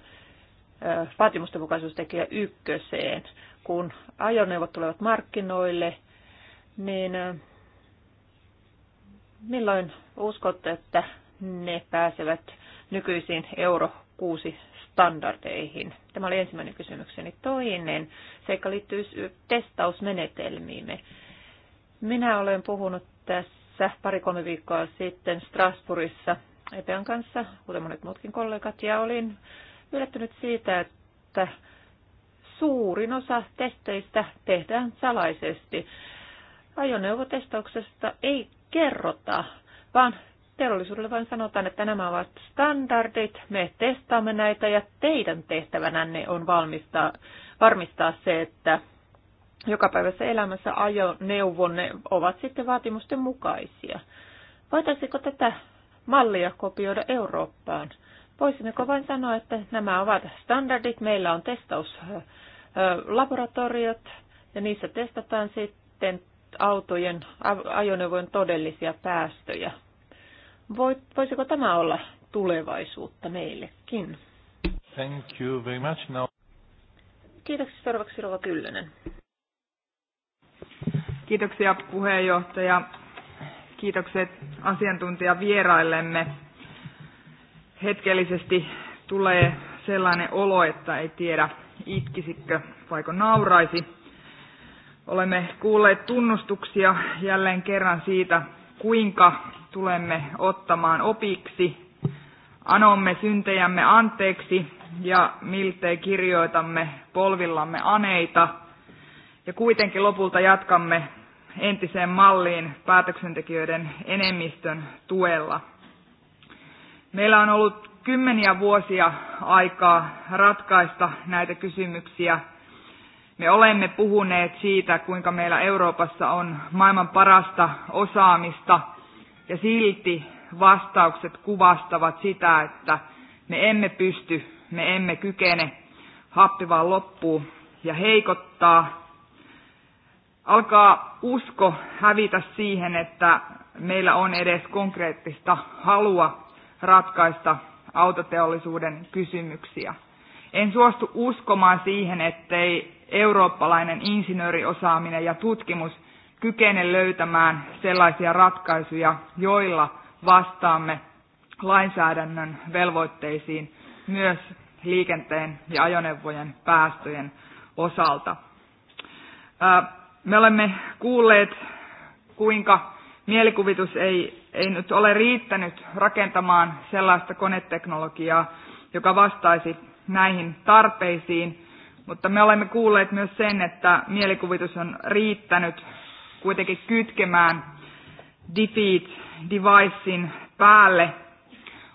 vaatimustenmukaisuustekijä ykköseen? kun ajoneuvot tulevat markkinoille, niin milloin uskotte, että ne pääsevät nykyisiin Euro 6 standardeihin? Tämä oli ensimmäinen kysymykseni. Toinen seikka liittyy testausmenetelmiimme. Minä olen puhunut tässä pari-kolme viikkoa sitten Strasbourgissa Epean kanssa, kuten monet muutkin kollegat, ja olin yllättynyt siitä, että suurin osa testeistä tehdään salaisesti. Ajoneuvotestauksesta ei kerrota, vaan teollisuudelle vain sanotaan, että nämä ovat standardit, me testaamme näitä ja teidän tehtävänänne on valmistaa, varmistaa se, että jokapäiväisessä elämässä ajoneuvonne ovat sitten vaatimusten mukaisia. Voitaisiko tätä mallia kopioida Eurooppaan? Voisimmeko vain sanoa, että nämä ovat standardit, meillä on testaus laboratoriot ja niissä testataan sitten autojen, ajoneuvojen todellisia päästöjä. Voisiko tämä olla tulevaisuutta meillekin? Thank you very much. No. Kiitoksia seuraavaksi Rova Kyllönen. Kiitoksia puheenjohtaja. Kiitokset asiantuntijavieraillemme. Hetkellisesti tulee sellainen olo, että ei tiedä itkisikö vaiko nauraisi. Olemme kuulleet tunnustuksia jälleen kerran siitä, kuinka tulemme ottamaan opiksi, anomme syntejämme anteeksi ja miltei kirjoitamme polvillamme aneita ja kuitenkin lopulta jatkamme entiseen malliin päätöksentekijöiden enemmistön tuella. Meillä on ollut kymmeniä vuosia aikaa ratkaista näitä kysymyksiä. Me olemme puhuneet siitä, kuinka meillä Euroopassa on maailman parasta osaamista ja silti vastaukset kuvastavat sitä, että me emme pysty, me emme kykene, happi vaan loppuu ja heikottaa. Alkaa usko hävitä siihen, että meillä on edes konkreettista halua ratkaista autoteollisuuden kysymyksiä. En suostu uskomaan siihen, ettei eurooppalainen insinööriosaaminen ja tutkimus kykene löytämään sellaisia ratkaisuja, joilla vastaamme lainsäädännön velvoitteisiin myös liikenteen ja ajoneuvojen päästöjen osalta. Me olemme kuulleet, kuinka mielikuvitus ei, ei nyt ole riittänyt rakentamaan sellaista koneteknologiaa, joka vastaisi näihin tarpeisiin, mutta me olemme kuulleet myös sen, että mielikuvitus on riittänyt kuitenkin kytkemään defeat devicein päälle.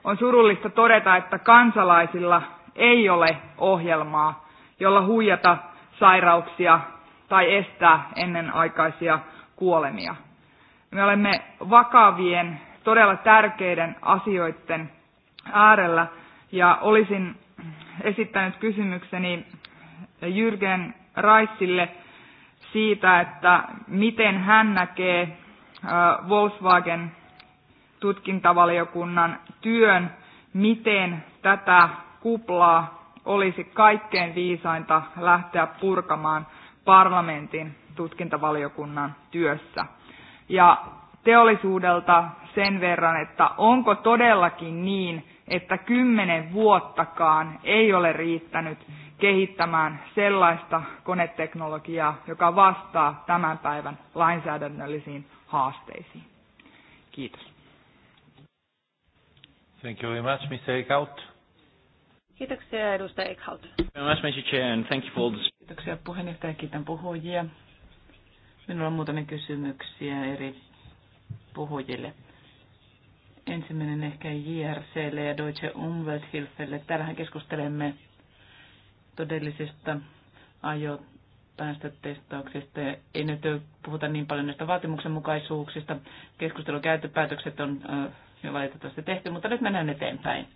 On surullista todeta, että kansalaisilla ei ole ohjelmaa, jolla huijata sairauksia tai estää ennenaikaisia kuolemia. Me olemme vakavien, todella tärkeiden asioiden äärellä ja olisin esittänyt kysymykseni Jürgen Raissille siitä, että miten hän näkee Volkswagen tutkintavaliokunnan työn, miten tätä kuplaa olisi kaikkein viisainta lähteä purkamaan parlamentin tutkintavaliokunnan työssä ja teollisuudelta sen verran, että onko todellakin niin, että kymmenen vuottakaan ei ole riittänyt kehittämään sellaista koneteknologiaa, joka vastaa tämän päivän lainsäädännöllisiin haasteisiin. Kiitos. Thank you very much, Mr. Eichhout. Kiitoksia, edustaja Eickhout. Kiitoksia puheenjohtaja, kiitän puhujia Minulla on muutamia kysymyksiä eri puhujille. Ensimmäinen ehkä JRClle ja Deutsche Umwelthilfelle. Täällähän keskustelemme todellisista ajo Ei nyt puhuta niin paljon näistä vaatimuksenmukaisuuksista. Keskustelukäyttöpäätökset on jo valitettavasti tehty, mutta nyt mennään eteenpäin.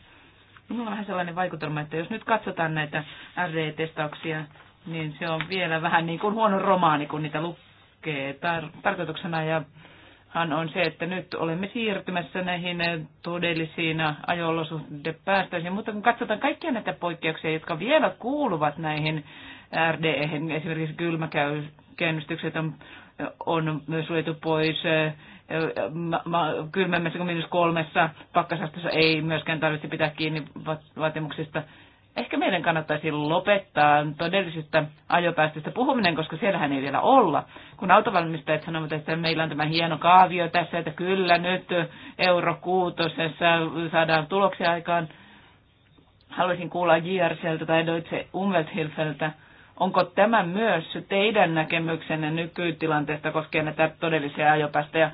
Minulla on vähän sellainen vaikutelma, että jos nyt katsotaan näitä RD-testauksia, niin se on vielä vähän niin kuin huono romaani, kun niitä koskee tar- tarkoituksena ja hän on se, että nyt olemme siirtymässä näihin todellisiin päästöihin, mutta kun katsotaan kaikkia näitä poikkeuksia, jotka vielä kuuluvat näihin RDE, esimerkiksi kylmäkäynnistykset on, on myös suljettu pois, kylmemmässä kuin minus kolmessa pakkasastossa ei myöskään tarvitse pitää kiinni vaatimuksista ehkä meidän kannattaisi lopettaa todellisista ajopäästöistä puhuminen, koska siellähän ei vielä olla. Kun autovalmistajat sanovat, että meillä on tämä hieno kaavio tässä, että kyllä nyt euro kuutosessa saadaan tuloksia aikaan. Haluaisin kuulla JRCltä tai Deutsche Umwelthilfeltä, onko tämä myös teidän näkemyksenne nykytilanteesta koskien näitä todellisia ajopäästöjä?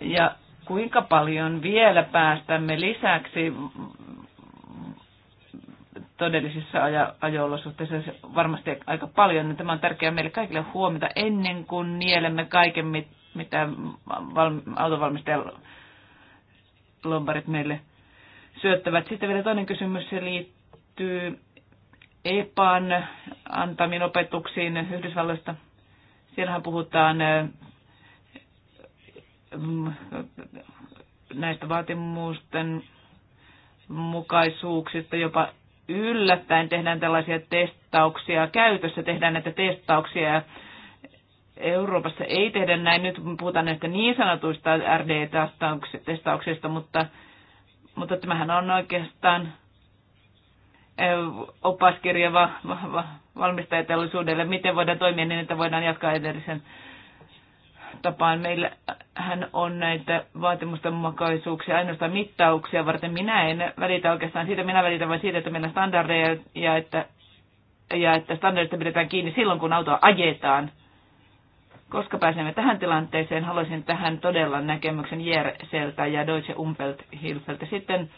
Ja kuinka paljon vielä päästämme lisäksi todellisissa ajo-olosuhteissa varmasti aika paljon. Niin tämä on tärkeää meille kaikille huomata ennen kuin nielemme kaiken, mitä autovalmistajan lombarit meille syöttävät. Sitten vielä toinen kysymys, se liittyy EPAN antamiin opetuksiin Yhdysvalloista. Siellähän puhutaan näistä vaatimusten mukaisuuksista, jopa yllättäen tehdään tällaisia testauksia, käytössä tehdään näitä testauksia. Euroopassa ei tehdä näin, nyt puhutaan näistä niin sanotuista RD-testauksista, mutta, mutta tämähän on oikeastaan eh, opaskirja valmistajateollisuudelle, miten voidaan toimia niin, että voidaan jatkaa edellisen tapaan. Meillä hän on näitä vaatimusten mukaisuuksia, ainoastaan mittauksia varten. Minä en välitä oikeastaan siitä, minä välitän vain siitä, että meillä on standardeja ja että, ja että standardista pidetään kiinni silloin, kun autoa ajetaan. Koska pääsemme tähän tilanteeseen, haluaisin tähän todella näkemyksen Jerseltä ja Deutsche hilfeltä Sitten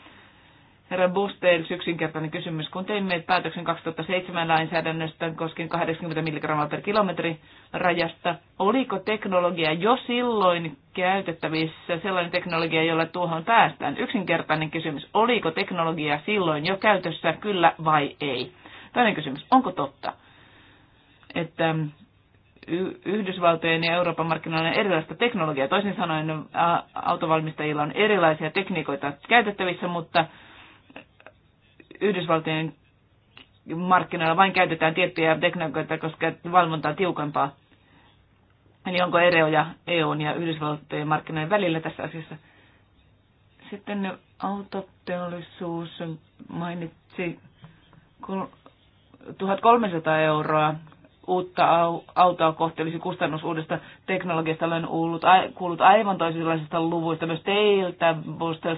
Herra Bustel, yksinkertainen kysymys. Kun teimme päätöksen 2007 lainsäädännöstä koskien 80 mg per kilometri rajasta, oliko teknologia jo silloin käytettävissä sellainen teknologia, jolla tuohon päästään? Yksinkertainen kysymys. Oliko teknologia silloin jo käytössä, kyllä vai ei? Toinen kysymys. Onko totta, että Yhdysvaltojen ja Euroopan markkinoilla on erilaista teknologiaa. Toisin sanoen autovalmistajilla on erilaisia tekniikoita käytettävissä, mutta Yhdysvaltojen markkinoilla vain käytetään tiettyjä teknologioita, koska valvonta on tiukempaa. Eli onko eroja EUn ja Yhdysvaltojen markkinoiden välillä tässä asiassa? Sitten autoteollisuus mainitsi 1300 euroa uutta autoa kohti olisi kustannus uudesta teknologiasta. Olen kuullut, kuullut aivan toisenlaisista luvuista myös teiltä,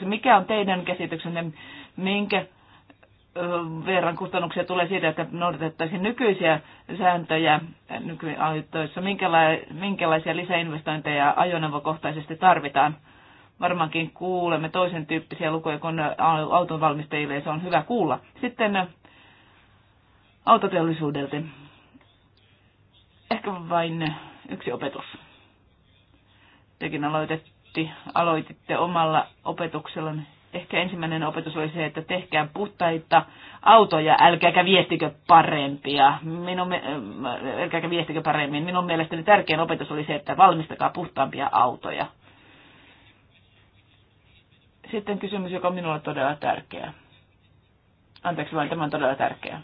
Mikä on teidän käsityksenne, minkä verran kustannuksia tulee siitä, että noudatettaisiin nykyisiä sääntöjä nykyajoissa. Minkälaisia lisäinvestointeja ajoneuvokohtaisesti tarvitaan? Varmaankin kuulemme toisen tyyppisiä lukuja kuin auton valmistajille, ja se on hyvä kuulla. Sitten autoteollisuudelta. Ehkä vain yksi opetus. Tekin aloitetti, aloititte omalla opetuksellanne ehkä ensimmäinen opetus oli se, että tehkää puhtaita autoja, älkääkä viestikö parempia. Minun, äh, älkääkä viestikö paremmin. Minun mielestäni tärkein opetus oli se, että valmistakaa puhtaampia autoja. Sitten kysymys, joka on minulle todella tärkeä. Anteeksi vain, tämä on todella tärkeä.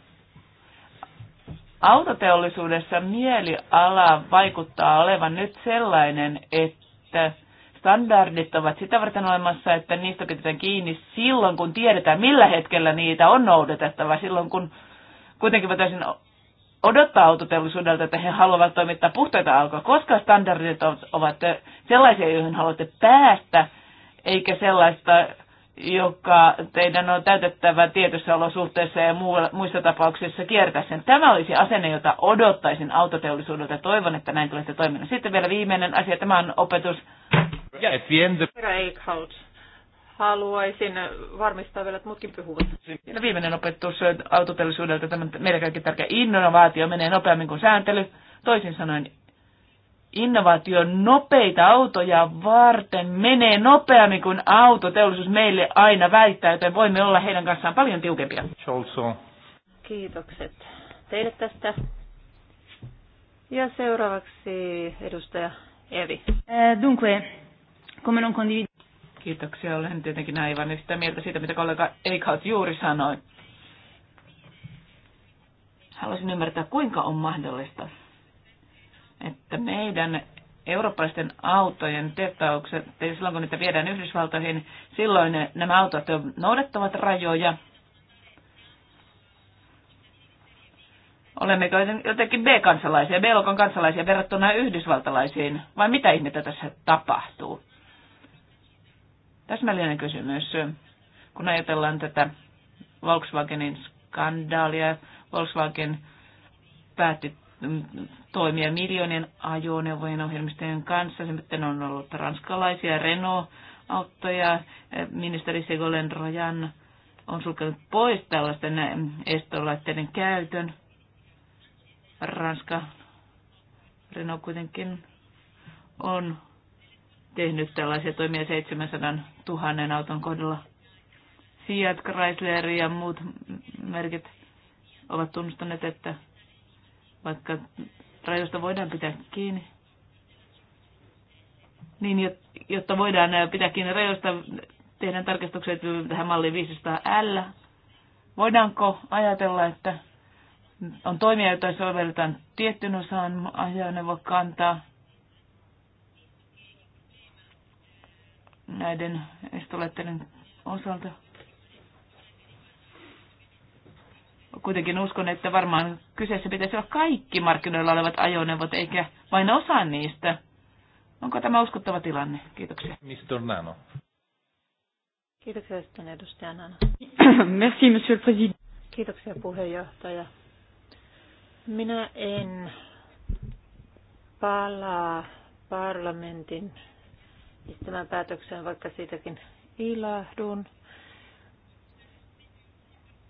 Autoteollisuudessa mieliala vaikuttaa olevan nyt sellainen, että Standardit ovat sitä varten olemassa, että niistä pidetään kiinni silloin, kun tiedetään, millä hetkellä niitä on noudatettava. Silloin, kun kuitenkin voitaisiin odottaa autoteollisuudelta, että he haluavat toimittaa puhtaita alkoa, koska standardit ovat sellaisia, joihin haluatte päästä, eikä sellaista, joka teidän on täytettävä tietyssä olosuhteessa ja muissa tapauksissa kiertää sen. Tämä olisi asenne, jota odottaisin autoteollisuudelta. Toivon, että näin tulette toiminnan. Sitten vielä viimeinen asia. Tämä on opetus ja. At the end of... Eichhout. Haluaisin varmistaa vielä, että muutkin puhuvat. Vielä viimeinen opetus autoteollisuudelta, tämä meidän kaikki tärkeä innovaatio menee nopeammin kuin sääntely. Toisin sanoen, innovaatio nopeita autoja varten menee nopeammin kuin autoteollisuus meille aina väittää, joten voimme olla heidän kanssaan paljon tiukempia. Kiitokset teille tästä. Ja seuraavaksi edustaja Evi. Eh, dunque, Come non condivido. Kiitoksia, olen tietenkin aivan yhtä mieltä siitä, mitä kollega Eikhaut juuri sanoi. Haluaisin ymmärtää, kuinka on mahdollista, että meidän eurooppalaisten autojen testaukset, eli silloin kun niitä viedään Yhdysvaltoihin, silloin ne, nämä autot noudattavat rajoja. Olemmeko jotenkin B-kansalaisia, b lokon kansalaisia verrattuna yhdysvaltalaisiin, vai mitä ihmettä tässä tapahtuu? Täsmällinen kysymys. Kun ajatellaan tätä Volkswagenin skandaalia, Volkswagen päätti toimia miljoonien ajoneuvojen ohjelmistojen kanssa. Sitten on ollut ranskalaisia Renault-autoja. Ministeri Segolen Rojan on sulkenut pois tällaisten estolaitteiden käytön. Ranska Renault kuitenkin on tehnyt tällaisia toimia 700 000 auton kohdalla. Fiat, Chrysler ja muut merkit ovat tunnustaneet, että vaikka rajoista voidaan pitää kiinni, niin jotta voidaan pitää kiinni rajoista, tehdään tarkistukset tähän malliin 500L. Voidaanko ajatella, että on toimia, joita sovelletaan tiettyyn osaan ajoneuvokantaa, näiden estoletteiden osalta. Kuitenkin uskon, että varmaan kyseessä pitäisi olla kaikki markkinoilla olevat ajoneuvot, eikä vain osa niistä. Onko tämä uskottava tilanne? Kiitoksia. Mr. Nano. Kiitoksia sitten edustaja Nano. Merci, monsieur le président. Kiitoksia puheenjohtaja. Minä en palaa parlamentin Siis tämän päätöksen, vaikka siitäkin ilahdun.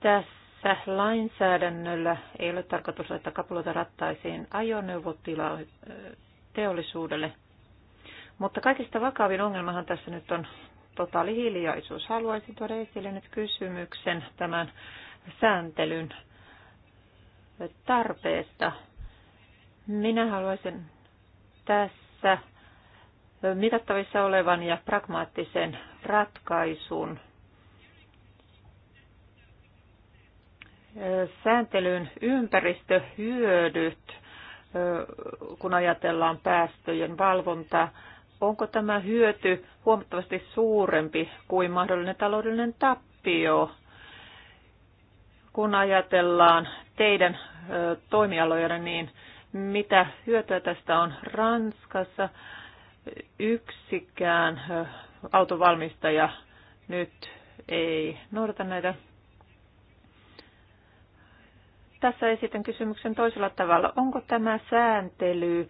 Tässä lainsäädännöllä ei ole tarkoitus laittaa kapuloita rattaisiin ajoneuvotila teollisuudelle, mutta kaikista vakavin ongelmahan tässä nyt on totaali hiljaisuus. Haluaisin tuoda esille nyt kysymyksen tämän sääntelyn tarpeesta. Minä haluaisin tässä mitattavissa olevan ja pragmaattisen ratkaisun sääntelyn ympäristöhyödyt, kun ajatellaan päästöjen valvontaa, onko tämä hyöty huomattavasti suurempi kuin mahdollinen taloudellinen tappio, kun ajatellaan teidän toimialoja, niin mitä hyötyä tästä on Ranskassa? yksikään autovalmistaja nyt ei noudata näitä. Tässä esitän kysymyksen toisella tavalla. Onko tämä sääntely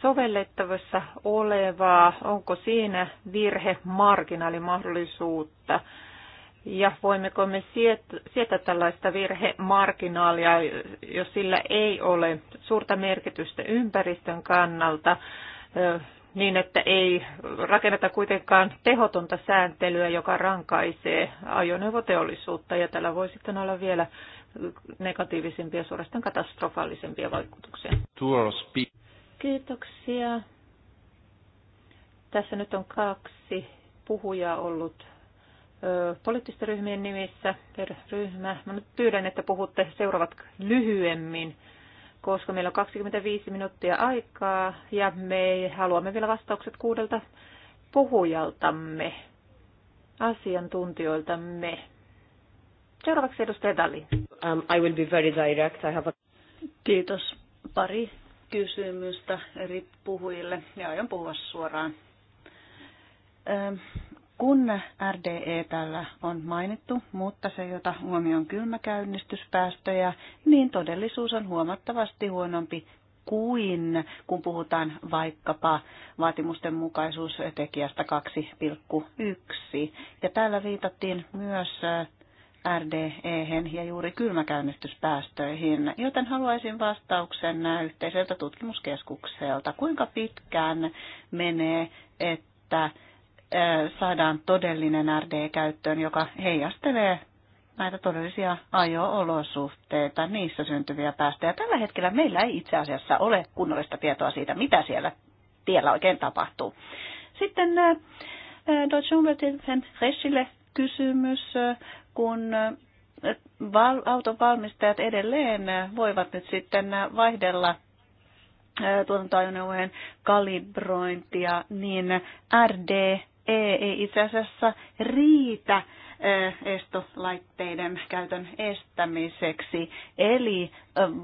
sovellettavissa olevaa, onko siinä virhe marginaalimahdollisuutta ja voimmeko me sietää tällaista virhemarginaalia, jos sillä ei ole suurta merkitystä ympäristön kannalta, niin, että ei rakenneta kuitenkaan tehotonta sääntelyä, joka rankaisee ajoneuvoteollisuutta. Ja tällä voi sitten olla vielä negatiivisempia, suorastaan katastrofaalisempia vaikutuksia. Kiitoksia. Tässä nyt on kaksi puhujaa ollut poliittisten ryhmien nimissä per ryhmä. Mä nyt pyydän, että puhutte seuraavat lyhyemmin, koska meillä on 25 minuuttia aikaa ja me haluamme vielä vastaukset kuudelta puhujaltamme, asiantuntijoiltamme. Seuraavaksi edustaja Dali. Um, I will be very direct. I have a... Kiitos. Pari kysymystä eri puhujille ja aion puhua suoraan. Kun RDE tällä on mainittu, mutta se, jota huomioon kylmäkäynnistyspäästöjä, niin todellisuus on huomattavasti huonompi kuin kun puhutaan vaikkapa vaatimusten mukaisuustekijästä 2,1. Ja täällä viitattiin myös äh, RDE ja juuri kylmäkäynnistyspäästöihin, joten haluaisin vastauksen äh, yhteiseltä tutkimuskeskukselta. Kuinka pitkään menee, että saadaan todellinen RD käyttöön, joka heijastelee näitä todellisia ajo-olosuhteita, niissä syntyviä päästöjä. Tällä hetkellä meillä ei itse asiassa ole kunnollista tietoa siitä, mitä siellä tiellä oikein tapahtuu. Sitten Deutsche Umwelthilfen Freshille kysymys, kun auton autovalmistajat edelleen voivat nyt sitten vaihdella tuotantoajoneuvojen kalibrointia, niin RD ei e itse asiassa riitä estolaitteiden käytön estämiseksi. Eli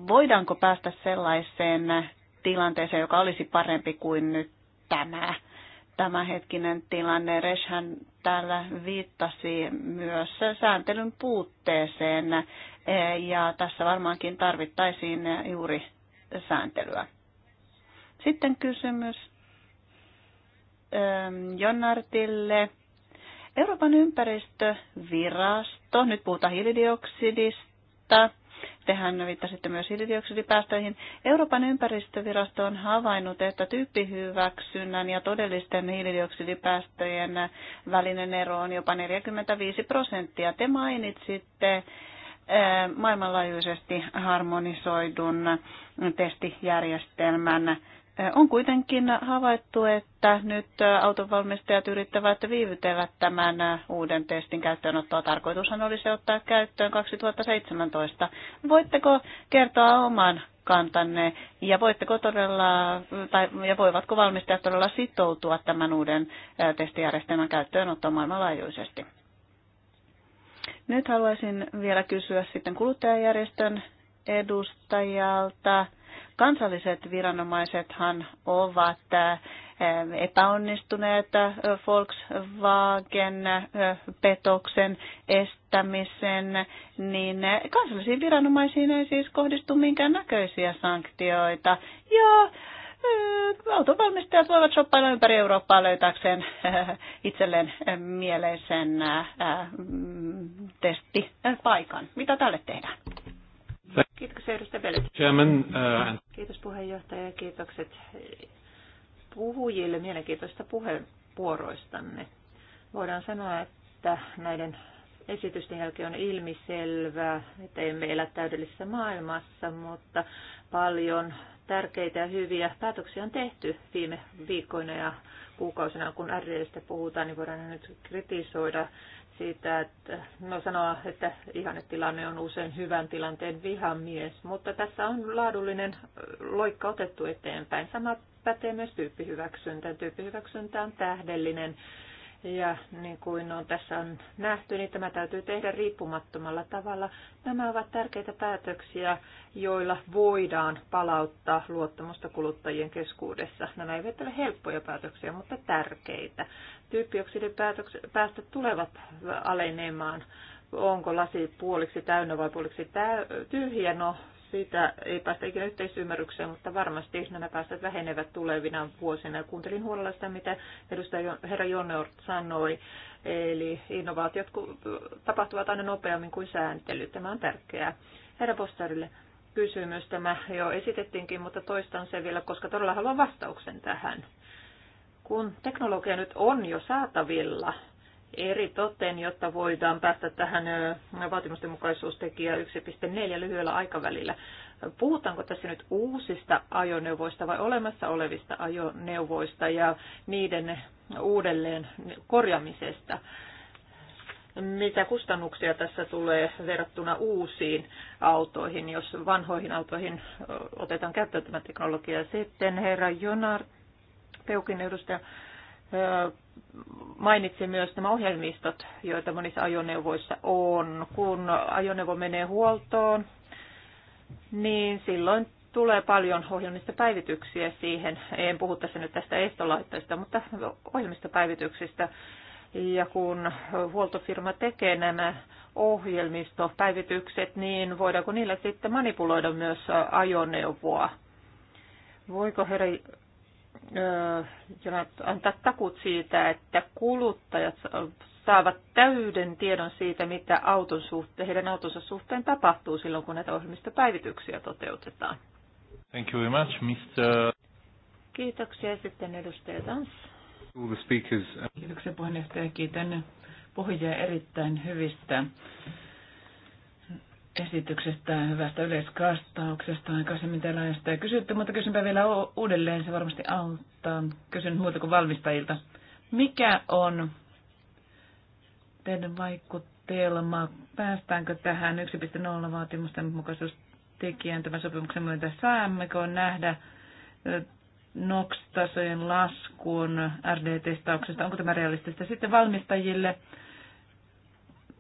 voidaanko päästä sellaiseen tilanteeseen, joka olisi parempi kuin nyt tämä tämänhetkinen tilanne. Reshän täällä viittasi myös sääntelyn puutteeseen ja tässä varmaankin tarvittaisiin juuri sääntelyä. Sitten kysymys Ähm, Jonnartille. Euroopan ympäristövirasto, nyt puhutaan hiilidioksidista, tehän viittasitte myös hiilidioksidipäästöihin. Euroopan ympäristövirasto on havainnut, että tyyppihyväksynnän ja todellisten hiilidioksidipäästöjen välinen ero on jopa 45 prosenttia. Te mainitsitte äh, maailmanlaajuisesti harmonisoidun testijärjestelmän on kuitenkin havaittu, että nyt autonvalmistajat yrittävät viivytellä tämän uuden testin käyttöönottoa. Tarkoitushan olisi se ottaa käyttöön 2017. Voitteko kertoa oman kantanne ja voitteko todella, tai, ja voivatko valmistajat todella sitoutua tämän uuden testijärjestelmän käyttöönottoon maailmanlaajuisesti? Nyt haluaisin vielä kysyä sitten kuluttajajärjestön edustajalta Kansalliset viranomaisethan ovat epäonnistuneet Volkswagen-petoksen estämisen, niin kansallisiin viranomaisiin ei siis kohdistu minkään näköisiä sanktioita. Ja autonvalmistajat voivat shoppailla ympäri Eurooppaa löytääkseen itselleen mieleisen testipaikan. Mitä tälle tehdään? Kiitoksia edustaja Pellet. Chairman, uh... Kiitos puheenjohtaja ja kiitokset puhujille mielenkiintoista puheenvuoroistanne. Voidaan sanoa, että näiden esitysten jälkeen on ilmiselvää, että emme elä täydellisessä maailmassa, mutta paljon tärkeitä ja hyviä päätöksiä on tehty viime viikkoina ja kuukausina, kun RDstä puhutaan, niin voidaan nyt kritisoida siitä, että no sanoa, että ihannetilanne on usein hyvän tilanteen vihamies, mutta tässä on laadullinen loikka otettu eteenpäin. Sama pätee myös tyyppihyväksyntään. Tyyppihyväksyntä on tähdellinen ja niin kuin on tässä on nähty, niin tämä täytyy tehdä riippumattomalla tavalla. Nämä ovat tärkeitä päätöksiä, joilla voidaan palauttaa luottamusta kuluttajien keskuudessa. Nämä eivät ole helppoja päätöksiä, mutta tärkeitä. Tyyppioksidipäästöt tulevat alenemaan. Onko lasi puoliksi täynnä vai puoliksi tyhjä? No, siitä ei päästä ikinä yhteisymmärrykseen, mutta varmasti nämä päästöt vähenevät tulevina vuosina. Kuuntelin huolella sitä, mitä edustaja herra Jonneur sanoi, eli innovaatiot tapahtuvat aina nopeammin kuin sääntely. Tämä on tärkeää. Herra Postarille kysymys. Tämä jo esitettiinkin, mutta toistan sen vielä, koska todella haluan vastauksen tähän. Kun teknologia nyt on jo saatavilla, eri toteen, jotta voidaan päästä tähän vaatimusten mukaisuustekijä 1.4 lyhyellä aikavälillä. Puhutaanko tässä nyt uusista ajoneuvoista vai olemassa olevista ajoneuvoista ja niiden uudelleen korjaamisesta? Mitä kustannuksia tässä tulee verrattuna uusiin autoihin, jos vanhoihin autoihin otetaan käyttöön tämä teknologia? Sitten herra Jonar, Peukin edustaja, mainitsi myös nämä ohjelmistot, joita monissa ajoneuvoissa on. Kun ajoneuvo menee huoltoon, niin silloin tulee paljon ohjelmistopäivityksiä siihen. En puhu tässä nyt tästä estolaitteesta, mutta ohjelmistopäivityksistä. Ja kun huoltofirma tekee nämä ohjelmistopäivitykset, niin voidaanko niillä sitten manipuloida myös ajoneuvoa? Voiko herra antaa takut siitä, että kuluttajat saavat täyden tiedon siitä, mitä auton suhteen, heidän autonsa suhteen tapahtuu silloin, kun näitä ohjelmistopäivityksiä toteutetaan. Thank you very much, Mr. Kiitoksia. Sitten edustaja Tans. Kiitoksia puheenjohtaja. Kiitän puhujia erittäin hyvistä esityksestä ja hyvästä yleiskastauksesta. Aikaisemmin ja kysytty, mutta kysynpä vielä uudelleen, se varmasti auttaa. Kysyn muuta kuin valmistajilta. Mikä on teidän vaikutelma? Päästäänkö tähän 1.0 vaatimusten tekijän tämän sopimuksen myötä? Saammeko nähdä NOx-tasojen laskun RD-testauksesta? Onko tämä realistista sitten valmistajille?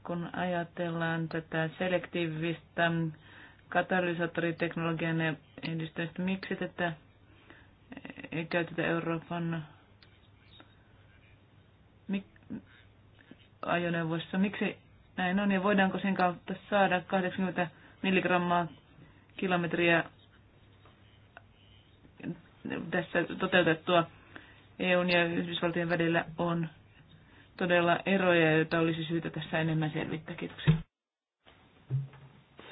kun ajatellaan tätä selektiivistä katalysaattoriteknologian edistämistä, miksi tätä ei käytetä Euroopan ajoneuvoissa. Miksi näin on ja voidaanko sen kautta saada 80 milligrammaa kilometriä tässä toteutettua EUn ja Yhdysvaltojen välillä on todella eroja, joita olisi syytä tässä enemmän selvittää. Kiitoksia.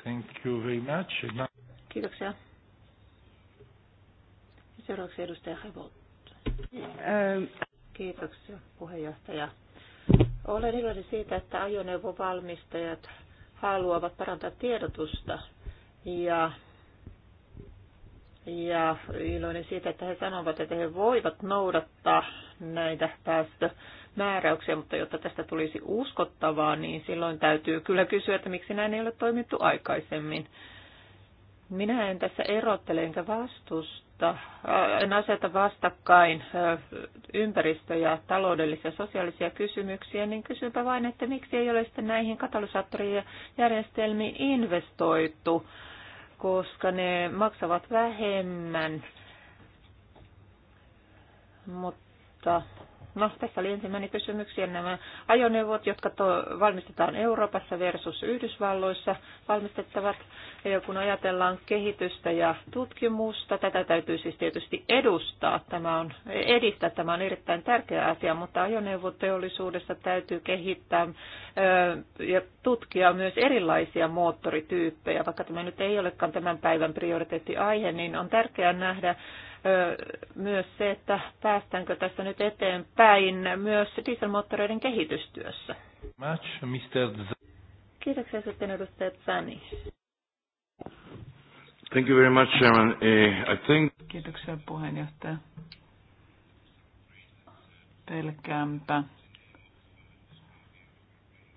Thank you very much. Kiitoksia. Seuraavaksi edustaja Hevold. Ähm. Kiitoksia puheenjohtaja. Olen iloinen siitä, että ajoneuvovalmistajat haluavat parantaa tiedotusta ja, ja iloinen siitä, että he sanovat, että he voivat noudattaa näitä päästömääräyksiä, mutta jotta tästä tulisi uskottavaa, niin silloin täytyy kyllä kysyä, että miksi näin ei ole toimittu aikaisemmin. Minä en tässä erottele enkä vastusta, en aseta vastakkain ympäristö- ja taloudellisia ja sosiaalisia kysymyksiä, niin kysynpä vain, että miksi ei ole sitten näihin järjestelmiin investoitu, koska ne maksavat vähemmän. Mutta mutta no, tässä oli ensimmäinen kysymys. Nämä ajoneuvot, jotka to, valmistetaan Euroopassa versus Yhdysvalloissa valmistettavat. Ja kun ajatellaan kehitystä ja tutkimusta, tätä täytyy siis tietysti edustaa. Tämä on, edistää, tämä on erittäin tärkeä asia, mutta ajoneuvoteollisuudessa täytyy kehittää ja tutkia myös erilaisia moottorityyppejä. Vaikka tämä nyt ei olekaan tämän päivän prioriteettiaihe, niin on tärkeää nähdä, myös se, että päästäänkö tässä nyt eteenpäin myös dieselmoottoreiden kehitystyössä. Match, Mr. Kiitoksia sitten edustaja Zani. Thank you very much, Chairman. Eh, I think... Kiitoksia puheenjohtaja. Pelkäänpä,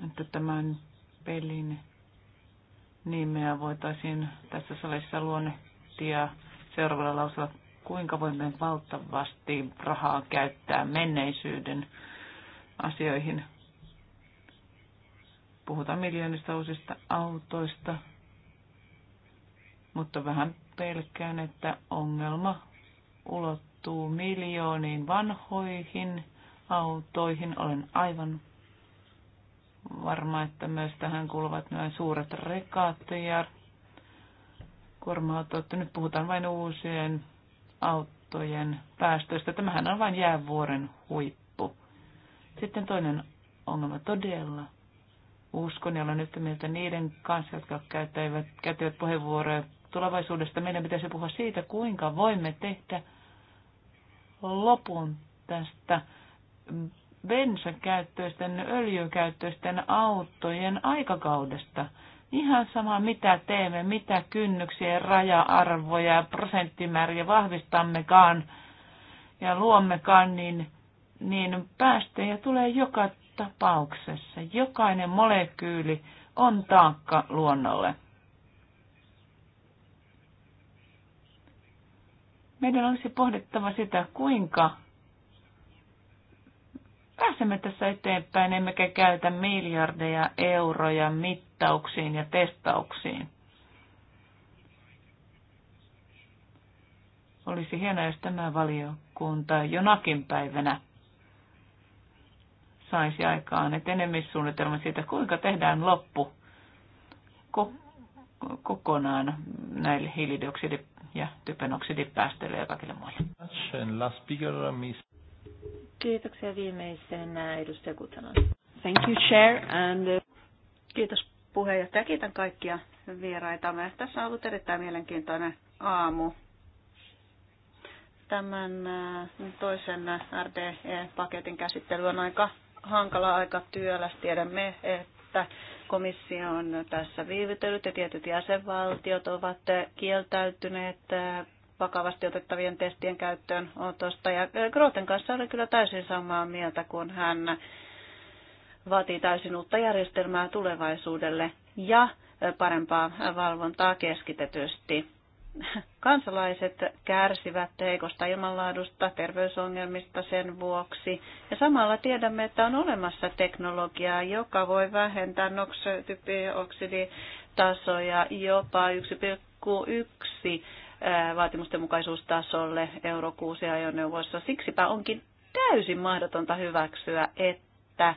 että tämän pelin nimeä voitaisiin tässä salissa luonnehtia seuraavalla lausella kuinka voimme valtavasti rahaa käyttää menneisyyden asioihin. Puhutaan miljoonista uusista autoista, mutta vähän pelkään, että ongelma ulottuu miljooniin vanhoihin autoihin. Olen aivan varma, että myös tähän kuuluvat nämä suuret rekaat ja kuorma-autot. Nyt puhutaan vain uusien autojen päästöistä. Tämähän on vain jäävuoren huippu. Sitten toinen ongelma todella. Uskon ja olen yhtä mieltä niiden kanssa, jotka käyttävät, käyttävät puheenvuoroja tulevaisuudesta. Meidän pitäisi puhua siitä, kuinka voimme tehdä lopun tästä bensakäyttöisten, öljykäyttöisten autojen aikakaudesta. Ihan sama, mitä teemme, mitä kynnyksiä, raja-arvoja prosenttimääriä vahvistammekaan ja luommekaan, niin, niin päästöjä tulee joka tapauksessa. Jokainen molekyyli on taakka luonnolle. Meidän olisi pohdittava sitä, kuinka pääsemme tässä eteenpäin, emmekä käytä miljardeja euroja mittauksiin ja testauksiin. Olisi hienoa, jos tämä valiokunta jonakin päivänä saisi aikaan etenemissuunnitelma siitä, kuinka tehdään loppu ko- kokonaan näille hiilidioksidi- ja typenoksidipäästöille ja kaikille muille. Kiitoksia viimeisenä edustaja Kutsanan. Thank you, Chair. And... Uh, Kiitos puheenjohtaja. Kiitän kaikkia vieraitamme. Tässä on ollut erittäin mielenkiintoinen aamu. Tämän uh, toisen RDE-paketin käsittely on aika hankala, aika työläs. Tiedämme, että komissio on tässä viivytellyt ja tietyt jäsenvaltiot ovat kieltäytyneet uh, vakavasti otettavien testien käyttöön otosta. Ja äh, Groten kanssa oli kyllä täysin samaa mieltä, kun hän vaatii täysin uutta järjestelmää tulevaisuudelle ja äh, parempaa valvontaa keskitetysti. Kansalaiset kärsivät heikosta ilmanlaadusta, terveysongelmista sen vuoksi. Ja samalla tiedämme, että on olemassa teknologiaa, joka voi vähentää NOx-typioksiditasoja jopa 1,1 vaatimusten mukaisuustasolle Euro 6 ajoneuvoissa. Siksipä onkin täysin mahdotonta hyväksyä, että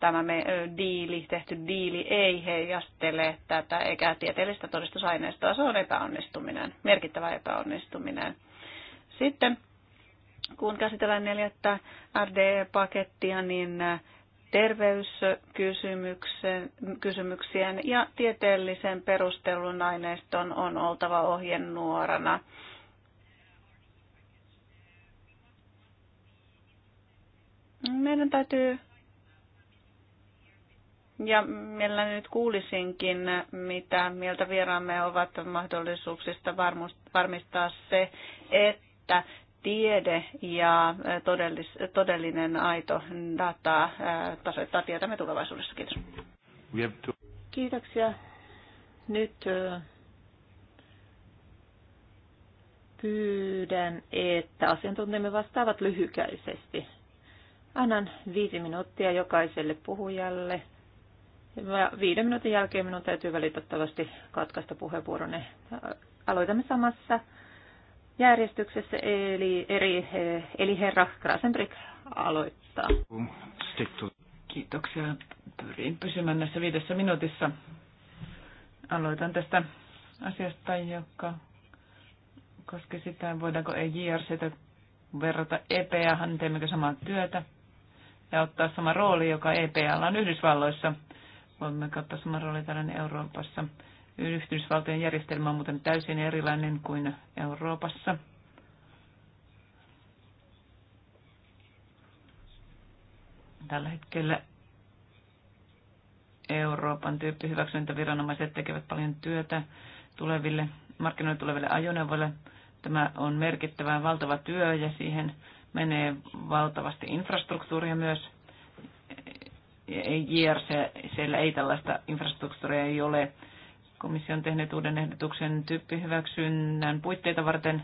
tämä me, diili, tehty diili ei heijastele tätä eikä tieteellistä todistusaineistoa. Se on epäonnistuminen, merkittävä epäonnistuminen. Sitten kun käsitellään neljättä RDE-pakettia, niin terveyskysymyksien ja tieteellisen perustelun aineiston on oltava ohjenuorana. Meidän täytyy, ja meillä nyt kuulisinkin, mitä mieltä vieraamme ovat mahdollisuuksista varmistaa se, että tiede ja todellis, todellinen aito data tasoittaa tietämme tulevaisuudessa. Kiitos. Kiitoksia. Nyt pyydän, että asiantuntijamme vastaavat lyhykäisesti. Annan viisi minuuttia jokaiselle puhujalle. Ja viiden minuutin jälkeen minun täytyy välitettävästi katkaista puheenvuoronne. Aloitamme samassa järjestyksessä, eli, eri, eh, eli herra Krasenbrick aloittaa. Kiitoksia. Pyrin pysymään näissä viidessä minuutissa. Aloitan tästä asiasta, joka koski sitä, voidaanko EJRC verrata EPAhan, teemmekö samaa työtä ja ottaa sama rooli, joka EPA on Yhdysvalloissa. Voimme ottaa saman roolin täällä Euroopassa. Yhdistysvaltojen järjestelmä on muuten täysin erilainen kuin Euroopassa. Tällä hetkellä Euroopan tyyppihyväksyntäviranomaiset tekevät paljon työtä tuleville, markkinoille tuleville ajoneuvoille. Tämä on merkittävä valtava työ ja siihen menee valtavasti infrastruktuuria myös. JRC, siellä ei tällaista infrastruktuuria ei ole Komissio on tehnyt uuden ehdotuksen tyyppihyväksynnän puitteita varten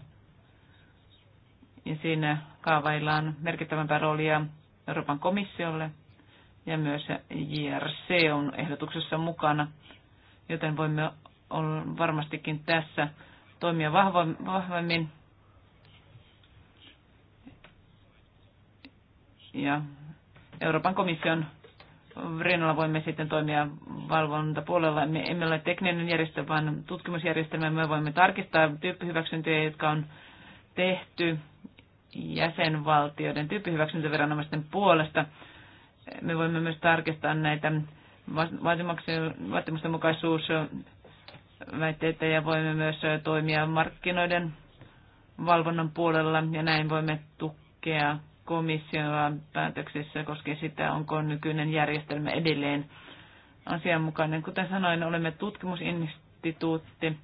ja siinä kaavaillaan merkittävämpää roolia Euroopan komissiolle ja myös JRC on ehdotuksessa mukana, joten voimme varmastikin tässä toimia vahvemmin ja Euroopan komission rinnalla voimme sitten toimia valvontapuolella. Me emme ole tekninen järjestö, vaan tutkimusjärjestelmä. Me voimme tarkistaa tyyppihyväksyntöjä, jotka on tehty jäsenvaltioiden tyyppihyväksyntöviranomaisten puolesta. Me voimme myös tarkistaa näitä vaatimusten mukaisuusväitteitä ja voimme myös toimia markkinoiden valvonnan puolella ja näin voimme tukea komission päätöksessä koskee sitä, onko nykyinen järjestelmä edelleen asianmukainen. Kuten sanoin, olemme tutkimusinstituutti.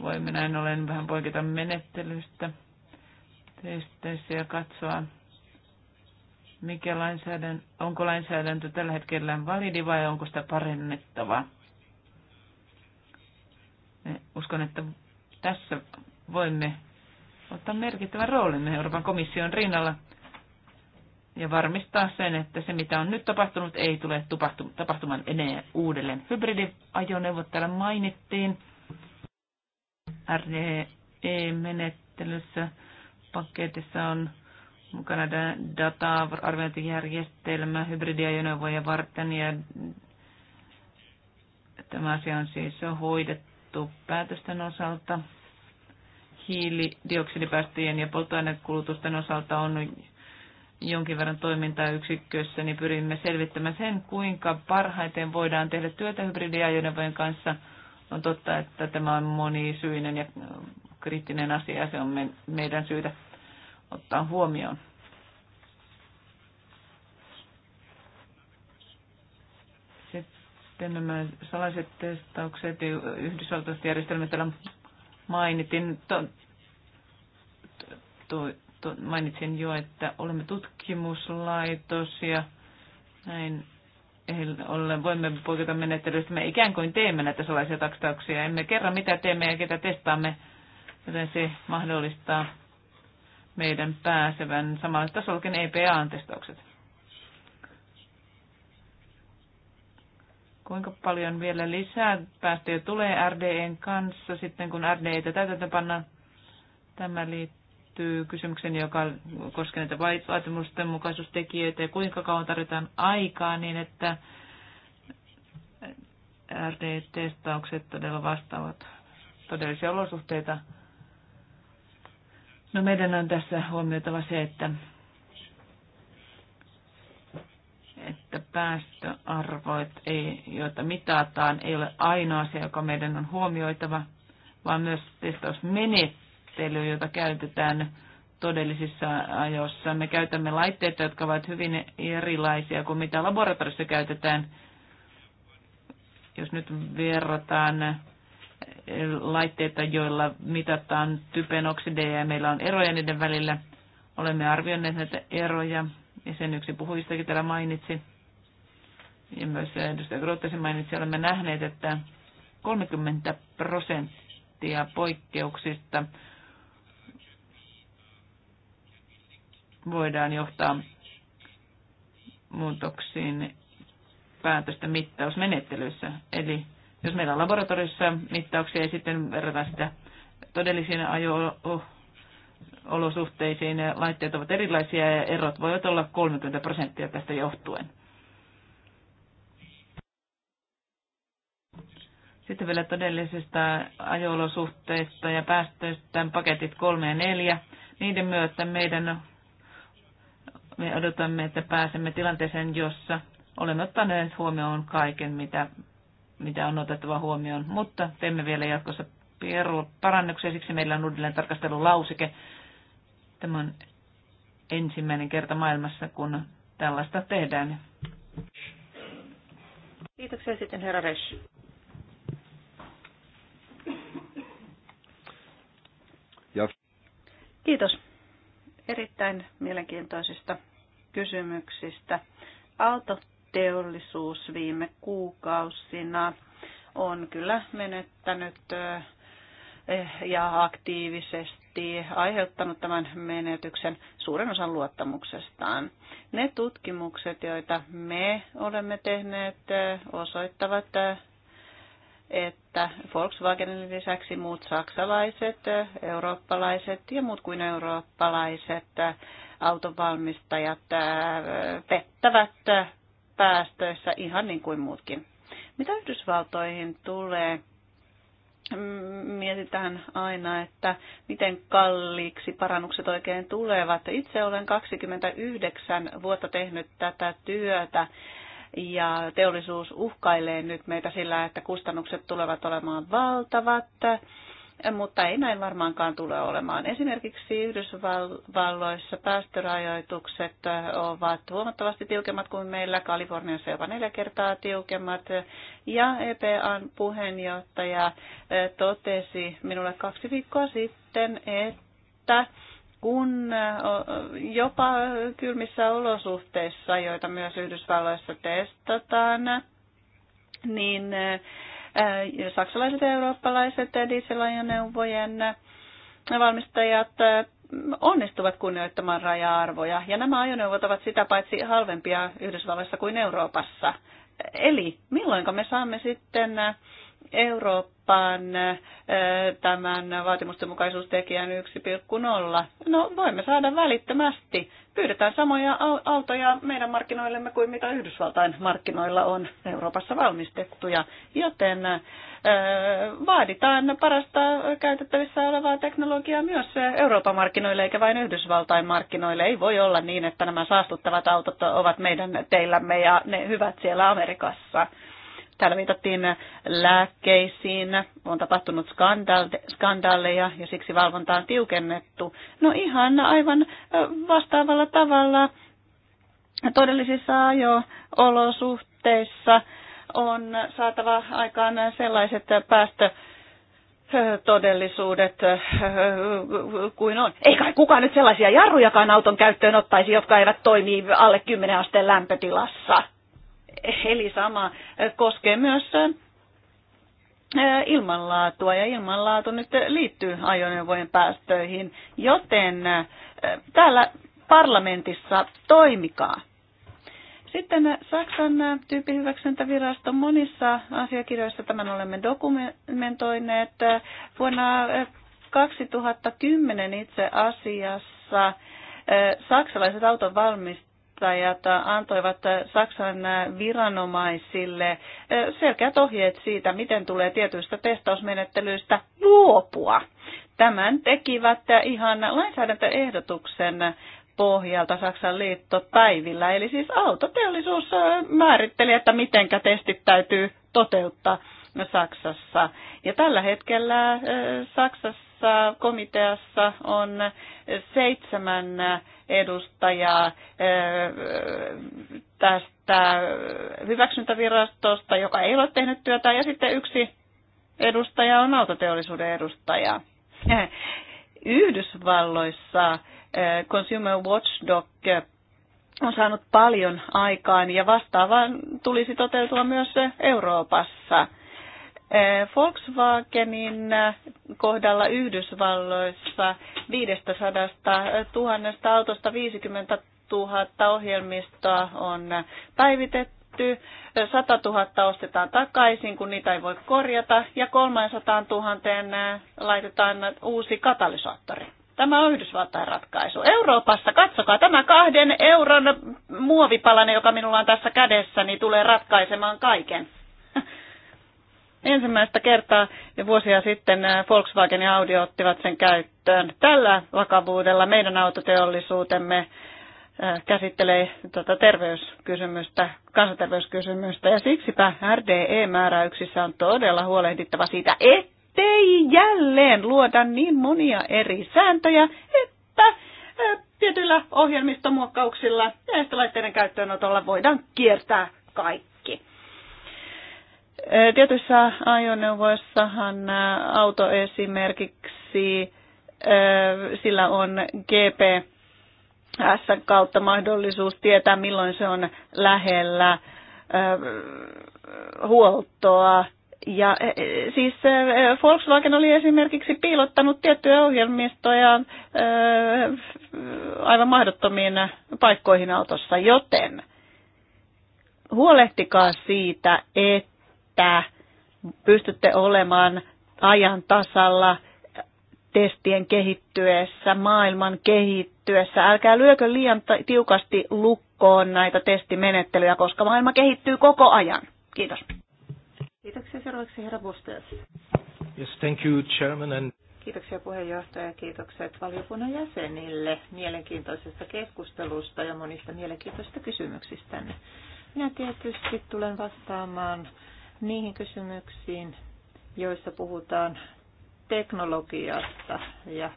Voimme näin ollen vähän poiketa menettelystä testeissä ja katsoa, mikä lainsäädäntö, onko lainsäädäntö tällä hetkellä validi vai onko sitä parennettava. Uskon, että tässä voimme ottaa merkittävän roolin Euroopan komission rinnalla ja varmistaa sen, että se mitä on nyt tapahtunut ei tule tapahtumaan enää uudelleen. Hybridiajoneuvot täällä mainittiin RDE-menettelyssä. Paketissa on mukana data arviointijärjestelmä hybridiajoneuvoja varten ja tämä asia on siis hoidettu päätösten osalta hiilidioksidipäästöjen ja polttoainekulutusten osalta on jonkin verran toimintaa yksikössä, niin pyrimme selvittämään sen, kuinka parhaiten voidaan tehdä työtä hybridiajoneuvojen kanssa. On totta, että tämä on monisyinen ja kriittinen asia ja se on meidän syytä ottaa huomioon. Sitten nämä salaiset testaukset Yhdysvaltoista järjestelmät Mainitin, to, to, to, mainitsin jo, että olemme tutkimuslaitos ja näin ollen voimme poiketa menettelystä. Me ikään kuin teemme näitä salaisia taksauksia. Emme kerran mitä teemme ja ketä testaamme, joten se mahdollistaa meidän pääsevän samalle tasolle kuin EPA-testaukset. kuinka paljon vielä lisää päästöjä tulee RDEn kanssa sitten, kun RDEtä täytäntöön panna Tämä liittyy kysymykseen, joka koskee näitä vaatimusten mukaisuustekijöitä ja kuinka kauan tarvitaan aikaa niin, että rde testaukset todella vastaavat todellisia olosuhteita. No meidän on tässä huomioitava se, että että päästöarvoit, ei, joita mitataan, ei ole ainoa asia, joka meidän on huomioitava, vaan myös testausmenettely, jota käytetään todellisissa ajoissa. Me käytämme laitteita, jotka ovat hyvin erilaisia kuin mitä laboratoriossa käytetään. Jos nyt verrataan laitteita, joilla mitataan typen oksideja ja meillä on eroja niiden välillä, olemme arvioineet näitä eroja ja sen yksi puhujistakin täällä mainitsi ja myös edustaja Grottasen mainitsi, olemme nähneet, että 30 prosenttia poikkeuksista voidaan johtaa muutoksiin päätöstä mittausmenettelyssä. Eli jos meillä on laboratoriossa mittauksia ja sitten verrataan sitä todellisiin ajo-olosuhteisiin, laitteet ovat erilaisia ja erot voivat olla 30 prosenttia tästä johtuen. Sitten vielä todellisista ajolosuhteista ja päästöistä paketit kolme ja neljä. Niiden myötä meidän me odotamme, että pääsemme tilanteeseen, jossa olemme ottaneet huomioon kaiken, mitä, mitä on otettava huomioon, mutta teemme vielä jatkossa parannuksia, siksi meillä on uudelleen tarkastelulausike. Tämä on ensimmäinen kerta maailmassa, kun tällaista tehdään. Kiitoksia sitten herra Resch. Kiitos erittäin mielenkiintoisista kysymyksistä. Autoteollisuus viime kuukausina on kyllä menettänyt eh, ja aktiivisesti aiheuttanut tämän menetyksen suuren osan luottamuksestaan. Ne tutkimukset, joita me olemme tehneet, eh, osoittavat eh, että Volkswagenin lisäksi muut saksalaiset, eurooppalaiset ja muut kuin eurooppalaiset autonvalmistajat pettävät päästöissä ihan niin kuin muutkin. Mitä Yhdysvaltoihin tulee, mietitään aina, että miten kalliiksi parannukset oikein tulevat. Itse olen 29 vuotta tehnyt tätä työtä ja teollisuus uhkailee nyt meitä sillä, että kustannukset tulevat olemaan valtavat, mutta ei näin varmaankaan tule olemaan. Esimerkiksi Yhdysvalloissa päästörajoitukset ovat huomattavasti tiukemmat kuin meillä, Kaliforniassa jopa neljä kertaa tiukemmat, ja EPAn puheenjohtaja totesi minulle kaksi viikkoa sitten, että kun jopa kylmissä olosuhteissa, joita myös Yhdysvalloissa testataan, niin saksalaiset ja eurooppalaiset dieselajoneuvojen valmistajat onnistuvat kunnioittamaan raja-arvoja. Ja nämä ajoneuvot ovat sitä paitsi halvempia Yhdysvalloissa kuin Euroopassa. Eli milloin me saamme sitten Eurooppaan tämän vaatimustenmukaisuustekijän 1,0. No voimme saada välittömästi. Pyydetään samoja autoja meidän markkinoillemme kuin mitä Yhdysvaltain markkinoilla on Euroopassa valmistettuja, joten vaaditaan parasta käytettävissä olevaa teknologiaa myös Euroopan markkinoille eikä vain Yhdysvaltain markkinoille. Ei voi olla niin, että nämä saastuttavat autot ovat meidän teillämme ja ne hyvät siellä Amerikassa Täällä viitattiin lääkkeisiin, on tapahtunut skandaaleja ja siksi valvonta on tiukennettu. No ihan aivan vastaavalla tavalla todellisissa ajo-olosuhteissa on saatava aikaan sellaiset päästö todellisuudet kuin on. Ei kai kukaan nyt sellaisia jarrujakaan auton käyttöön ottaisi, jotka eivät toimi alle 10 asteen lämpötilassa. Eli sama koskee myös äh, ilmanlaatua ja ilmanlaatu nyt liittyy ajoneuvojen päästöihin, joten äh, täällä parlamentissa toimikaa. Sitten Saksan äh, tyyppihyväksyntäviraston monissa asiakirjoissa tämän olemme dokumentoineet. Vuonna 2010 itse asiassa saksalaiset auton valmistajat johtajat antoivat Saksan viranomaisille selkeät ohjeet siitä, miten tulee tietyistä testausmenettelyistä luopua. Tämän tekivät ihan lainsäädäntöehdotuksen pohjalta Saksan liittopäivillä. Eli siis autoteollisuus määritteli, että miten testit täytyy toteuttaa Saksassa. Ja tällä hetkellä eh, Saksassa komiteassa on seitsemän edustajaa tästä hyväksyntävirastosta, joka ei ole tehnyt työtä, ja sitten yksi edustaja on autoteollisuuden edustaja. Yhdysvalloissa Consumer Watchdog on saanut paljon aikaan ja vastaavan tulisi toteutua myös Euroopassa – Eh, Volkswagenin eh, kohdalla Yhdysvalloissa 500 000 autosta 50 000 ohjelmistoa on päivitetty, 100 000 ostetaan takaisin, kun niitä ei voi korjata, ja 300 000 eh, laitetaan uusi katalysaattori. Tämä on Yhdysvaltain ratkaisu. Euroopassa, katsokaa, tämä kahden euron muovipalanen, joka minulla on tässä kädessä, niin tulee ratkaisemaan kaiken. Ensimmäistä kertaa ja vuosia sitten Volkswagen ja Audi ottivat sen käyttöön. Tällä vakavuudella meidän autoteollisuutemme käsittelee tuota terveyskysymystä, kansanterveyskysymystä ja siksipä RDE-määräyksissä on todella huolehdittava siitä, ettei jälleen luoda niin monia eri sääntöjä, että tietyillä ohjelmistomuokkauksilla ja estolaitteiden käyttöönotolla voidaan kiertää kaikki Tietyissä ajoneuvoissahan auto esimerkiksi, sillä on GPS kautta mahdollisuus tietää, milloin se on lähellä huoltoa. Ja e, e, siis e, Volkswagen oli esimerkiksi piilottanut tiettyjä ohjelmistoja aivan mahdottomiin paikkoihin autossa, joten huolehtikaa siitä, että että pystytte olemaan ajan tasalla testien kehittyessä, maailman kehittyessä. Älkää lyökö liian tiukasti lukkoon näitä testimenettelyjä, koska maailma kehittyy koko ajan. Kiitos. Kiitoksia seuraavaksi herra Bustels. Yes, thank you, chairman and... Kiitoksia puheenjohtaja ja kiitokset valiokunnan jäsenille mielenkiintoisesta keskustelusta ja monista mielenkiintoisista kysymyksistä. Minä tietysti tulen vastaamaan niihin kysymyksiin, joissa puhutaan teknologiasta ja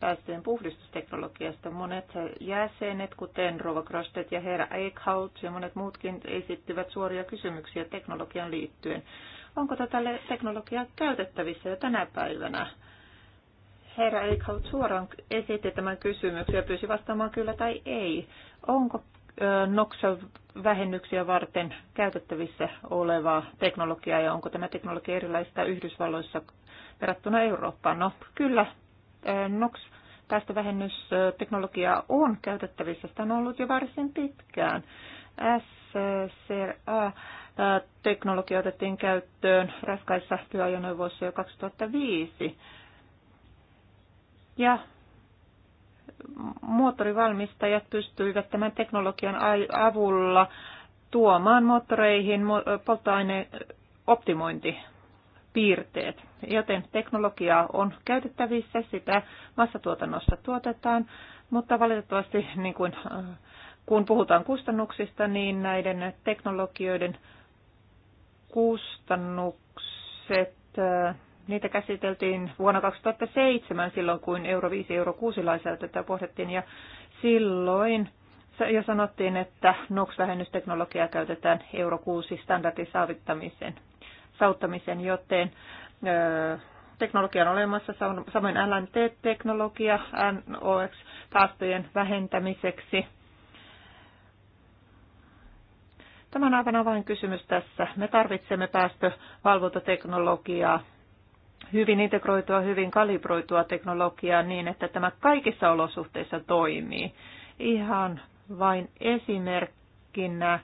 päästöjen puhdistusteknologiasta. Monet jäsenet, kuten Rova Krostet ja Herra Eichhout ja monet muutkin esittivät suoria kysymyksiä teknologian liittyen. Onko tätä teknologiaa käytettävissä jo tänä päivänä? Herra Eichhout suoraan esitti tämän kysymyksen ja pyysi vastaamaan kyllä tai ei. Onko Noxa vähennyksiä varten käytettävissä olevaa teknologiaa ja onko tämä teknologia erilaista Yhdysvalloissa verrattuna Eurooppaan? No kyllä, äh, NOx päästövähennysteknologia on käytettävissä. Sitä on ollut jo varsin pitkään. SCRA äh, teknologia otettiin käyttöön raskaissa työajoneuvoissa jo 2005. Ja moottorivalmistajat pystyivät tämän teknologian avulla tuomaan moottoreihin polttoaineoptimointipiirteet. Joten teknologiaa on käytettävissä, sitä massatuotannossa tuotetaan, mutta valitettavasti niin kuin, kun puhutaan kustannuksista, niin näiden teknologioiden kustannukset niitä käsiteltiin vuonna 2007 silloin, kun euro 5 euro 6 lainsäädäntöä pohdittiin ja silloin jo sanottiin, että NOx-vähennysteknologiaa käytetään euro 6 standardin saavuttamiseen, saavuttamiseen joten ö, teknologia on olemassa, samoin LNT-teknologia NOx-päästöjen vähentämiseksi. Tämä on aivan avainkysymys tässä. Me tarvitsemme päästövalvontateknologiaa hyvin integroitua, hyvin kalibroitua teknologiaa niin, että tämä kaikissa olosuhteissa toimii. Ihan vain esimerkkinä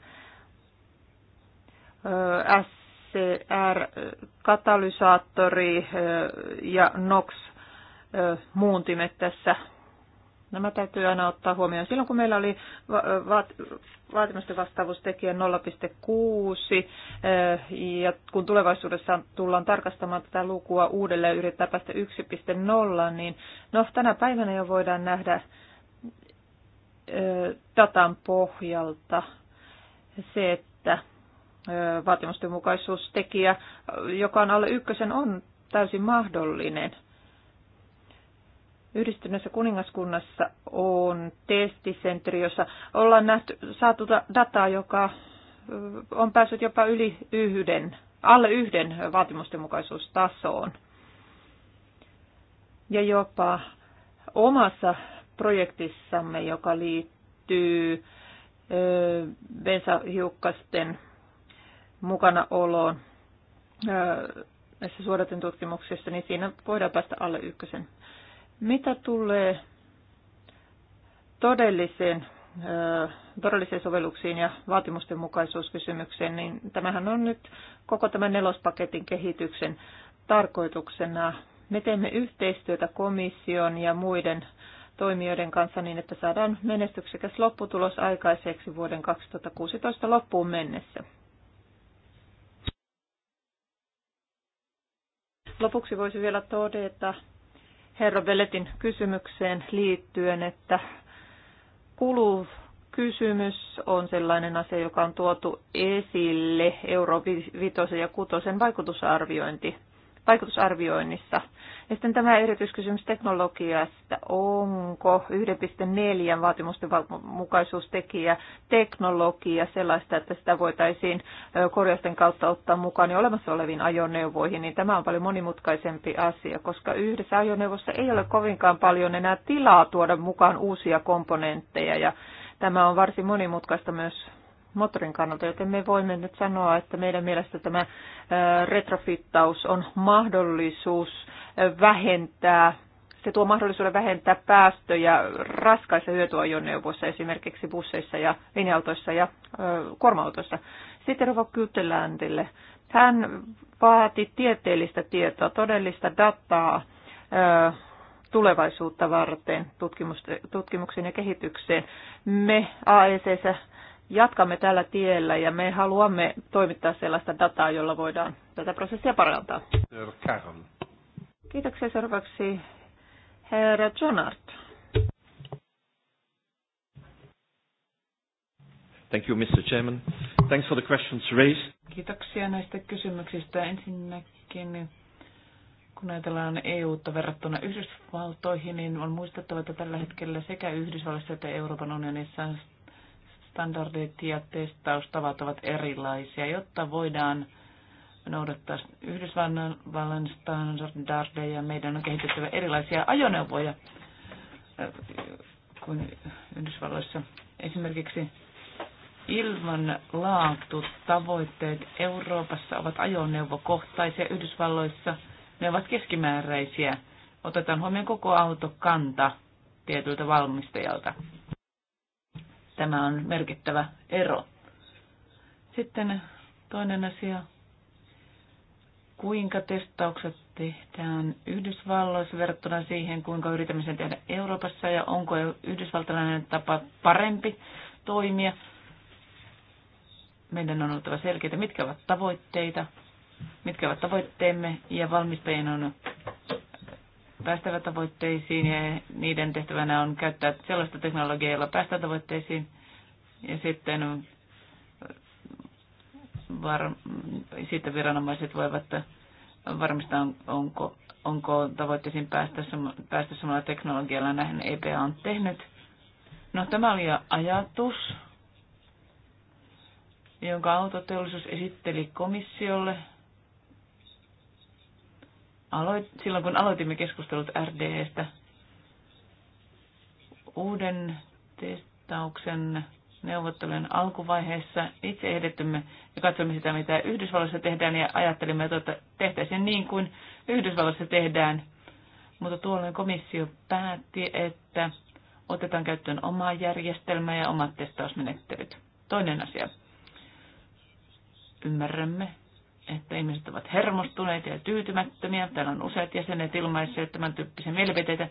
SCR-katalysaattori ja NOx muuntimet tässä Nämä täytyy aina ottaa huomioon. Silloin kun meillä oli vaatimusten vastaavuustekijä 0,6 eh, ja kun tulevaisuudessa tullaan tarkastamaan tätä lukua uudelleen yrittää päästä 1,0, niin no, tänä päivänä jo voidaan nähdä eh, datan pohjalta se, että eh, vaatimustenmukaisuustekijä, joka on alle ykkösen, on täysin mahdollinen – Yhdistyneessä kuningaskunnassa on testisentteri, jossa ollaan nähty, saatu dataa, joka on päässyt jopa yli yhden, alle yhden vaatimustenmukaisuustasoon. Ja jopa omassa projektissamme, joka liittyy bensahiukkasten mukanaoloon näissä suodatin tutkimuksissa, niin siinä voidaan päästä alle ykkösen mitä tulee todelliseen todelliseen sovelluksiin ja vaatimusten mukaisuuskysymykseen, niin tämähän on nyt koko tämän nelospaketin kehityksen tarkoituksena. Me teemme yhteistyötä komission ja muiden toimijoiden kanssa niin, että saadaan menestyksekäs lopputulos aikaiseksi vuoden 2016 loppuun mennessä. Lopuksi voisi vielä todeta, herra Veletin kysymykseen liittyen, että kulukysymys kysymys on sellainen asia, joka on tuotu esille Euro 5 ja 6 vaikutusarviointi vaikutusarvioinnissa. Ja sitten tämä erityiskysymys teknologiasta. Onko 1.4 vaatimusten mukaisuustekijä teknologia sellaista, että sitä voitaisiin korjausten kautta ottaa mukaan jo olemassa oleviin ajoneuvoihin, niin tämä on paljon monimutkaisempi asia, koska yhdessä ajoneuvossa ei ole kovinkaan paljon enää tilaa tuoda mukaan uusia komponentteja ja tämä on varsin monimutkaista myös moottorin kannalta, joten me voimme nyt sanoa, että meidän mielestä tämä retrofittaus on mahdollisuus vähentää se tuo mahdollisuuden vähentää päästöjä raskaissa hyötyajoneuvoissa, esimerkiksi busseissa ja linja-autoissa ja kuorma-autoissa. Sitten Rova Kyteländille. Hän vaati tieteellistä tietoa, todellista dataa ö, tulevaisuutta varten tutkimuksiin ja kehitykseen. Me AECssä jatkamme tällä tiellä ja me haluamme toimittaa sellaista dataa, jolla voidaan tätä prosessia parantaa. Kiitoksia seuraavaksi herra Jonart. Thank you, Mr. Chairman. Thanks for the questions raised. Kiitoksia näistä kysymyksistä. Ensinnäkin, kun ajatellaan EU-ta verrattuna Yhdysvaltoihin, niin on muistettava, että tällä hetkellä sekä Yhdysvalloissa että Euroopan unionissa standardit ja testaustavat ovat erilaisia, jotta voidaan noudattaa Yhdysvallan standardeja. Meidän on kehitettävä erilaisia ajoneuvoja äh, kuin Yhdysvalloissa. Esimerkiksi ilman tavoitteet Euroopassa ovat ajoneuvokohtaisia Yhdysvalloissa. Ne ovat keskimääräisiä. Otetaan huomioon koko autokanta tietyltä valmistajalta. Tämä on merkittävä ero. Sitten toinen asia. Kuinka testaukset tehdään Yhdysvalloissa verrattuna siihen, kuinka yritämme sen tehdä Euroopassa ja onko yhdysvaltalainen tapa parempi toimia? Meidän on oltava selkeitä, mitkä ovat tavoitteita, mitkä ovat tavoitteemme ja valmistajien on päästävä tavoitteisiin ja niiden tehtävänä on käyttää sellaista teknologiaa, jolla päästään tavoitteisiin ja sitten, var, sitten viranomaiset voivat varmistaa, onko, onko tavoitteisiin päästä, päästä samalla teknologialla. Näin EPA on tehnyt. No tämä oli ajatus, jonka autoteollisuus esitteli komissiolle – aloit, silloin kun aloitimme keskustelut RDEstä, uuden testauksen neuvottelujen alkuvaiheessa itse ehdettymme ja katsomme sitä, mitä Yhdysvalloissa tehdään ja ajattelimme, että tuota, tehtäisiin niin kuin Yhdysvalloissa tehdään. Mutta tuolloin komissio päätti, että otetaan käyttöön oma järjestelmä ja omat testausmenettelyt. Toinen asia. Ymmärrämme, että ihmiset ovat hermostuneita ja tyytymättömiä. Täällä on useat jäsenet ilmaisseet tämän tyyppisen mielipiteitä.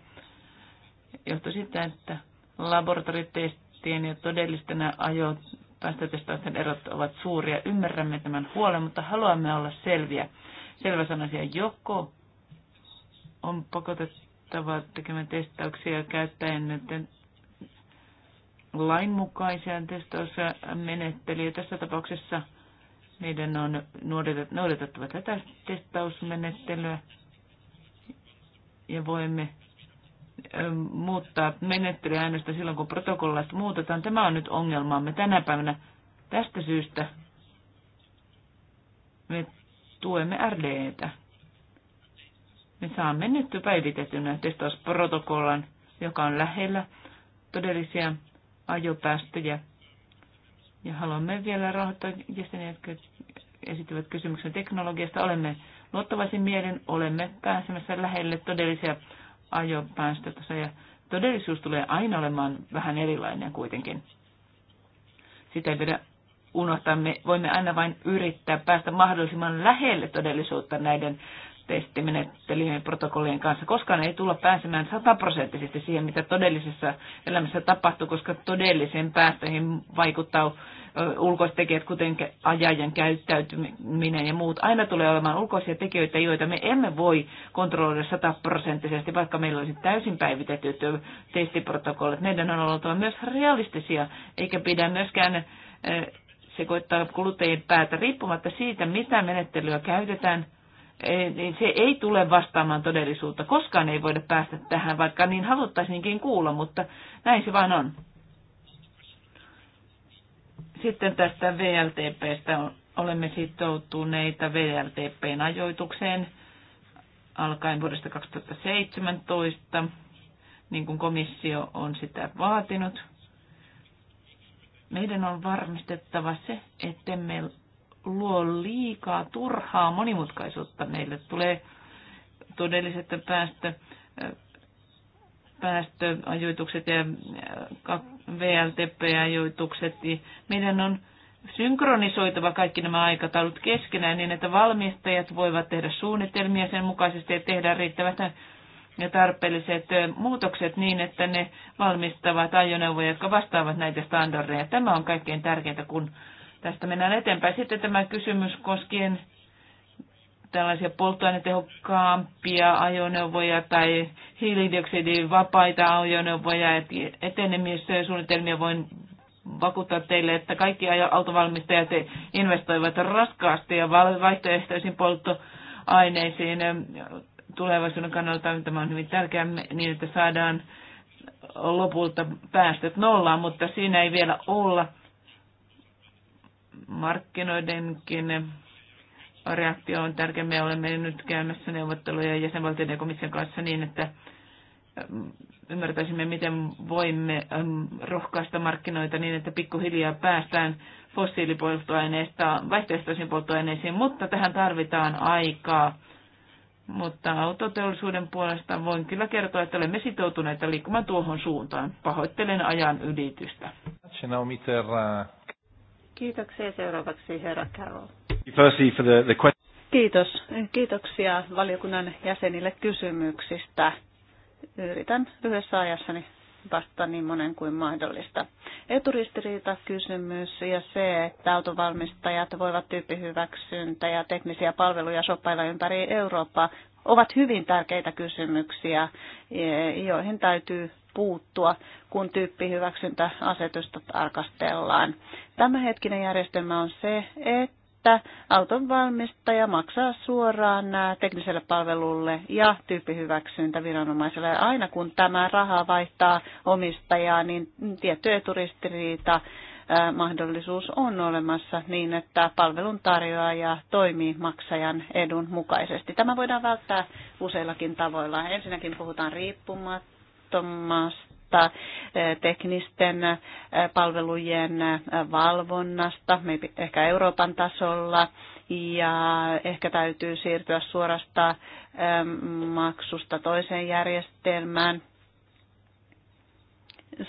Johtuu siitä, että laboratoritestien ja todellisten ajo päästötestausten erot ovat suuria. Ymmärrämme tämän huolen, mutta haluamme olla selviä. sanasia, joko on pakotettava tekemään testauksia käyttäen näiden lainmukaisia testausmenettelyjä. Tässä tapauksessa meidän on noudatettava tätä testausmenettelyä ja voimme muuttaa menettelyä ainoastaan silloin, kun protokollat muutetaan. Tämä on nyt ongelmaamme tänä päivänä. Tästä syystä me tuemme RDEtä. Me saamme nyt päivitettynä testausprotokollan, joka on lähellä todellisia ajopäästöjä ja haluamme vielä rahoittaa jäseniä, jotka esittävät kysymyksen teknologiasta. Olemme luottavaisin mielen, olemme pääsemässä lähelle todellisia ajopäästötasoja. Ja todellisuus tulee aina olemaan vähän erilainen kuitenkin. Sitä ei pidä unohtaa. Me voimme aina vain yrittää päästä mahdollisimman lähelle todellisuutta näiden testimenettelyjen protokollien kanssa. Koskaan ei tulla pääsemään sataprosenttisesti siihen, mitä todellisessa elämässä tapahtuu, koska todellisen päästöihin vaikuttaa ulkoistekijät, kuten ajajan käyttäytyminen ja muut. Aina tulee olemaan ulkoisia tekijöitä, joita me emme voi kontrolloida sataprosenttisesti, vaikka meillä olisi täysin päivitetyt testiprotokollit. Meidän on oltava myös realistisia, eikä pidä myöskään sekoittaa kuluttajien päätä riippumatta siitä, mitä menettelyä käytetään – niin se ei tule vastaamaan todellisuutta. Koskaan ei voida päästä tähän, vaikka niin haluttaisinkin kuulla, mutta näin se vaan on. Sitten tästä VLTPstä olemme sitoutuneita VLTPn ajoitukseen alkaen vuodesta 2017, niin kuin komissio on sitä vaatinut. Meidän on varmistettava se, ettemme luo liikaa turhaa monimutkaisuutta meille. Tulee todelliset päästö, päästöajoitukset ja VLTP-ajoitukset. Meidän on synkronisoitava kaikki nämä aikataulut keskenään niin, että valmistajat voivat tehdä suunnitelmia sen mukaisesti ja tehdä riittävät ja tarpeelliset muutokset niin, että ne valmistavat ajoneuvoja, jotka vastaavat näitä standardeja. Tämä on kaikkein tärkeintä, kun tästä mennään eteenpäin. Sitten tämä kysymys koskien tällaisia polttoainetehokkaampia ajoneuvoja tai vapaita ajoneuvoja. ja suunnitelmia voin vakuuttaa teille, että kaikki autovalmistajat investoivat raskaasti ja vaihtoehtoisiin polttoaineisiin tulevaisuuden kannalta. Tämä on hyvin tärkeää niin, että saadaan lopulta päästöt nollaan, mutta siinä ei vielä olla – markkinoidenkin reaktio on tärkeä. Me olemme nyt käymässä neuvotteluja jäsenvaltioiden komission kanssa niin, että mm, ymmärtäisimme, miten voimme mm, rohkaista markkinoita niin, että pikkuhiljaa päästään fossiilipolttoaineista vaihtoehtoisiin polttoaineisiin, mutta tähän tarvitaan aikaa. Mutta autoteollisuuden puolesta voin kyllä kertoa, että olemme sitoutuneita liikkumaan tuohon suuntaan. Pahoittelen ajan ylitystä. Eh, Kiitoksia. Seuraavaksi herra Carroll. Kiitos. Kiitoksia valiokunnan jäsenille kysymyksistä. Yritän lyhyessä ajassani vastata niin monen kuin mahdollista. Eturistiriita kysymys ja se, että autovalmistajat voivat tyyppihyväksyntä ja teknisiä palveluja shoppailla ympäri Eurooppaa ovat hyvin tärkeitä kysymyksiä, eh, joihin täytyy puuttua, kun tyyppihyväksyntäasetusta tarkastellaan. Tämänhetkinen järjestelmä on se, että auton valmistaja maksaa suoraan eh, tekniselle palvelulle ja viranomaiselle. Aina kun tämä raha vaihtaa omistajaa, niin tietty eturistiriita mahdollisuus on olemassa niin, että palveluntarjoaja toimii maksajan edun mukaisesti. Tämä voidaan välttää useillakin tavoilla. Ensinnäkin puhutaan riippumattomasta teknisten palvelujen valvonnasta, ehkä Euroopan tasolla, ja ehkä täytyy siirtyä suorasta maksusta toiseen järjestelmään.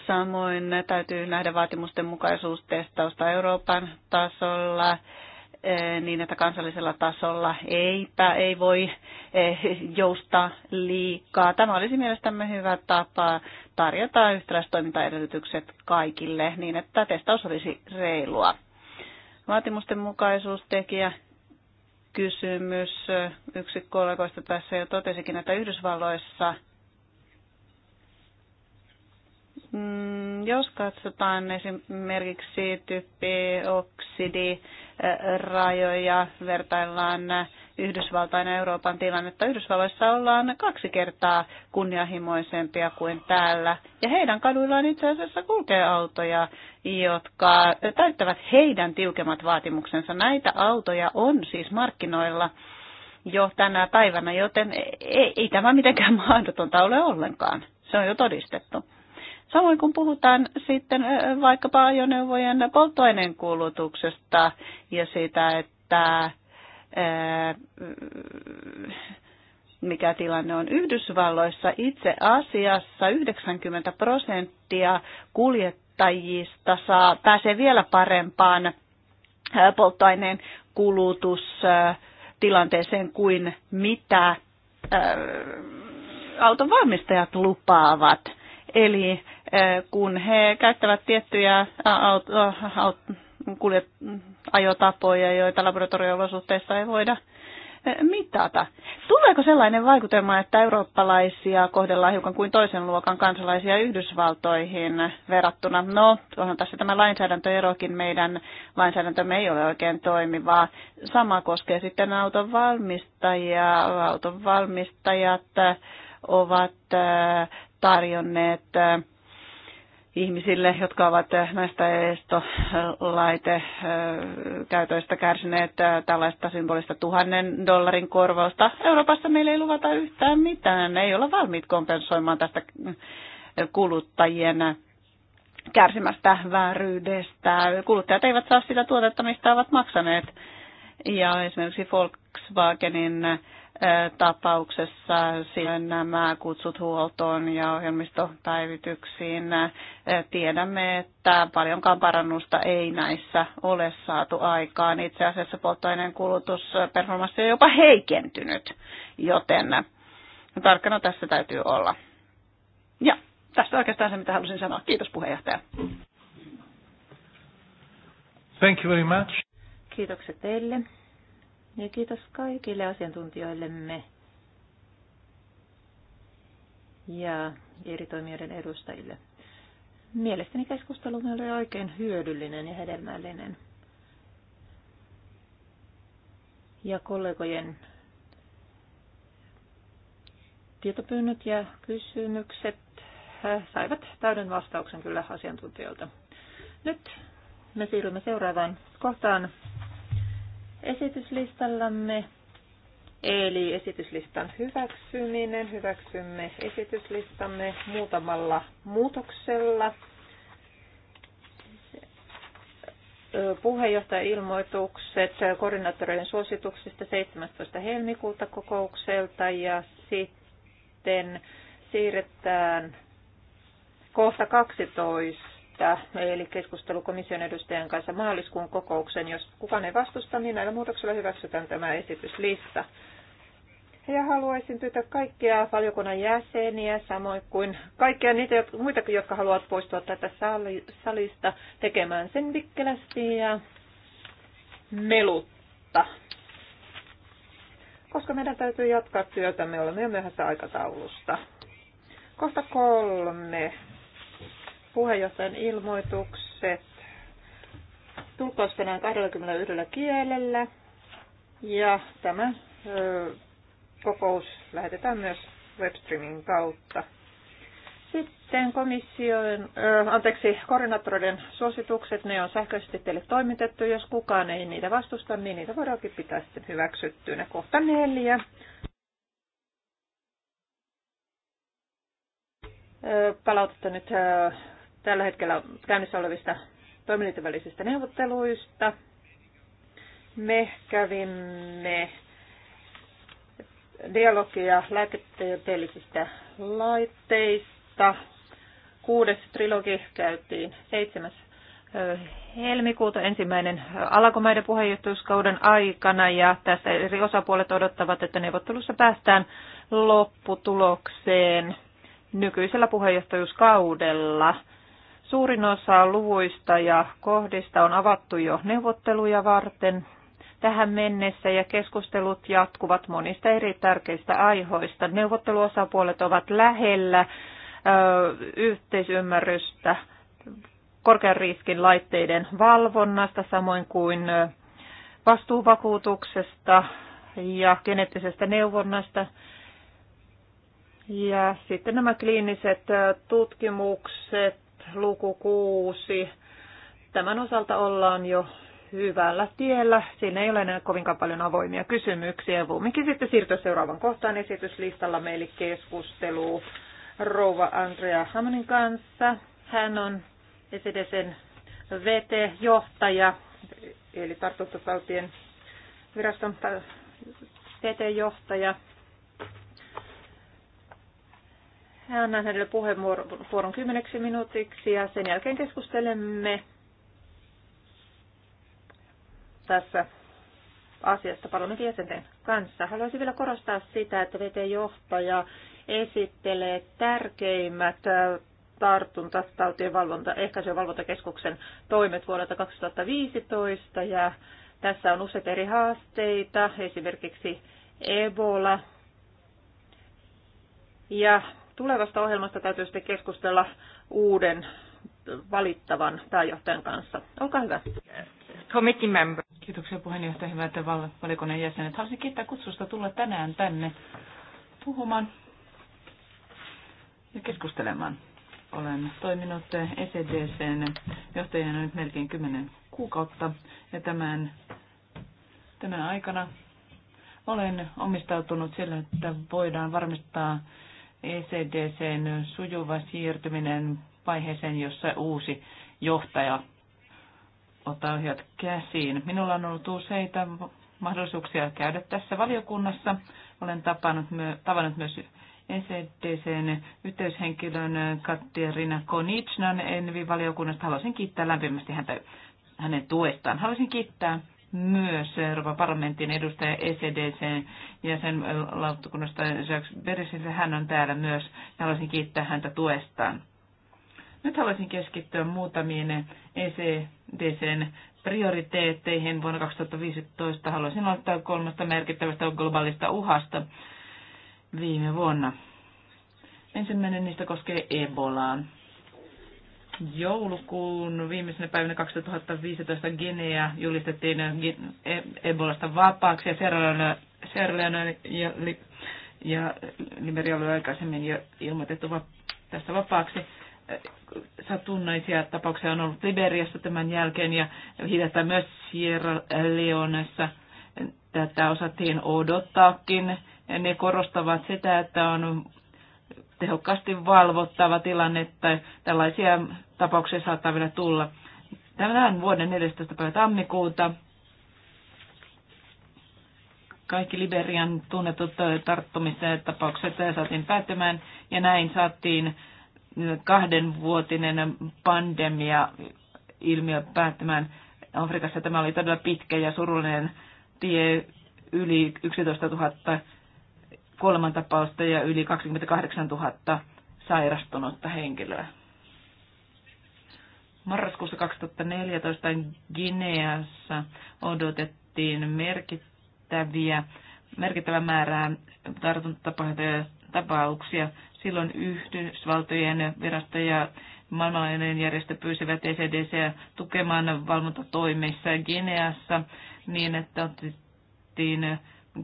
Samoin täytyy nähdä vaatimusten mukaisuustestausta Euroopan tasolla eh, niin, että kansallisella tasolla ei, ei voi eh, joustaa liikaa. Tämä olisi mielestämme hyvä tapa tarjota yhtäläiset toimintaedellytykset kaikille niin, että testaus olisi reilua. Vaatimusten mukaisuustekijä kysymys. Yksi kollegoista tässä jo totesikin, että Yhdysvalloissa – Mm, jos katsotaan esimerkiksi typpioksidirajoja, vertaillaan Yhdysvaltain ja Euroopan tilannetta. Yhdysvalloissa ollaan kaksi kertaa kunnianhimoisempia kuin täällä. Ja heidän kaduillaan itse asiassa kulkee autoja, jotka täyttävät heidän tiukemmat vaatimuksensa. Näitä autoja on siis markkinoilla jo tänä päivänä, joten ei, ei tämä mitenkään mahdotonta ole ollenkaan. Se on jo todistettu. Samoin kun puhutaan sitten vaikkapa ajoneuvojen polttoaineen kulutuksesta ja siitä, että mikä tilanne on Yhdysvalloissa. Itse asiassa 90 prosenttia kuljettajista saa, pääsee vielä parempaan polttoaineen kulutustilanteeseen kuin mitä auton valmistajat lupaavat. Eli eh, kun he käyttävät tiettyjä ajotapoja, joita laboratorioolosuhteissa ei voida eh, mitata. Tuleeko sellainen vaikutelma, että eurooppalaisia kohdellaan hiukan kuin toisen luokan kansalaisia Yhdysvaltoihin verrattuna? No, onhan tässä tämä lainsäädäntöerokin. Meidän lainsäädäntömme ei ole oikein toimivaa. Sama koskee sitten auton valmistajia. Auton valmistajat eh, ovat tarjonneet äh, ihmisille, jotka ovat äh, näistä estolaite käytöistä kärsineet äh, tällaista symbolista tuhannen dollarin korvausta. Euroopassa meillä ei luvata yhtään mitään, ei olla valmiit kompensoimaan tästä kuluttajien kärsimästä vääryydestä. Kuluttajat eivät saa sitä tuotetta, mistä ovat maksaneet. Ja esimerkiksi Volkswagenin tapauksessa nämä kutsut huoltoon ja ohjelmistopäivityksiin. Tiedämme, että paljonkaan parannusta ei näissä ole saatu aikaan. Itse asiassa polttoaineen kulutusperformanssi on jopa heikentynyt, joten tarkkana tässä täytyy olla. Ja tässä oikeastaan se, mitä halusin sanoa. Kiitos puheenjohtaja. Thank you very much. Kiitokset teille. Ja kiitos kaikille asiantuntijoillemme ja eri toimijoiden edustajille. Mielestäni keskustelu oli oikein hyödyllinen ja hedelmällinen. Ja kollegojen tietopyynnöt ja kysymykset saivat täyden vastauksen kyllä asiantuntijoilta. Nyt me siirrymme seuraavaan kohtaan esityslistallamme. Eli esityslistan hyväksyminen. Hyväksymme esityslistamme muutamalla muutoksella. Puheenjohtajailmoitukset koordinaattoreiden suosituksista 17. helmikuuta kokoukselta ja sitten siirretään kohta 12 järjestää, eli keskustelu komission edustajan kanssa maaliskuun kokouksen. Jos kukaan ei vastusta, niin näillä muutoksilla hyväksytään tämä esityslista. Ja haluaisin pyytää kaikkia valiokunnan jäseniä, samoin kuin kaikkia niitä muitakin, jotka haluavat poistua tätä salista tekemään sen vikkelästi ja melutta. Koska meidän täytyy jatkaa työtä, me olemme jo myöhässä aikataulusta. Kohta kolme puheenjohtajan ilmoitukset tulkkaus tänään 21 kielellä ja tämä ö, kokous lähetetään myös webstreamin kautta. Sitten komission, ö, anteeksi, koordinaattoreiden suositukset, ne on sähköisesti teille toimitettu. Jos kukaan ei niitä vastusta, niin niitä voidaankin pitää sitten hyväksyttyinä. Kohta neljä. Palautetta nyt tällä hetkellä käynnissä olevista toimijoiden välisistä neuvotteluista. Me kävimme dialogia lääketieteellisistä laitteista. Kuudes trilogi käytiin 7. helmikuuta ensimmäinen alakomaiden puheenjohtajuuskauden aikana ja tässä eri osapuolet odottavat, että neuvottelussa päästään lopputulokseen nykyisellä puheenjohtajuuskaudella. Suurin osa luvuista ja kohdista on avattu jo neuvotteluja varten tähän mennessä ja keskustelut jatkuvat monista eri tärkeistä aiheista. Neuvotteluosapuolet ovat lähellä ö, yhteisymmärrystä korkean riskin laitteiden valvonnasta, samoin kuin vastuuvakuutuksesta ja geneettisestä neuvonnasta. Ja sitten nämä kliiniset tutkimukset luku 6. Tämän osalta ollaan jo hyvällä tiellä. Siinä ei ole enää kovinkaan paljon avoimia kysymyksiä. Voimmekin sitten siirtyä seuraavan kohtaan esityslistalla meille keskustelu rouva Andrea Hamonin kanssa. Hän on SEDSn VT-johtaja, eli tartuntatautien viraston VT-johtaja. Annan hänelle puheenvuoron kymmeneksi minuutiksi ja sen jälkeen keskustelemme tässä asiasta parlamentin jäsenten kanssa. Haluaisin vielä korostaa sitä, että VT-johtaja esittelee tärkeimmät äh, tartuntatautien valvonta, ehkäisy- ja valvontakeskuksen toimet vuodelta 2015 ja tässä on useita eri haasteita, esimerkiksi Ebola ja Tulevasta ohjelmasta täytyy sitten keskustella uuden valittavan pääjohtajan kanssa. Olkaa hyvä. Committee member. Kiitoksia puheenjohtaja, että valiokunnan jäsenet. Haluaisin kiittää kutsusta tulla tänään tänne puhumaan ja keskustelemaan. Olen toiminut ECDCn johtajana nyt melkein 10 kuukautta ja tämän, tämän aikana olen omistautunut sillä, että voidaan varmistaa ECDCn sujuva siirtyminen vaiheeseen, jossa uusi johtaja ottaa ohjat käsiin. Minulla on ollut useita mahdollisuuksia käydä tässä valiokunnassa. Olen tapannut, tavannut myös ECDCn yhteyshenkilön Katterina Konitsnan Envi-valiokunnasta. Haluaisin kiittää lämpimästi häntä, hänen tuestaan. Haluaisin kiittää myös Euroopan parlamentin edustaja e sen lautakunnasta Jacques Beresille. Hän on täällä myös ja haluaisin kiittää häntä tuestaan. Nyt haluaisin keskittyä muutamiin ECDCn prioriteetteihin vuonna 2015. Haluaisin aloittaa kolmesta merkittävästä globaalista uhasta viime vuonna. Ensimmäinen niistä koskee Ebolaan joulukuun viimeisenä päivänä 2015 Guinea julistettiin e- Ebolasta vapaaksi ja Sierra ja, ja Liberia oli aikaisemmin jo ilmoitettu va, tästä vapaaksi. Satunnaisia tapauksia on ollut Liberiassa tämän jälkeen ja hiljattain myös Sierra Leonessa. Tätä osattiin odottaakin. Ne korostavat sitä, että on tehokkaasti valvottava tilanne, että Tällaisia tapauksia saattaa vielä tulla. on vuoden 14. päivä tammikuuta kaikki Liberian tunnetut tarttumiset tapaukset saatiin päättymään ja näin saatiin kahdenvuotinen pandemia ilmiö päättämään Afrikassa. Tämä oli todella pitkä ja surullinen tie yli 11 000 kuolemantapausta ja yli 28 000 sairastunutta henkilöä. Marraskuussa 2014 Gineassa odotettiin merkittäviä, merkittävä määrää tartuntatapauksia. Silloin Yhdysvaltojen virasto ja maailmanlainen järjestö pyysivät ECDC tukemaan valvontatoimissa Gineassa niin, että otettiin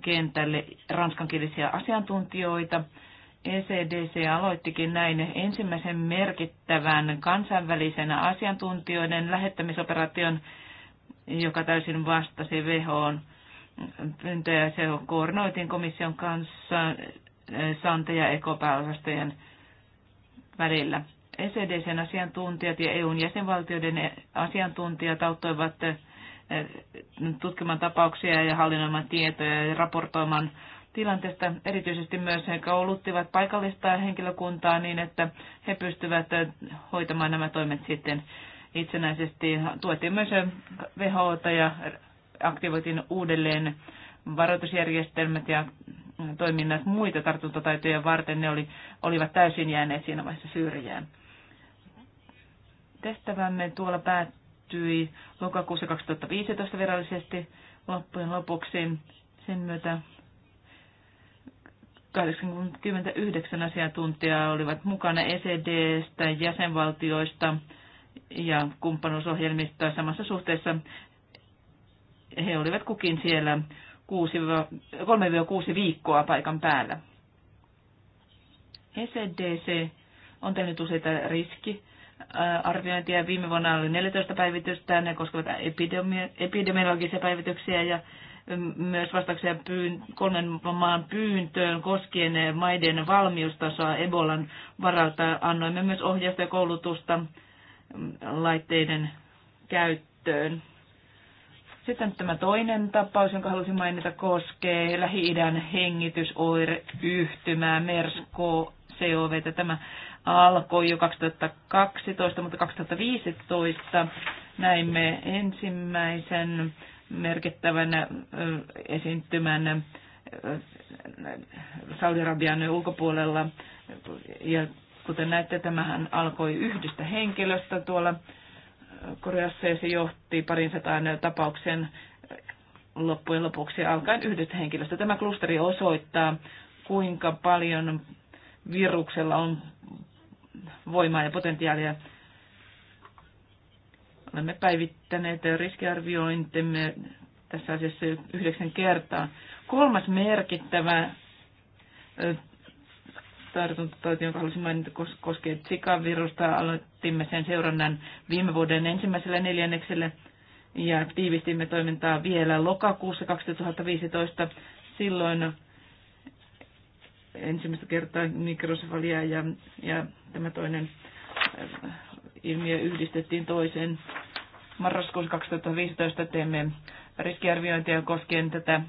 kentälle ranskankielisiä asiantuntijoita. ECDC aloittikin näin ensimmäisen merkittävän kansainvälisen asiantuntijoiden lähettämisoperaation, joka täysin vastasi VHOn pyyntöjä. Se koordinoitiin komission kanssa eh, Sante- ja ekopääosastojen välillä. ECDCn asiantuntijat ja EUn jäsenvaltioiden asiantuntijat auttoivat tutkimaan tapauksia ja hallinnoimaan tietoja ja raportoimaan tilanteesta. Erityisesti myös he kouluttivat paikallista henkilökuntaa niin, että he pystyvät äh, hoitamaan nämä toimet sitten itsenäisesti. Tuettiin myös äh, WHO ja aktivoitiin uudelleen varoitusjärjestelmät ja äh, toiminnat muita tartuntataitoja varten. Ne oli, olivat täysin jääneet siinä vaiheessa syrjään. Tehtävämme tuolla päät, päättyi lokakuussa 2015 virallisesti loppujen lopuksi. Sen myötä 89 asiantuntijaa olivat mukana ECDstä, jäsenvaltioista ja kumppanuusohjelmista samassa suhteessa. He olivat kukin siellä 3-6 viikkoa paikan päällä. ECDC on tehnyt useita riski- Äh, arviointia. Viime vuonna oli 14 päivitystä, ne koskevat epidemi- epidemiologisia päivityksiä ja mm, myös vastauksia pyyn, kolmen maan pyyntöön koskien maiden valmiustasoa Ebolan varalta. Annoimme myös ohjausta ja koulutusta mm, laitteiden käyttöön. Sitten tämä toinen tapaus, jonka halusin mainita, koskee Lähi-idän hengitysoireyhtymää MERS-CoV. Tämä alkoi jo 2012, mutta 2015 näimme ensimmäisen merkittävän esiintymän Saudi-Arabian ulkopuolella. Ja kuten näette, tämähän alkoi yhdestä henkilöstä tuolla Koreassa ja se johti parin sataan tapauksen loppujen lopuksi alkaen yhdestä henkilöstä. Tämä klusteri osoittaa, kuinka paljon viruksella on voimaa ja potentiaalia. Olemme päivittäneet riskiarviointimme tässä asiassa yhdeksän kertaa. Kolmas merkittävä tartuntatauti, jonka halusin mainita, koskee Zika-virusta. Aloitimme sen seurannan viime vuoden ensimmäisellä neljänneksellä ja tiivistimme toimintaa vielä lokakuussa 2015. Silloin ensimmäistä kertaa mikrosefalia ja, ja tämä toinen äh, ilmiö yhdistettiin toiseen. Marraskuussa 2015 teemme riskiarviointia koskien tätä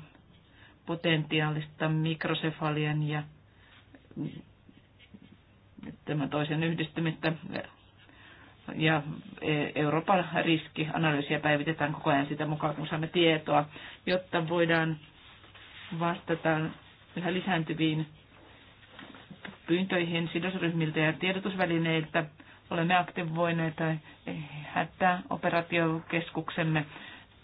potentiaalista mikrosefalian ja tämän toisen yhdistymistä ja e, Euroopan riskianalyysiä päivitetään koko ajan sitä mukaan, kun saamme tietoa, jotta voidaan vastata yhä lisääntyviin pyyntöihin sidosryhmiltä ja tiedotusvälineiltä. Olemme aktivoineet hätäoperaatiokeskuksemme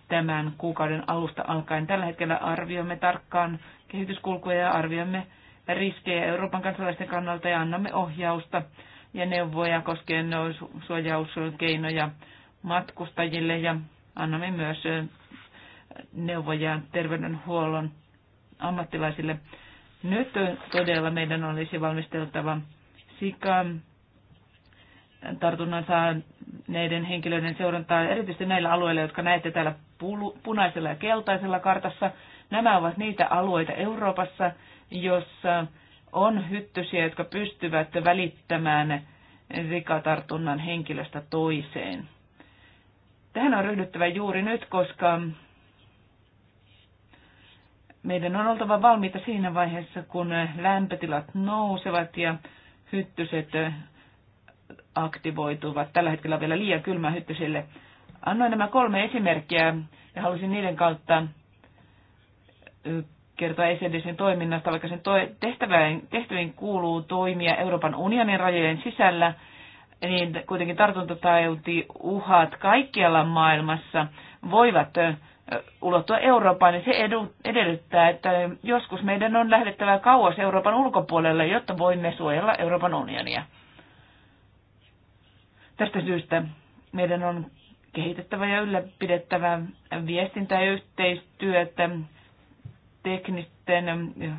tämän kuukauden alusta alkaen. Tällä hetkellä arvioimme tarkkaan kehityskulkuja ja arvioimme riskejä Euroopan kansalaisten kannalta ja annamme ohjausta ja neuvoja koskien suojauskeinoja matkustajille ja annamme myös neuvoja terveydenhuollon ammattilaisille. Nyt todella meidän olisi valmisteltava sika tartunnan saaneiden henkilöiden seurantaa, erityisesti näillä alueilla, jotka näette täällä punaisella ja keltaisella kartassa. Nämä ovat niitä alueita Euroopassa, jossa on hyttysiä, jotka pystyvät välittämään sikatartunnan henkilöstä toiseen. Tähän on ryhdyttävä juuri nyt, koska meidän on oltava valmiita siinä vaiheessa, kun lämpötilat nousevat ja hyttyset aktivoituvat. Tällä hetkellä on vielä liian kylmä hyttysille. Annoin nämä kolme esimerkkiä ja halusin niiden kautta kertoa ECDCn toiminnasta, vaikka sen tehtäviin kuuluu toimia Euroopan unionin rajojen sisällä, niin kuitenkin tartuntatauti uhat kaikkialla maailmassa voivat ulottua Eurooppaan, niin se edellyttää, että joskus meidän on lähdettävä kauas Euroopan ulkopuolelle, jotta voimme suojella Euroopan unionia. Tästä syystä meidän on kehitettävä ja ylläpidettävä viestintä ja yhteistyötä teknisten eh,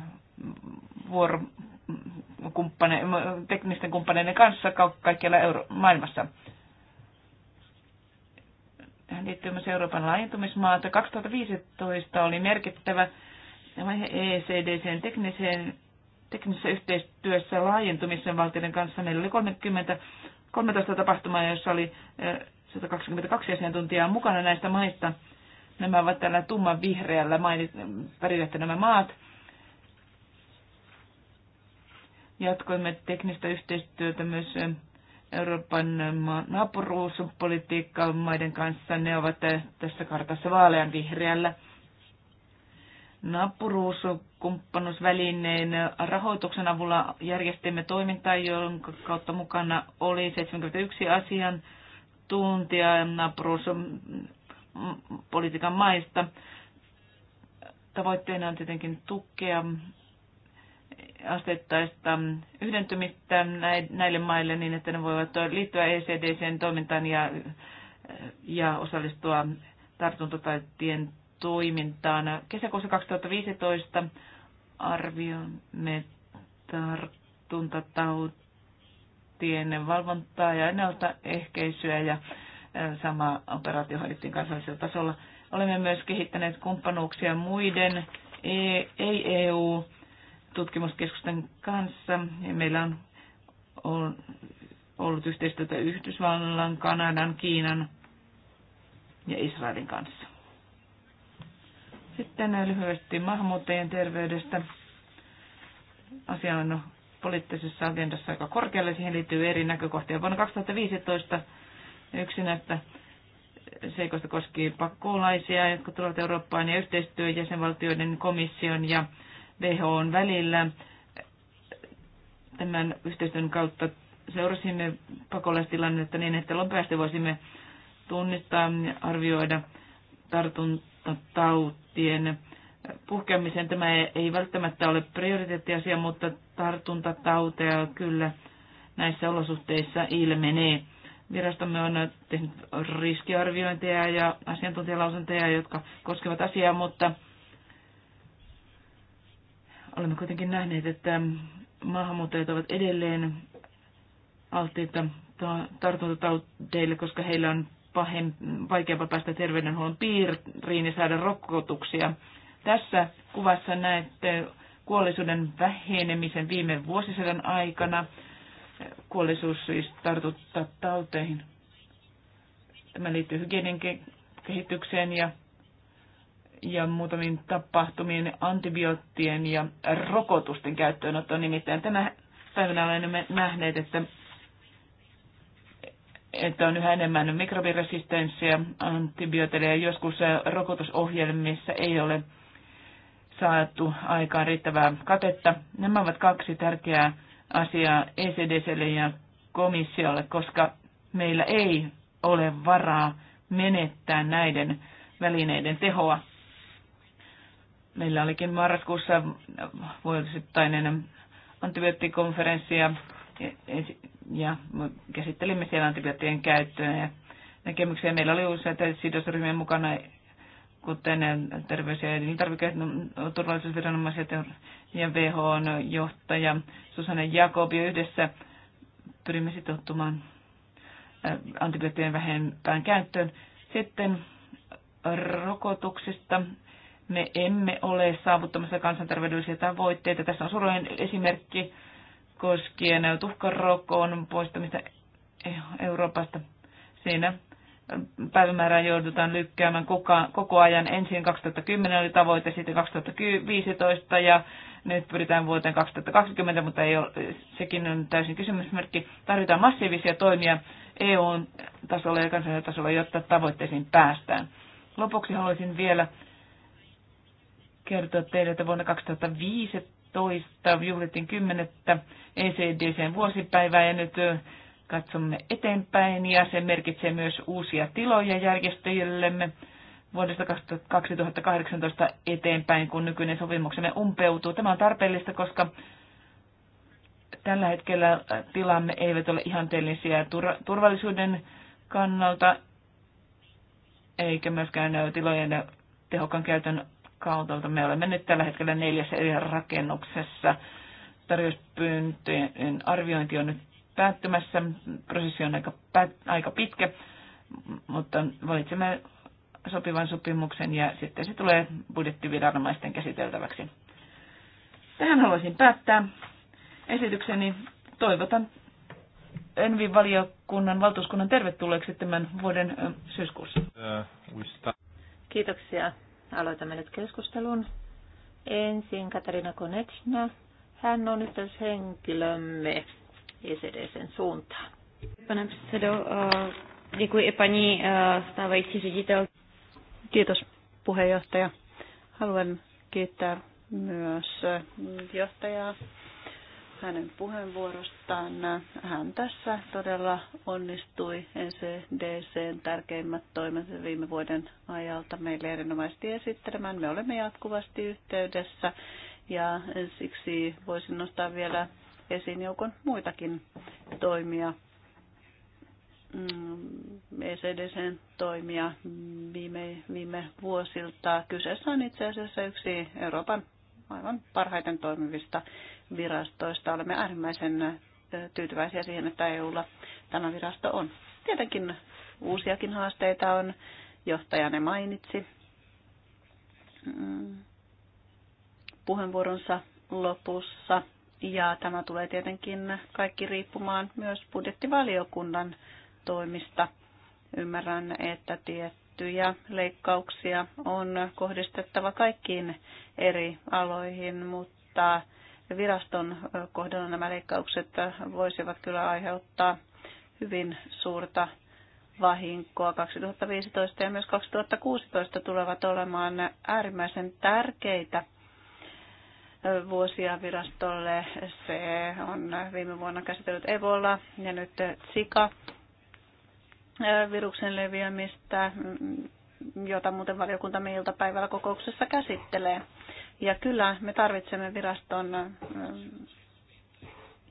kumppane, teknisten kumppaneiden kanssa kaikkialla Euro- maailmassa. Tähän liittyy myös Euroopan laajentumismaata. 2015 oli merkittävä vaihe ECDCn tekniseen, teknisessä yhteistyössä laajentumisen valtioiden kanssa. Meillä oli 30, 13 tapahtumaa, joissa oli 122 asiantuntijaa mukana näistä maista. Nämä ovat tällä tumman vihreällä väritetty nämä maat. Jatkoimme teknistä yhteistyötä myös Euroopan naapuruuspolitiikka maiden kanssa. Ne ovat eh, tässä kartassa vaalean vihreällä. Naapuruuskumppanuusvälineen rahoituksen avulla järjestimme toimintaa, jonka kautta mukana oli 71 asian tuntia naapuruuspolitiikan maista. Tavoitteena on tietenkin tukea asteittaista yhdentymistä näille maille niin, että ne voivat liittyä ECDCn toimintaan ja, ja osallistua tartuntataitien toimintaan. Kesäkuussa 2015 arvioimme tartuntatautien valvontaa ja ennaltaehkäisyä ja sama operaatio hoidettiin kansallisella tasolla. Olemme myös kehittäneet kumppanuuksia muiden e- ei-EU- tutkimuskeskusten kanssa. Ja meillä on ollut yhteistyötä Yhdysvallan, Kanadan, Kiinan ja Israelin kanssa. Sitten lyhyesti maahanmuuttajien terveydestä. Asia on poliittisessa agendassa aika korkealle. Siihen liittyy eri näkökohtia. Vuonna 2015 yksi näistä seikoista koski pakkolaisia, jotka tulevat Eurooppaan ja yhteistyö jäsenvaltioiden komission ja WHOn välillä. Tämän yhteistyön kautta seurasimme pakolaistilannetta niin, että nopeasti voisimme tunnistaa ja arvioida tartuntatautien puhkeamisen. Tämä ei välttämättä ole prioriteettiasia, mutta tartuntatauteja kyllä näissä olosuhteissa ilmenee. Virastomme on tehnyt riskiarviointeja ja asiantuntijalausuntoja, jotka koskevat asiaa, mutta Olemme kuitenkin nähneet, että maahanmuuttajat ovat edelleen alttiita tartuntataudeille, koska heillä on pahem, vaikeampaa päästä terveydenhuollon piiriin ja saada rokotuksia. Tässä kuvassa näette kuollisuuden vähenemisen viime vuosisadan aikana. Kuollisuus siis tartuttaa tauteihin. Tämä liittyy hygienian kehitykseen ja ja muutamiin tapahtumien antibioottien ja rokotusten käyttöönottoon. Nimittäin tänä päivänä olemme nähneet, että, että on yhä enemmän mikrobiresistenssiä antibiooteille ja joskus rokotusohjelmissa ei ole saatu aikaan riittävää katetta. Nämä ovat kaksi tärkeää asiaa ECDClle ja komissiolle, koska meillä ei ole varaa menettää näiden välineiden tehoa. Meillä olikin marraskuussa vuosittainen antibioottikonferenssi ja, ja, ja käsittelimme siellä antibioottien käyttöä ja näkemyksiä. Meillä oli useita sidosryhmien mukana, kuten terveys- ja elintarviketurvallisuusviranomaiset ja WHOn johtaja Susanne Jakobi yhdessä pyrimme sitoutumaan antibioottien vähempään käyttöön. Sitten rokotuksista me emme ole saavuttamassa kansanterveydellisiä tavoitteita. Tässä on surullinen esimerkki koskien tuhkarokon poistamista Euroopasta. Siinä päivämäärää joudutaan lykkäämään koko ajan. Ensin 2010 oli tavoite, sitten 2015 ja nyt pyritään vuoteen 2020, mutta ei ole, sekin on täysin kysymysmerkki. Tarvitaan massiivisia toimia EUn tasolla ja kansallisella tasolla, jotta tavoitteisiin päästään. Lopuksi haluaisin vielä kertoa teille, että vuonna 2015 juhlittiin 10. ECDCn vuosipäivää ja nyt katsomme eteenpäin ja se merkitsee myös uusia tiloja järjestöjillemme vuodesta 2018 eteenpäin, kun nykyinen sopimuksemme umpeutuu. Tämä on tarpeellista, koska tällä hetkellä tilamme eivät ole ihanteellisia turvallisuuden kannalta, eikä myöskään tilojen tehokkaan käytön kaudelta. Me olemme nyt tällä hetkellä neljässä eri rakennuksessa. Tarjouspyyntöjen arviointi on nyt päättymässä. Prosessi on aika, päät, aika pitkä, mutta valitsemme sopivan sopimuksen ja sitten se tulee budjettiviranomaisten käsiteltäväksi. Tähän haluaisin päättää esitykseni. Toivotan Envin valiokunnan valtuuskunnan tervetulleeksi tämän vuoden syyskuussa. Kiitoksia Aloitamme nyt keskustelun. Ensin Katarina Konechna. Hän on yhteyshenkilömme ECDCn suuntaan. Eh, eh, Kiitos puheenjohtaja. Haluan kiittää myös eh, johtajaa hänen puheenvuorostaan. Hän tässä todella onnistui NCDCn tärkeimmät toimet viime vuoden ajalta meille erinomaisesti esittelemään. Me olemme jatkuvasti yhteydessä ja siksi voisin nostaa vielä esiin joukon muitakin toimia, mm, ECDCn toimia viime, viime vuosilta. Kyseessä on itse asiassa yksi Euroopan aivan parhaiten toimivista virastoista. Olemme äärimmäisen tyytyväisiä siihen, että EUlla tämä virasto on. Tietenkin uusiakin haasteita on, johtajanne mainitsi mm, puheenvuoronsa lopussa. Ja tämä tulee tietenkin kaikki riippumaan myös budjettivaliokunnan toimista. Ymmärrän, että tiettyjä leikkauksia on kohdistettava kaikkiin eri aloihin, mutta viraston kohdalla nämä leikkaukset voisivat kyllä aiheuttaa hyvin suurta vahinkoa. 2015 ja myös 2016 tulevat olemaan äärimmäisen tärkeitä vuosia virastolle. Se on viime vuonna käsitellyt Ebola ja nyt Zika viruksen leviämistä, jota muuten meiltä iltapäivällä kokouksessa käsittelee. Ja kyllä me tarvitsemme viraston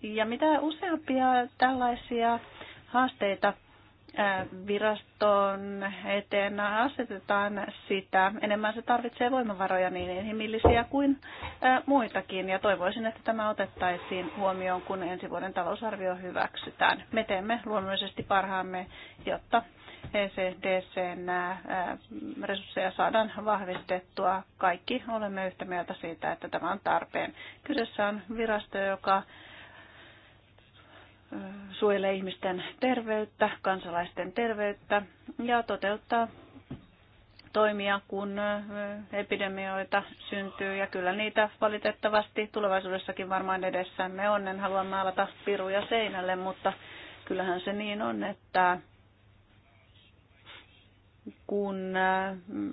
ja mitä useampia tällaisia haasteita viraston eteen asetetaan sitä, enemmän se tarvitsee voimavaroja niin inhimillisiä kuin muitakin. Ja toivoisin, että tämä otettaisiin huomioon, kun ensi vuoden talousarvio hyväksytään. Me teemme luonnollisesti parhaamme, jotta ECDCn resursseja saadaan vahvistettua. Kaikki olemme yhtä mieltä siitä, että tämä on tarpeen. Kyseessä on virasto, joka suojelee ihmisten terveyttä, kansalaisten terveyttä ja toteuttaa toimia, kun epidemioita syntyy. Ja kyllä niitä valitettavasti tulevaisuudessakin varmaan edessämme on. En halua maalata piruja seinälle, mutta kyllähän se niin on, että kun mm,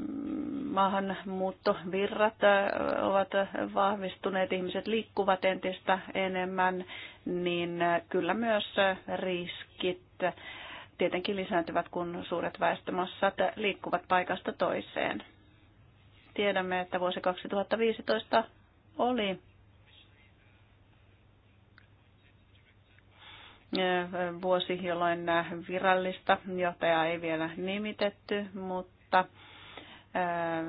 maahanmuuttovirrat äh, ovat vahvistuneet, ihmiset liikkuvat entistä enemmän, niin äh, kyllä myös riskit tietenkin lisääntyvät, kun suuret väestömassat liikkuvat paikasta toiseen. Tiedämme, että vuosi 2015 oli vuosi, jolloin virallista johtajaa ei vielä nimitetty, mutta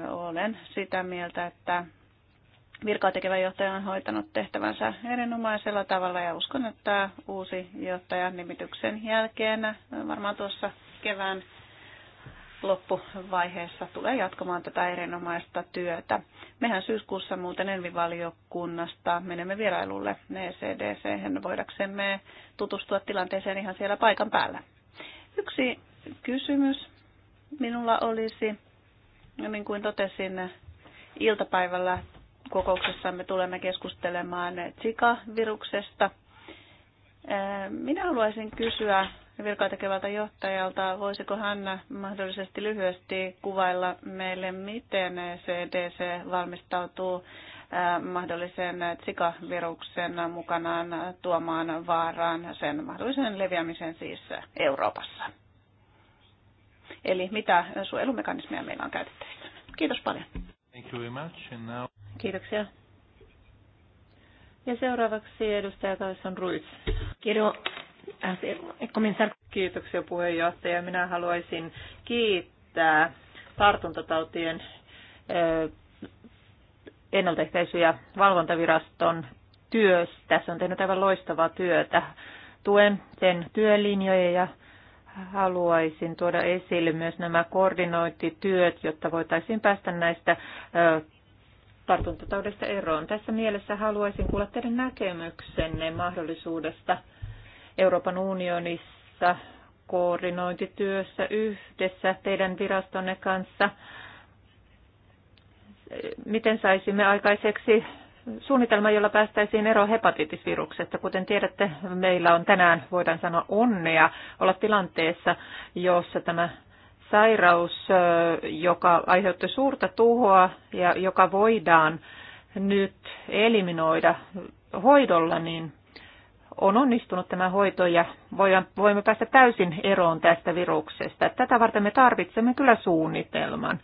olen sitä mieltä, että virkaa tekevä johtaja on hoitanut tehtävänsä erinomaisella tavalla ja uskon, että uusi johtajan nimityksen jälkeen varmaan tuossa kevään loppuvaiheessa tulee jatkamaan tätä erinomaista työtä. Mehän syyskuussa muuten Envivaliokunnasta menemme vierailulle ECDC, voidaksemme tutustua tilanteeseen ihan siellä paikan päällä. Yksi kysymys minulla olisi, niin kuin totesin, iltapäivällä kokouksessa, me tulemme keskustelemaan Zika-viruksesta. Minä haluaisin kysyä virkaa tekevältä johtajalta, voisiko hän mahdollisesti lyhyesti kuvailla meille, miten CDC valmistautuu mahdollisen tsikaviruksen mukanaan tuomaan vaaraan, sen mahdollisen leviämisen siis Euroopassa. Eli mitä suojelumekanismeja meillä on käytettävissä. Kiitos paljon. Thank you very much. And now... Kiitoksia. Ja seuraavaksi edustaja Kaisson Ruiz. Kiitos comenzar. Äh, Kiitoksia puheenjohtaja. Minä haluaisin kiittää tartuntatautien äh, ennaltaehkäisy- ja valvontaviraston työstä. Se on tehnyt aivan loistavaa työtä. Tuen sen työlinjoja ja haluaisin tuoda esille myös nämä koordinointityöt, jotta voitaisiin päästä näistä äh, tartuntataudesta eroon. Tässä mielessä haluaisin kuulla teidän näkemyksenne mahdollisuudesta – Euroopan unionissa koordinointityössä yhdessä teidän virastonne kanssa. Miten saisimme aikaiseksi suunnitelma, jolla päästäisiin eroon hepatitisviruksesta. Kuten tiedätte, meillä on tänään, voidaan sanoa, onnea olla tilanteessa, jossa tämä sairaus, joka aiheutti suurta tuhoa ja joka voidaan nyt eliminoida hoidolla, niin on onnistunut tämä hoito ja voimme päästä täysin eroon tästä viruksesta. Tätä varten me tarvitsemme kyllä suunnitelman.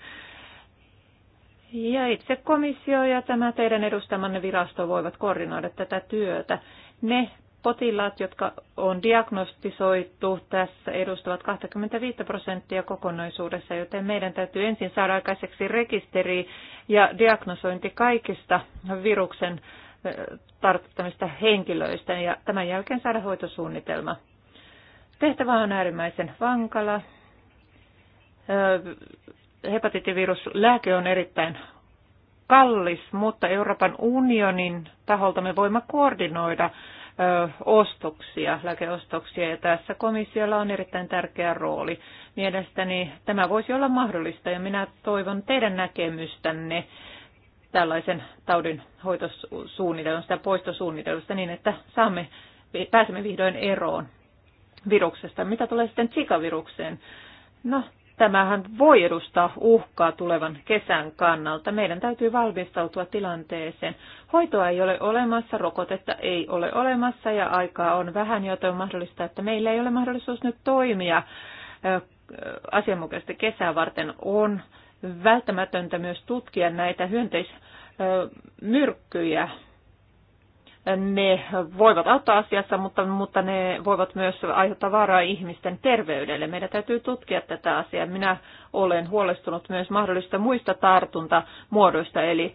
Ja itse komissio ja tämä teidän edustamanne virasto voivat koordinoida tätä työtä. Ne potilaat, jotka on diagnostisoitu tässä, edustavat 25 prosenttia kokonaisuudessa, joten meidän täytyy ensin saada aikaiseksi rekisteri ja diagnosointi kaikista viruksen tartuttamista henkilöistä ja tämän jälkeen saada hoitosuunnitelma. Tehtävä on äärimmäisen vankala. Hepatitiviruslääke on erittäin kallis, mutta Euroopan unionin taholta me voimme koordinoida ostoksia, lääkeostoksia, ja tässä komissiolla on erittäin tärkeä rooli. Mielestäni tämä voisi olla mahdollista, ja minä toivon teidän näkemystänne tällaisen taudin hoitosuunnitelmasta ja poistosuunnitelmasta niin, että saamme, pääsemme vihdoin eroon viruksesta. Mitä tulee sitten Zika-virukseen? No, tämähän voi edustaa uhkaa tulevan kesän kannalta. Meidän täytyy valmistautua tilanteeseen. Hoitoa ei ole olemassa, rokotetta ei ole olemassa ja aikaa on vähän, joten on mahdollista, että meillä ei ole mahdollisuus nyt toimia asianmukaisesti kesää varten on välttämätöntä myös tutkia näitä hyönteismyrkkyjä. Ne voivat auttaa asiassa, mutta, mutta ne voivat myös aiheuttaa vaaraa ihmisten terveydelle. Meidän täytyy tutkia tätä asiaa. Minä olen huolestunut myös mahdollisista muista tartuntamuodoista, eli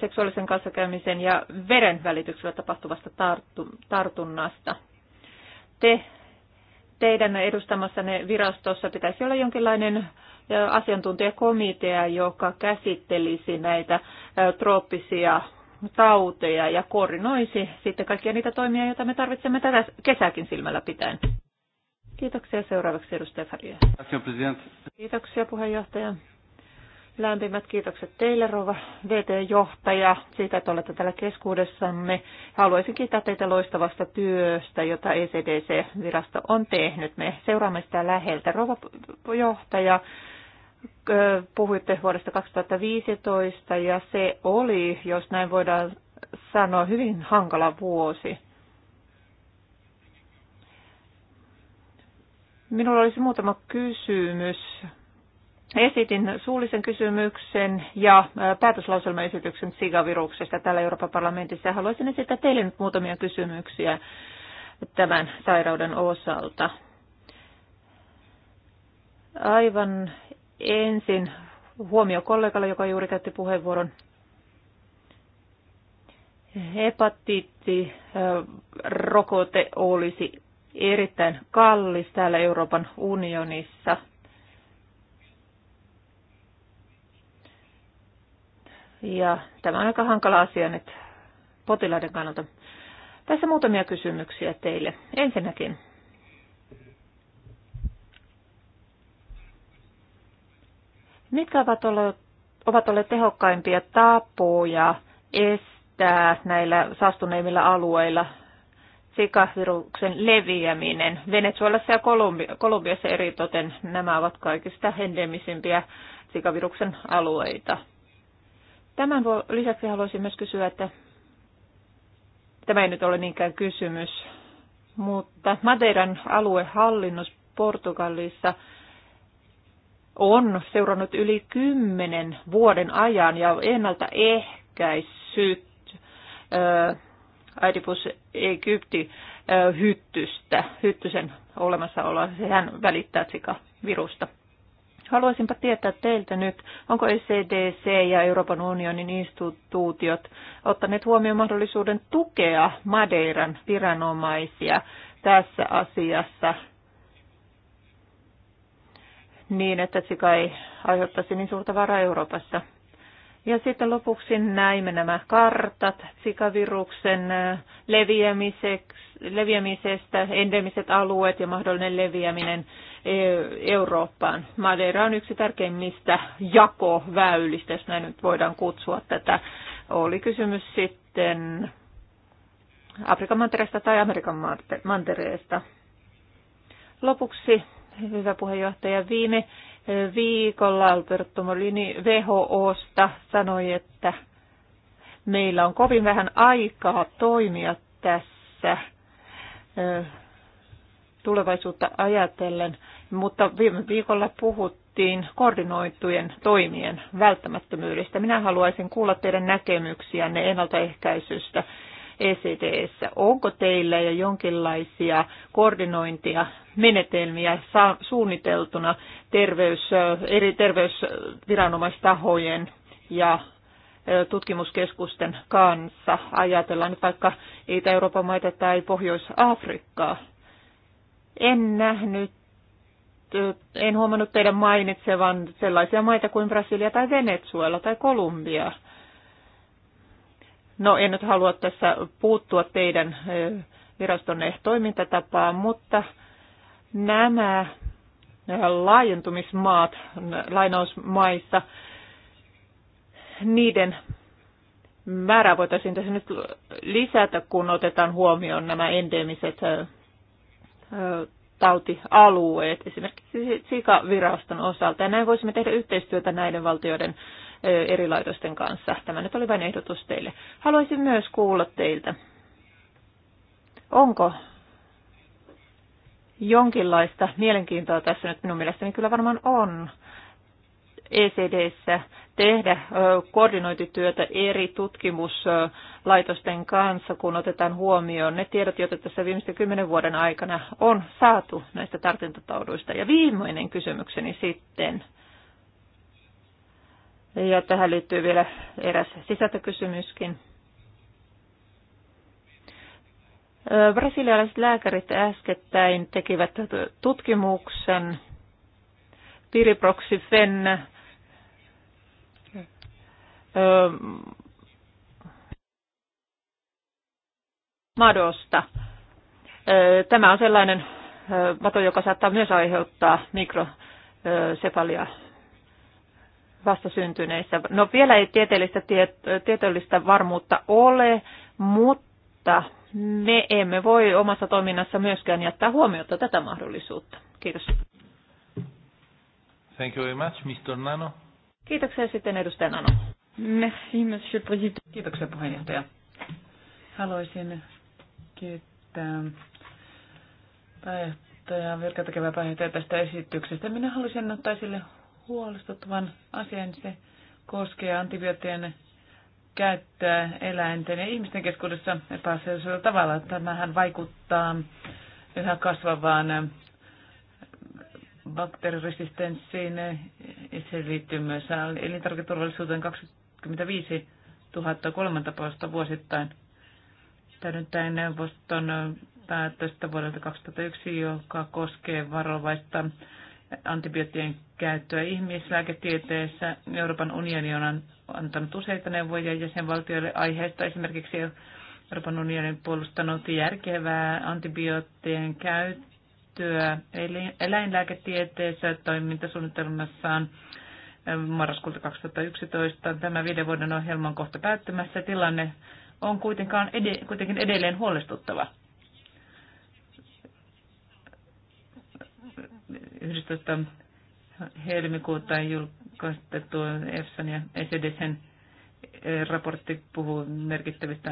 seksuaalisen kanssakäymisen ja veren välityksellä tapahtuvasta tartunnasta. Te teidän edustamassanne virastossa pitäisi olla jonkinlainen asiantuntijakomitea, joka käsittelisi näitä trooppisia tauteja ja koordinoisi sitten kaikkia niitä toimia, joita me tarvitsemme tätä kesäkin silmällä pitäen. Kiitoksia. Seuraavaksi edustaja Faria. Kiitoksia puheenjohtaja. Lämpimät kiitokset teille, Rova VT-johtaja, siitä, että olette täällä keskuudessamme. Haluaisin kiittää teitä loistavasta työstä, jota ECDC-virasto on tehnyt. Me seuraamme sitä läheltä. Rova johtaja, puhuitte vuodesta 2015 ja se oli, jos näin voidaan sanoa, hyvin hankala vuosi. Minulla olisi muutama kysymys. Esitin suullisen kysymyksen ja päätöslauselmaesityksen sigaviruksesta täällä Euroopan parlamentissa. Haluaisin esittää teille nyt muutamia kysymyksiä tämän sairauden osalta. Aivan ensin huomio kollegalle, joka juuri käytti puheenvuoron. Hepatiitti rokote olisi erittäin kallis täällä Euroopan unionissa. Ja tämä on aika hankala asia nyt potilaiden kannalta. Tässä muutamia kysymyksiä teille. Ensinnäkin, Mitkä ovat olleet, ovat olleet tehokkaimpia tapoja estää näillä saastuneimmilla alueilla sikaviruksen leviäminen? Venezuelassa ja Kolumbi- Kolumbiassa eritoten nämä ovat kaikista endemisimpiä sikaviruksen alueita. Tämän lisäksi haluaisin myös kysyä, että tämä ei nyt ole niinkään kysymys, mutta Madeiran aluehallinnus Portugalissa on seurannut yli kymmenen vuoden ajan ja ennaltaehkäissyt Aedipus Egypti hyttystä, hyttysen olemassaoloa. Sehän välittää virusta. Haluaisinpa tietää teiltä nyt, onko ECDC ja Euroopan unionin instituutiot ottaneet huomioon mahdollisuuden tukea Madeiran viranomaisia tässä asiassa niin, että sika ei aiheuttaisi niin suurta varaa Euroopassa. Ja sitten lopuksi näimme nämä kartat sikaviruksen leviämisestä, endemiset alueet ja mahdollinen leviäminen e, Eurooppaan. Madeira on yksi tärkeimmistä jakoväylistä, jos näin nyt voidaan kutsua tätä. Oli kysymys sitten Afrikan mantereesta tai Amerikan mantereesta. Lopuksi hyvä puheenjohtaja. Viime eh, viikolla Alberto Molini WHOsta sanoi, että meillä on kovin vähän aikaa toimia tässä eh, tulevaisuutta ajatellen, mutta viime viikolla puhuttiin koordinoitujen toimien välttämättömyydestä. Minä haluaisin kuulla teidän näkemyksiänne ennaltaehkäisystä ECDssä. Onko teillä jo jonkinlaisia koordinointia, menetelmiä suunniteltuna terveys, eri terveysviranomaistahojen ja tutkimuskeskusten kanssa. Ajatellaan nyt vaikka Itä-Euroopan maita tai Pohjois-Afrikkaa. En nähnyt, en huomannut teidän mainitsevan sellaisia maita kuin Brasilia tai Venezuela tai Kolumbia. No en nyt halua tässä puuttua teidän virastonne toimintatapaan, mutta nämä laajentumismaat lainausmaissa, niiden määrää voitaisiin tässä nyt lisätä, kun otetaan huomioon nämä endemiset tautialueet, esimerkiksi Sikaviraston osalta. Ja näin voisimme tehdä yhteistyötä näiden valtioiden eri laitosten kanssa. Tämä nyt oli vain ehdotus teille. Haluaisin myös kuulla teiltä, onko jonkinlaista mielenkiintoa tässä nyt minun mielestäni kyllä varmaan on ECDssä tehdä koordinointityötä eri tutkimuslaitosten kanssa, kun otetaan huomioon ne tiedot, joita tässä viimeisten kymmenen vuoden aikana on saatu näistä tartuntatauduista. Ja viimeinen kysymykseni sitten ja tähän liittyy vielä eräs sisältökysymyskin. Brasilialaiset lääkärit äskettäin tekivät tutkimuksen piriproxifen madosta. Tämä on sellainen mato, joka saattaa myös aiheuttaa mikrosefalia vastasyntyneissä. No vielä ei tieteellistä, tieteellistä varmuutta ole, mutta me emme voi omassa toiminnassa myöskään jättää huomiota tätä mahdollisuutta. Kiitos. Thank you very much, Mr. Nano. Kiitoksia sitten edustaja Nano. Merci, monsieur le président. Kiitoksia puheenjohtaja. Haluaisin kiittää pääjohtajaa, virkatekevää pääjohtajaa tästä esityksestä. Minä haluaisin ottaa sille huolestuttavan asian. Se koskee antibioottien käyttöä eläinten ja ihmisten keskuudessa epäasiallisella tavalla. Tämähän vaikuttaa yhä kasvavaan bakteeriresistenssiin ja se liittyy myös elintarviketurvallisuuteen 25 000 kolmantapausta vuosittain. Täydentäen neuvoston päätöstä vuodelta 2001, joka koskee varovaista antibioottien käyttöä ihmislääketieteessä. Euroopan unioni on antanut useita neuvoja jäsenvaltioille aiheesta. Esimerkiksi Euroopan unionin puolustanut järkevää antibioottien käyttöä eli eläinlääketieteessä toimintasuunnitelmassaan marraskuuta 2011. Tämä viiden vuoden ohjelma on kohta päättymässä. Tilanne on kuitenkin edelleen huolestuttava 11. helmikuuta julkaistettu EFSAn ja ECDSen raportti puhuu merkittävistä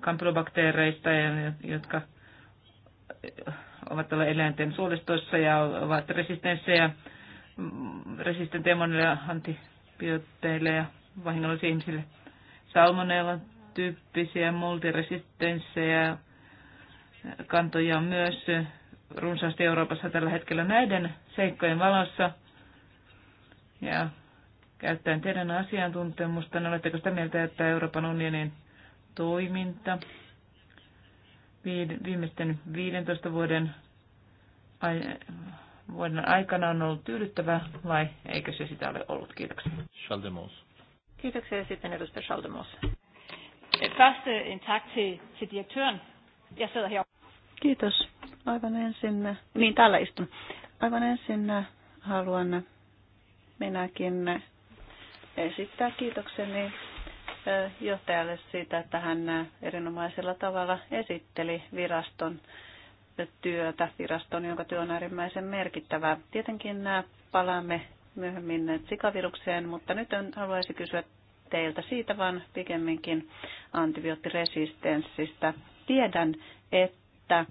kampylobakteereista, jotka ovat tuolla eläinten suolistoissa ja ovat resistenssejä, resistenttejä monille antibiootteille ja vahingollisille ihmisille. Salmonella tyyppisiä multiresistenssejä kantoja myös runsaasti Euroopassa tällä hetkellä näiden seikkojen valossa. Ja käyttäen teidän asiantuntemusta, niin oletteko sitä mieltä, että Euroopan unionin toiminta viimeisten 15 vuoden, vuoden aikana on ollut tyydyttävä vai eikö se sitä ole ollut? Kiitoksia. Schaldemos. Kiitoksia ja sitten edustaja Schaldemos. Først en tak til, til direktøren. Jeg sidder her. Kiitos aivan ensin, niin täällä istun, aivan ensin haluan minäkin esittää kiitokseni eh, johtajalle siitä, että hän erinomaisella tavalla esitteli viraston työtä, viraston, jonka työ on äärimmäisen merkittävää. Tietenkin eh, palaamme myöhemmin sikavirukseen, mutta nyt en haluaisi kysyä teiltä siitä, vaan pikemminkin antibioottiresistenssistä. Tiedän, että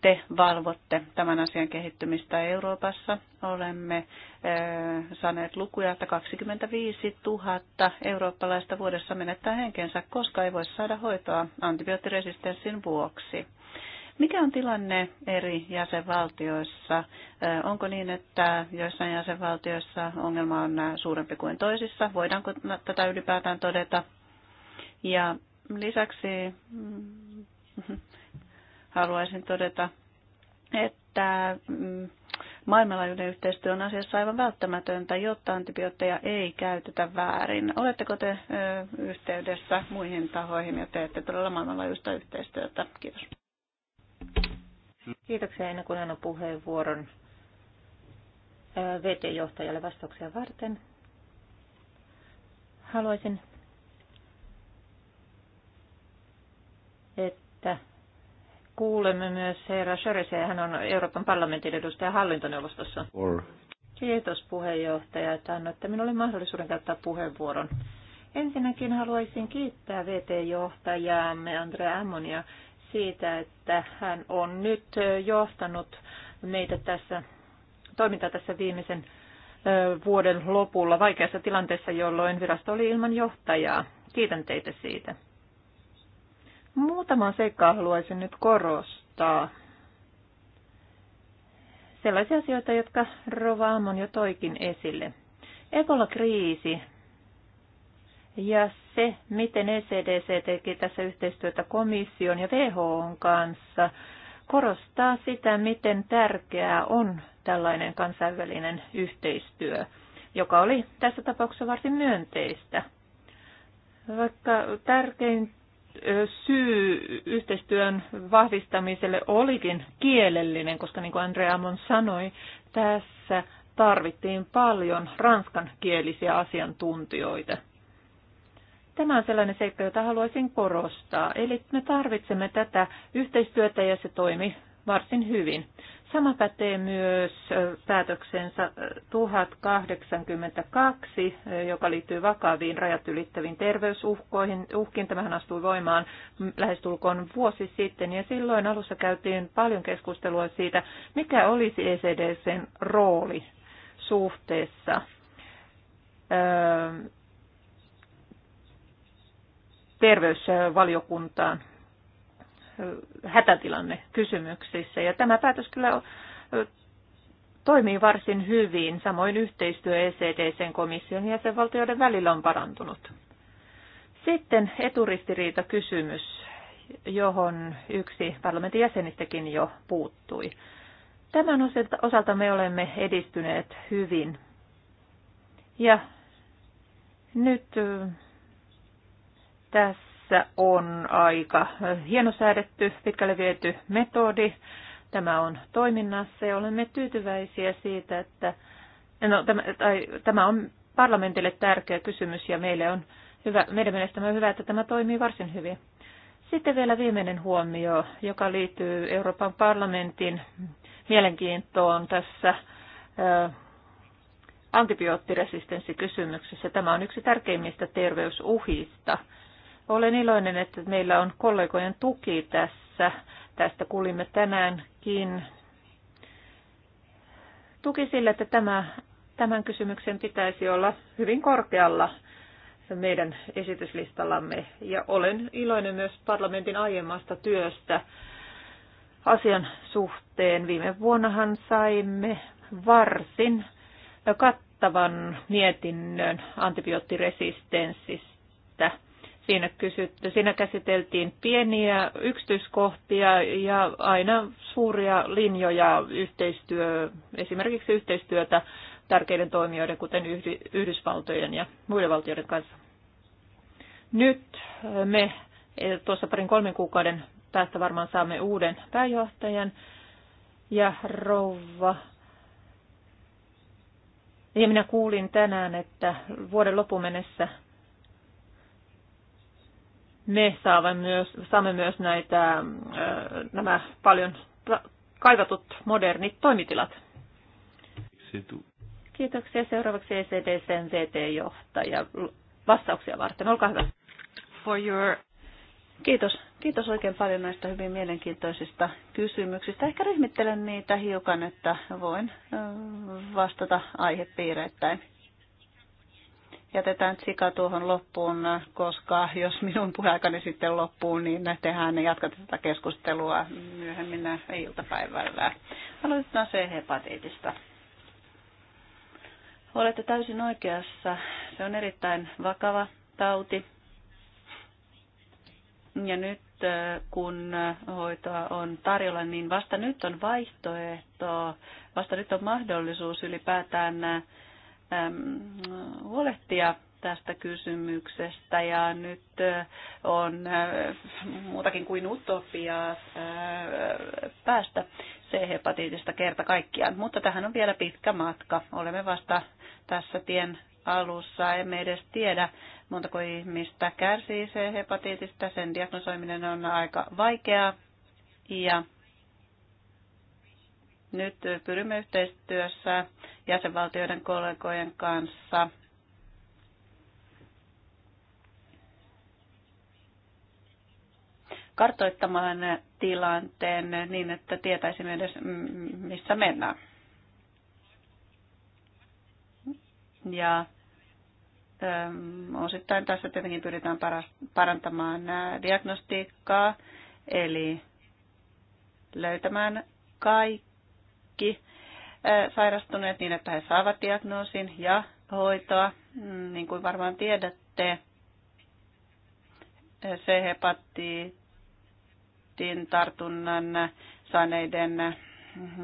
te valvotte tämän asian kehittymistä Euroopassa. Olemme saaneet lukuja, että 25 000 eurooppalaista vuodessa menettää henkensä, koska ei voi saada hoitoa antibioottiresistenssin vuoksi. Mikä on tilanne eri jäsenvaltioissa? Onko niin, että joissain jäsenvaltioissa ongelma on suurempi kuin toisissa? Voidaanko tätä ylipäätään todeta? Ja lisäksi mm, haluaisin todeta, että mm, maailmanlaajuinen yhteistyö on asiassa aivan välttämätöntä, jotta antibiootteja ei käytetä väärin. Oletteko te yhteydessä muihin tahoihin ja teette todella maailmanlaajuista yhteistyötä? Kiitos. Kiitoksia ennen kuin annan puheenvuoron VT-johtajalle vastauksia varten. Haluaisin, että kuulemme myös herra Söresiä. Hän on Euroopan parlamentin edustaja hallintoneuvostossa. Or. Kiitos puheenjohtaja, että annoitte minulle mahdollisuuden käyttää puheenvuoron. Ensinnäkin haluaisin kiittää VT-johtajaamme Andrea Ammonia siitä, että hän on nyt johtanut meitä tässä toimintaa tässä viimeisen vuoden lopulla vaikeassa tilanteessa, jolloin virasto oli ilman johtajaa. Kiitän teitä siitä. Muutama seikkaa haluaisin nyt korostaa. Sellaisia asioita, jotka Rovaamon jo toikin esille. Ebola-kriisi ja se, miten ECDC teki tässä yhteistyötä komission ja WHO kanssa, korostaa sitä, miten tärkeää on tällainen kansainvälinen yhteistyö, joka oli tässä tapauksessa varsin myönteistä. Vaikka tärkein syy yhteistyön vahvistamiselle olikin kielellinen, koska niin kuin Andrea Amon sanoi, tässä tarvittiin paljon ranskankielisiä asiantuntijoita. Tämä on sellainen seikka, jota haluaisin korostaa. Eli me tarvitsemme tätä yhteistyötä ja se toimi varsin hyvin. Sama pätee myös päätöksensä 1082, joka liittyy vakaviin rajat ylittäviin terveysuhkoihin. Uhkin tämähän astui voimaan lähestulkoon vuosi sitten ja silloin alussa käytiin paljon keskustelua siitä, mikä olisi ECDCn rooli suhteessa terveysvaliokuntaan hätätilanne kysymyksissä. Ja tämä päätös kyllä toimii varsin hyvin. Samoin yhteistyö ECDCn komission ja valtioiden välillä on parantunut. Sitten eturistiriita kysymys, johon yksi parlamentin jäsenistäkin jo puuttui. Tämän osalta me olemme edistyneet hyvin. Ja nyt tässä tässä on aika hienosäädetty, pitkälle viety metodi. Tämä on toiminnassa ja olemme tyytyväisiä siitä, että no, tämä, tai, tämä on parlamentille tärkeä kysymys ja meille on hyvä, meidän mielestämme on hyvä, että tämä toimii varsin hyvin. Sitten vielä viimeinen huomio, joka liittyy Euroopan parlamentin mielenkiintoon tässä antibioottiresistenssikysymyksessä. Tämä on yksi tärkeimmistä terveysuhista olen iloinen, että meillä on kollegojen tuki tässä. Tästä kuulimme tänäänkin. Tuki sille, että tämä, tämän kysymyksen pitäisi olla hyvin korkealla meidän esityslistallamme. Ja olen iloinen myös parlamentin aiemmasta työstä asian suhteen. Viime vuonnahan saimme varsin kattavan mietinnön antibioottiresistenssistä. Siinä, kysytty, siinä käsiteltiin pieniä yksityiskohtia ja aina suuria linjoja yhteistyö, esimerkiksi yhteistyötä tärkeiden toimijoiden, kuten Yhdysvaltojen ja muiden valtioiden kanssa. Nyt me eh, tuossa parin kolmen kuukauden päästä varmaan saamme uuden pääjohtajan ja rouva. Ja minä kuulin tänään, että vuoden lopun mennessä me saamme myös, saamme myös näitä, nämä paljon kaivatut modernit toimitilat. Kiitoksia. Seuraavaksi ECDCn VT-johtaja vastauksia varten. Olkaa hyvä. For your... Kiitos. Kiitos oikein paljon näistä hyvin mielenkiintoisista kysymyksistä. Ehkä ryhmittelen niitä hiukan, että voin vastata aihepiireittäin jätetään sika tuohon loppuun, koska jos minun puheaikani sitten loppuu, niin ja jatkamme tätä keskustelua myöhemmin iltapäivällä. Aloitetaan C-hepatiitista. Olette täysin oikeassa. Se on erittäin vakava tauti. Ja nyt äh, kun hoitoa on tarjolla, niin vasta nyt on vaihtoehto, vasta nyt on mahdollisuus ylipäätään äh, Ähm, huolehtia tästä kysymyksestä ja nyt äh, on äh, muutakin kuin utopiaa äh, päästä C-hepatiitista kerta kaikkiaan. Mutta tähän on vielä pitkä matka. Olemme vasta tässä tien alussa. Emme edes tiedä, montako ihmistä kärsii C-hepatiitista. Sen diagnosoiminen on aika vaikeaa ja nyt pyrimme yhteistyössä jäsenvaltioiden kollegojen kanssa kartoittamaan tilanteen niin, että tietäisimme edes, missä mennään. Ja ähm, osittain tässä tietenkin pyritään parantamaan äh, diagnostiikkaa, eli löytämään kaikki kaikki sairastuneet niin, että he saavat diagnoosin ja hoitoa, mm, niin kuin varmaan tiedätte. C-hepatiitin tartunnan saaneiden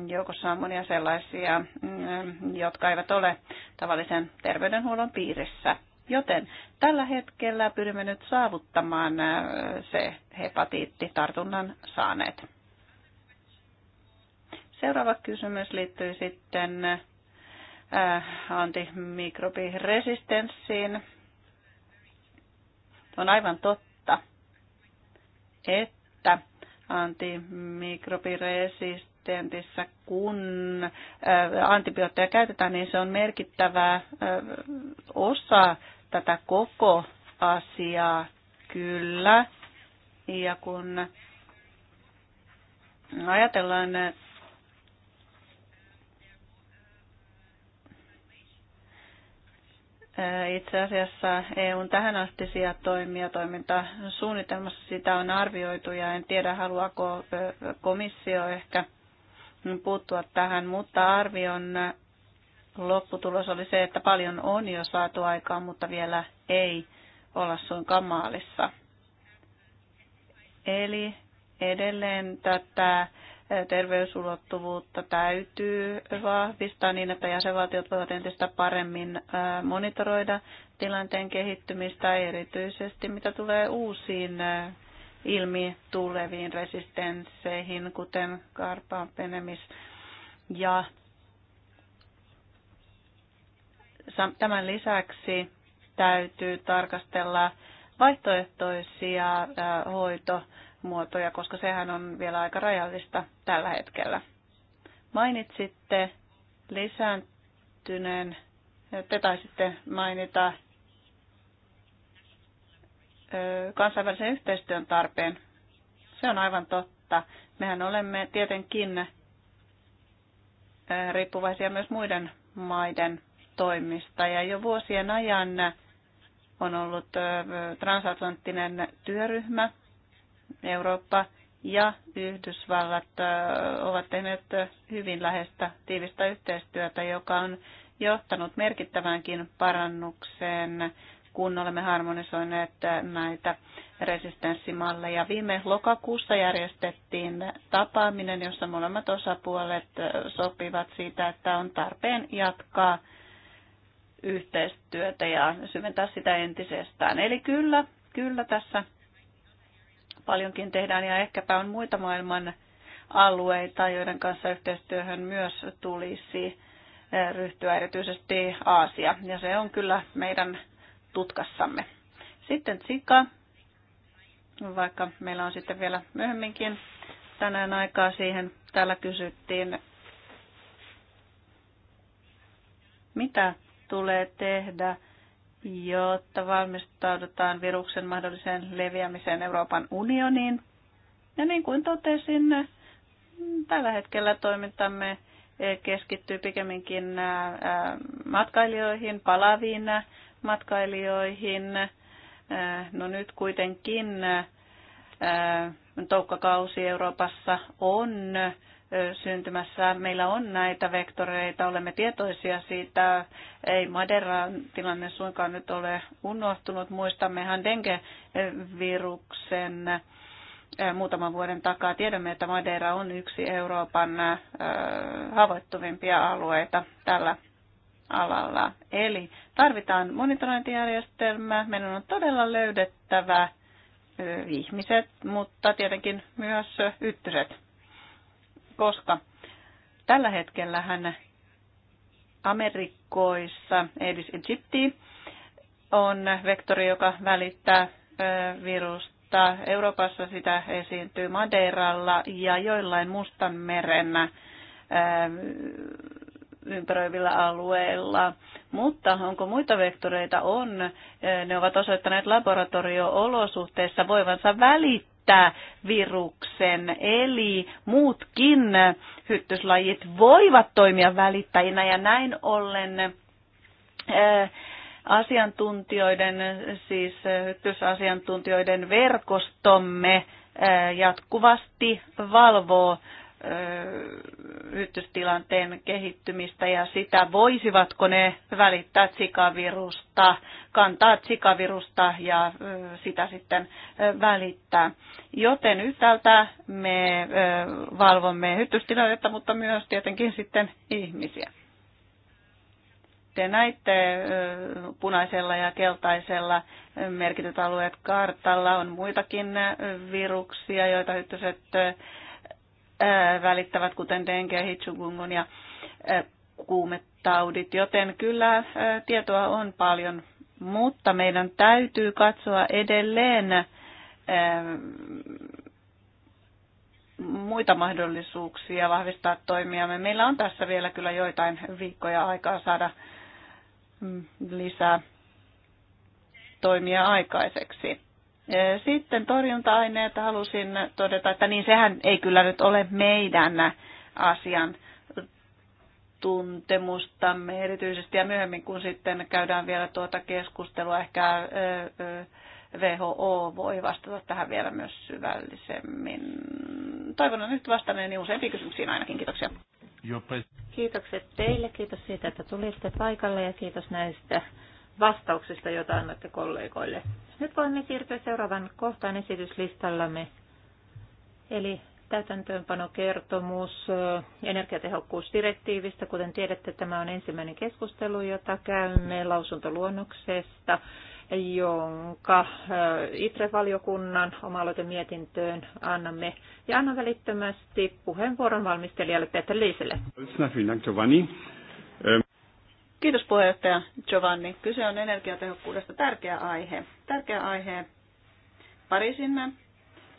joukossa on monia sellaisia, mm, jotka eivät ole tavallisen terveydenhuollon piirissä. Joten tällä hetkellä pyrimme nyt saavuttamaan se hepatiittitartunnan saaneet. Seuraava kysymys liittyy sitten äh, antimikrobiresistenssiin. On aivan totta, että antimikrobiresistentissä, kun äh, antibiootteja käytetään, niin se on merkittävä äh, osa tätä koko asiaa kyllä. Ja kun ajatellaan Äh, itse asiassa EUn tähänastisia toimia toimintasuunnitelmassa sitä on arvioitu ja en tiedä haluaako komissio ehkä puuttua tähän, mutta arvion lopputulos oli se, että paljon on jo saatu aikaan, mutta vielä ei olla suinkaan maalissa. Eli edelleen tätä terveysulottuvuutta täytyy vahvistaa niin, että jäsenvaltiot voivat entistä paremmin monitoroida tilanteen kehittymistä, erityisesti mitä tulee uusiin ilmi tuleviin resistensseihin, kuten penemis. ja tämän lisäksi täytyy tarkastella vaihtoehtoisia hoito- muotoja, koska sehän on vielä aika rajallista tällä hetkellä. Mainitsitte lisääntyneen, te taisitte mainita kansainvälisen yhteistyön tarpeen. Se on aivan totta. Mehän olemme tietenkin riippuvaisia myös muiden maiden toimista. Ja jo vuosien ajan on ollut transatlanttinen työryhmä, Eurooppa ja Yhdysvallat ovat tehneet hyvin lähestä tiivistä yhteistyötä, joka on johtanut merkittäväänkin parannukseen, kun olemme harmonisoineet näitä resistenssimalleja. Viime lokakuussa järjestettiin tapaaminen, jossa molemmat osapuolet sopivat siitä, että on tarpeen jatkaa yhteistyötä ja syventää sitä entisestään. Eli kyllä, kyllä tässä paljonkin tehdään ja ehkäpä on muita maailman alueita, joiden kanssa yhteistyöhön myös tulisi ryhtyä, erityisesti Aasia. Ja se on kyllä meidän tutkassamme. Sitten Tsika, vaikka meillä on sitten vielä myöhemminkin tänään aikaa siihen. Täällä kysyttiin, mitä tulee tehdä jotta valmistaudutaan viruksen mahdolliseen leviämiseen Euroopan unioniin. Ja niin kuin totesin, tällä hetkellä toimintamme keskittyy pikemminkin matkailijoihin, palaviin matkailijoihin. No nyt kuitenkin toukkakausi Euroopassa on syntymässä. Meillä on näitä vektoreita, olemme tietoisia siitä. Ei Maderan tilanne suinkaan nyt ole unohtunut. Muistammehan Dengue-viruksen muutaman vuoden takaa. Tiedämme, että Madeira on yksi Euroopan haavoittuvimpia alueita tällä alalla. Eli tarvitaan monitorointijärjestelmää. Meidän on todella löydettävä ihmiset, mutta tietenkin myös yttyset koska tällä hetkellä hän Amerikoissa, Edis Egypti, on vektori, joka välittää virusta. Euroopassa sitä esiintyy Madeiralla ja joillain mustan meren ympäröivillä alueilla. Mutta onko muita vektoreita? On. Ne ovat osoittaneet laboratorio-olosuhteissa voivansa välittää että viruksen. Eli muutkin hyttyslajit voivat toimia välittäjinä ja näin ollen äh, asiantuntijoiden, siis hyttysasiantuntijoiden verkostomme äh, jatkuvasti valvoo äh, hyttystilanteen kehittymistä ja sitä, voisivatko ne välittää sikavirusta kantaa sikavirusta ja sitä sitten välittää. Joten yhtäältä me valvomme hyttystilannetta, mutta myös tietenkin sitten ihmisiä. Te näitte punaisella ja keltaisella merkityt alueet kartalla. On muitakin viruksia, joita hyttyset välittävät, kuten dengue, hitsugungun ja kuumetaudit, joten kyllä tietoa on paljon mutta meidän täytyy katsoa edelleen eh, muita mahdollisuuksia vahvistaa toimiamme. Meillä on tässä vielä kyllä joitain viikkoja aikaa saada mm, lisää toimia aikaiseksi. Eh, sitten torjunta-aineet halusin todeta, että niin sehän ei kyllä nyt ole meidän asian tuntemustamme erityisesti ja myöhemmin, kun sitten käydään vielä tuota keskustelua, ehkä WHO voi vastata tähän vielä myös syvällisemmin. Toivon nyt vastanneeni useampiin kysymyksiin ainakin. Kiitoksia. Kiitokset teille. Kiitos siitä, että tulitte paikalle ja kiitos näistä vastauksista, joita annatte kollegoille. Nyt voimme siirtyä seuraavan kohtaan esityslistallamme, eli täytäntöönpanokertomus energiatehokkuusdirektiivistä. Kuten tiedätte, tämä on ensimmäinen keskustelu, jota käymme lausuntoluonnoksesta, jonka ITRE-valiokunnan oma mietintöön annamme. Ja annan välittömästi puheenvuoron valmistelijalle Peter Liiselle. Ähm. Kiitos puheenjohtaja Giovanni. Kyse on energiatehokkuudesta. Tärkeä aihe. Tärkeä aihe Pariisin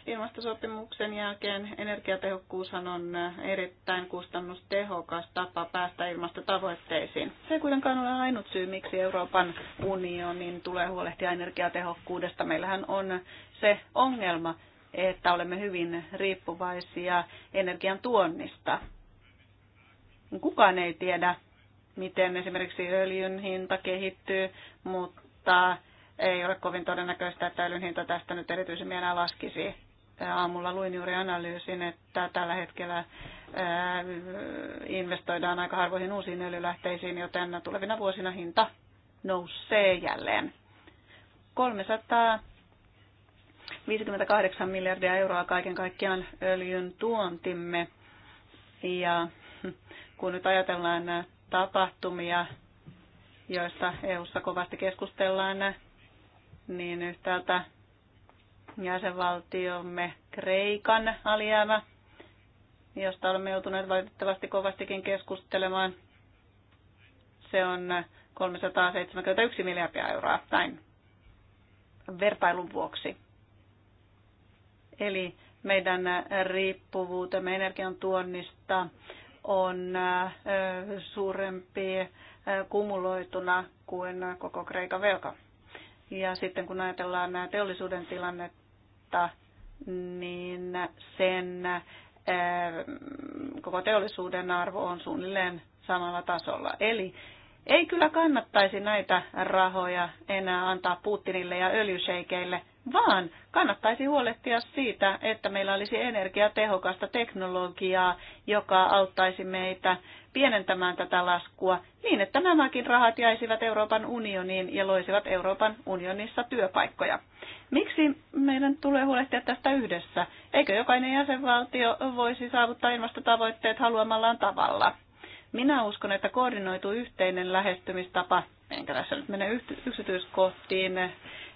Ilmastosopimuksen jälkeen energiatehokkuushan on erittäin kustannustehokas tapa päästä ilmastotavoitteisiin. Se ei kuitenkaan ole ainut syy, miksi Euroopan unionin tulee huolehtia energiatehokkuudesta. Meillähän on se ongelma, että olemme hyvin riippuvaisia energian tuonnista. Kukaan ei tiedä, miten esimerkiksi öljyn hinta kehittyy, mutta ei ole kovin todennäköistä, että öljyn hinta tästä nyt erityisemmin enää laskisi aamulla luin juuri analyysin, että tällä hetkellä investoidaan aika harvoihin uusiin öljylähteisiin, joten tulevina vuosina hinta nousee jälleen. 358 miljardia euroa kaiken kaikkiaan öljyn tuontimme. Ja kun nyt ajatellaan tapahtumia, joista EU-ssa kovasti keskustellaan, niin yhtäältä jäsenvaltiomme Kreikan alijäämä, josta olemme joutuneet valitettavasti kovastikin keskustelemaan. Se on 371 miljardia euroa näin vertailun vuoksi. Eli meidän riippuvuutemme energian tuonnista on suurempi kumuloituna kuin koko Kreikan velka. Ja sitten kun ajatellaan teollisuuden tilannetta, maata, niin sen eh, koko teollisuuden arvo on suunnilleen samalla tasolla. Eli ei kyllä kannattaisi näitä rahoja enää antaa Putinille ja öljyseikeille, vaan kannattaisi huolehtia siitä, että meillä olisi energiatehokasta teknologiaa, joka auttaisi meitä pienentämään tätä laskua niin, että nämäkin rahat jäisivät Euroopan unioniin ja loisivat Euroopan unionissa työpaikkoja. Miksi meidän tulee huolehtia tästä yhdessä? Eikö jokainen jäsenvaltio voisi saavuttaa ilmastotavoitteet haluamallaan tavalla? Minä uskon, että koordinoitu yhteinen lähestymistapa, enkä tässä nyt mene yksityiskohtiin,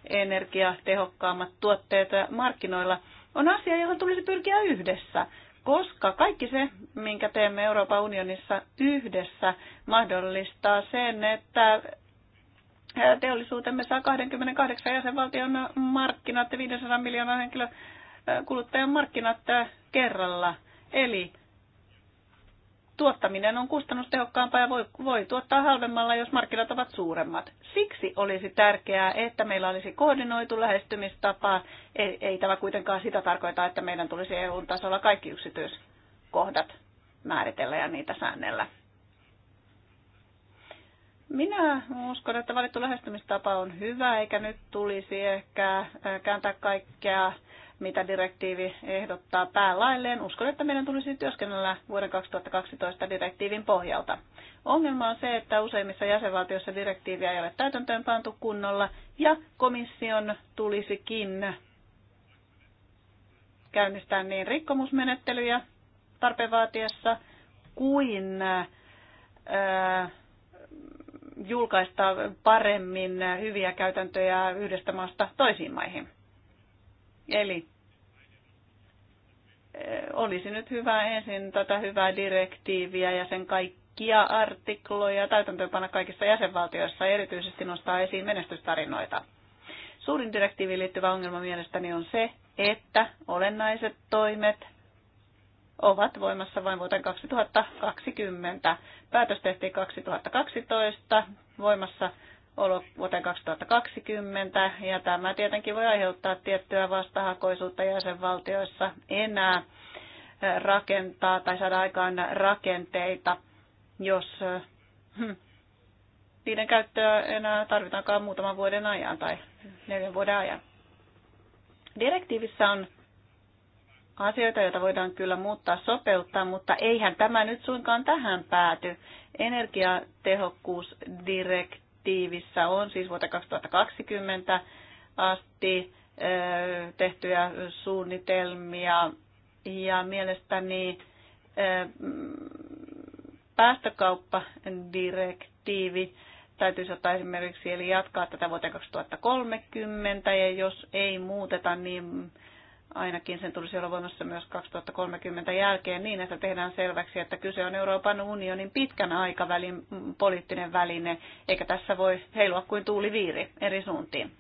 energiatehokkaammat tuotteet markkinoilla, on asia, johon tulisi pyrkiä yhdessä koska kaikki se, minkä teemme Euroopan unionissa yhdessä, mahdollistaa sen, että teollisuutemme saa 28 jäsenvaltion markkinat ja 500 miljoonan henkilökuluttajan markkinat kerralla. Eli tuottaminen on kustannustehokkaampaa ja voi, voi tuottaa halvemmalla, jos markkinat ovat suuremmat. Siksi olisi tärkeää, että meillä olisi koordinoitu lähestymistapa. Ei, ei tämä kuitenkaan sitä tarkoita, että meidän tulisi EU-tasolla kaikki yksityiskohdat määritellä ja niitä säännellä. Minä uskon, että valittu lähestymistapa on hyvä, eikä nyt tulisi ehkä kääntää kaikkea mitä direktiivi ehdottaa päälailleen. Uskon, että meidän tulisi työskennellä vuoden 2012 direktiivin pohjalta. Ongelma on se, että useimmissa jäsenvaltioissa direktiiviä ei ole täytäntöönpantu kunnolla ja komission tulisikin käynnistää niin rikkomusmenettelyjä tarpeen vaatiessa kuin ää, julkaista paremmin hyviä käytäntöjä yhdestä maasta toisiin maihin. Eli olisi nyt hyvä ensin tätä hyvää direktiiviä ja sen kaikkia artikloja täytäntöönpana kaikissa jäsenvaltioissa erityisesti nostaa esiin menestystarinoita. Suurin direktiiviin liittyvä ongelma mielestäni on se, että olennaiset toimet ovat voimassa vain vuoteen 2020. Päätös tehtiin 2012, voimassa vuoteen 2020, ja tämä tietenkin voi aiheuttaa tiettyä vastahakoisuutta jäsenvaltioissa enää eh, rakentaa tai saada aikaan rakenteita, jos eh, hmm, niiden käyttöä enää tarvitaankaan muutaman vuoden ajan tai neljän vuoden ajan. Direktiivissä on asioita, joita voidaan kyllä muuttaa, sopeuttaa, mutta eihän tämä nyt suinkaan tähän pääty. Energiatehokkuusdirektiivi direktiivissä on siis vuoteen 2020 asti tehtyjä suunnitelmia ja mielestäni päästökauppadirektiivi täytyisi ottaa esimerkiksi eli jatkaa tätä vuoteen 2030 ja jos ei muuteta, niin ainakin sen tulisi olla voimassa myös 2030 jälkeen niin, että tehdään selväksi, että kyse on Euroopan unionin pitkän aikavälin poliittinen väline, eikä tässä voi heilua kuin tuuliviiri eri suuntiin.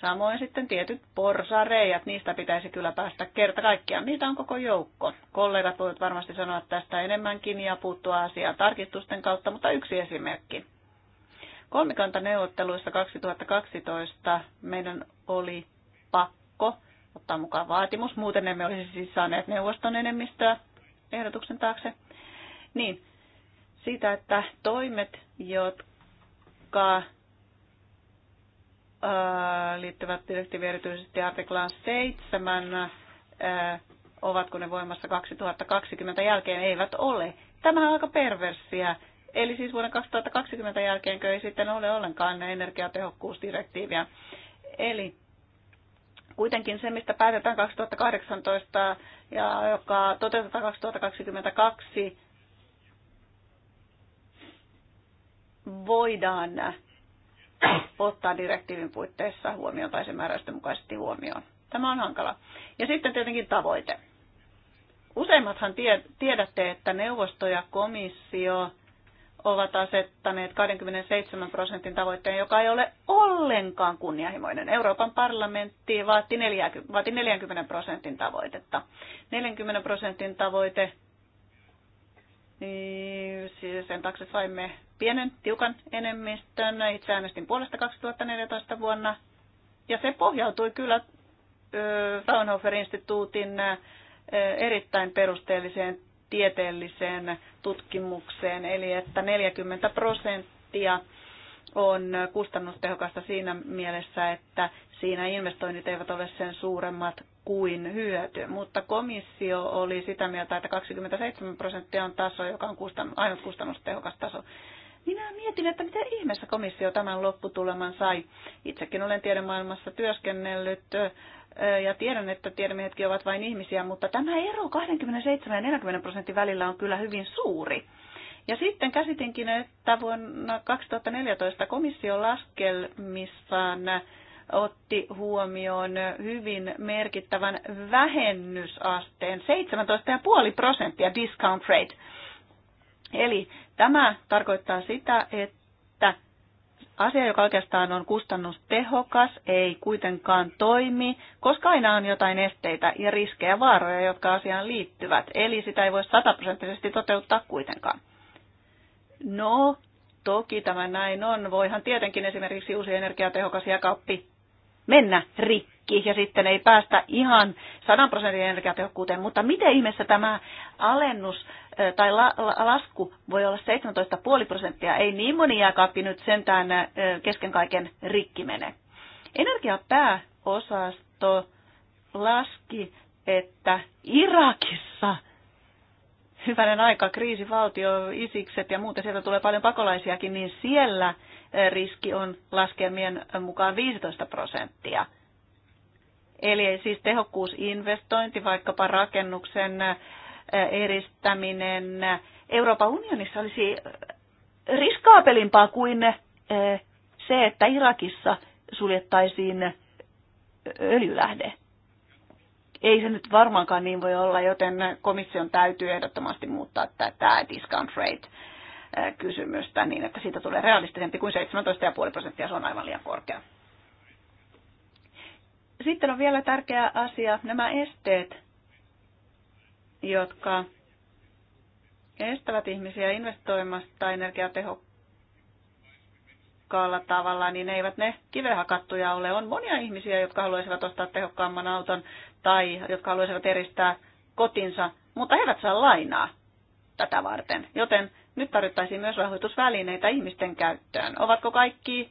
Samoin sitten tietyt porsareijat, niistä pitäisi kyllä päästä kerta kaikkiaan. Niitä on koko joukko. Kollegat voivat varmasti sanoa tästä enemmänkin ja puuttua asiaan tarkistusten kautta, mutta yksi esimerkki. Kolmikantaneuvotteluissa 2012 meidän oli pakko ottaa mukaan vaatimus. Muuten emme olisi siis saaneet neuvoston enemmistöä ehdotuksen taakse. Niin, siitä, että toimet, jotka liittyvät direktiivi erityisesti artiklaan 7, ovatko ne voimassa 2020 jälkeen, eivät ole. Tämä on aika perversiä. Eli siis vuoden 2020 jälkeen ei sitten ole ollenkaan energiatehokkuusdirektiiviä. Eli Kuitenkin se, mistä päätetään 2018 ja joka toteutetaan 2022, voidaan ottaa direktiivin puitteissa huomioon tai sen määräysten mukaisesti huomioon. Tämä on hankala. Ja sitten tietenkin tavoite. Useimmathan tiedätte, että neuvosto ja komissio ovat asettaneet 27 prosentin tavoitteen, joka ei ole ollenkaan kunnianhimoinen. Euroopan parlamentti vaati 40, prosentin tavoitetta. 40 prosentin tavoite, niin siis sen taakse saimme pienen, tiukan enemmistön. Itse äänestin puolesta 2014 vuonna. Ja se pohjautui kyllä Fraunhofer-instituutin erittäin perusteelliseen tieteelliseen tutkimukseen, eli että 40 prosenttia on kustannustehokasta siinä mielessä, että siinä investoinnit eivät ole sen suuremmat kuin hyöty. Mutta komissio oli sitä mieltä, että 27 prosenttia on taso, joka on kustann- ainut kustannustehokas taso. Minä mietin, että miten ihmeessä komissio tämän lopputuleman sai. Itsekin olen tiedemaailmassa työskennellyt ja tiedän, että tiedemiehetkin ovat vain ihmisiä, mutta tämä ero 27 ja 40 prosentin välillä on kyllä hyvin suuri. Ja sitten käsitinkin, että vuonna 2014 komission laskelmissaan otti huomioon hyvin merkittävän vähennysasteen, 17,5 prosenttia discount rate. Eli tämä tarkoittaa sitä, että asia, joka oikeastaan on kustannustehokas, ei kuitenkaan toimi, koska aina on jotain esteitä ja riskejä vaaroja, jotka asiaan liittyvät. Eli sitä ei voi sataprosenttisesti toteuttaa kuitenkaan. No, toki tämä näin on. Voihan tietenkin esimerkiksi uusi energiatehokas jakauppi mennä rikki ja sitten ei päästä ihan 100 prosentin energiatehokkuuteen. Mutta miten ihmeessä tämä alennus tai la, la, lasku voi olla 17,5 prosenttia? Ei niin moni jääkaappi nyt sentään kesken kaiken rikki mene. Energiapääosasto laski, että Irakissa hyvänen aika, kriisivaltio, isikset ja muuten, sieltä tulee paljon pakolaisiakin, niin siellä riski on laskemien mukaan 15 prosenttia. Eli siis tehokkuusinvestointi, vaikkapa rakennuksen eristäminen Euroopan unionissa olisi riskaapelimpaa kuin eh, se, että Irakissa suljettaisiin öljylähde. Ei se nyt varmaankaan niin voi olla, joten komission täytyy ehdottomasti muuttaa tämä discount rate kysymystä niin, että siitä tulee realistisempi kuin 17,5 prosenttia, se on aivan liian korkea. Sitten on vielä tärkeä asia nämä esteet, jotka estävät ihmisiä investoimasta energiatehokkaalla tavalla, niin eivät ne kivehakattuja ole. On monia ihmisiä, jotka haluaisivat ostaa tehokkaamman auton tai jotka haluaisivat eristää kotinsa, mutta he eivät saa lainaa tätä varten. Joten nyt tarvittaisiin myös rahoitusvälineitä ihmisten käyttöön. Ovatko kaikki,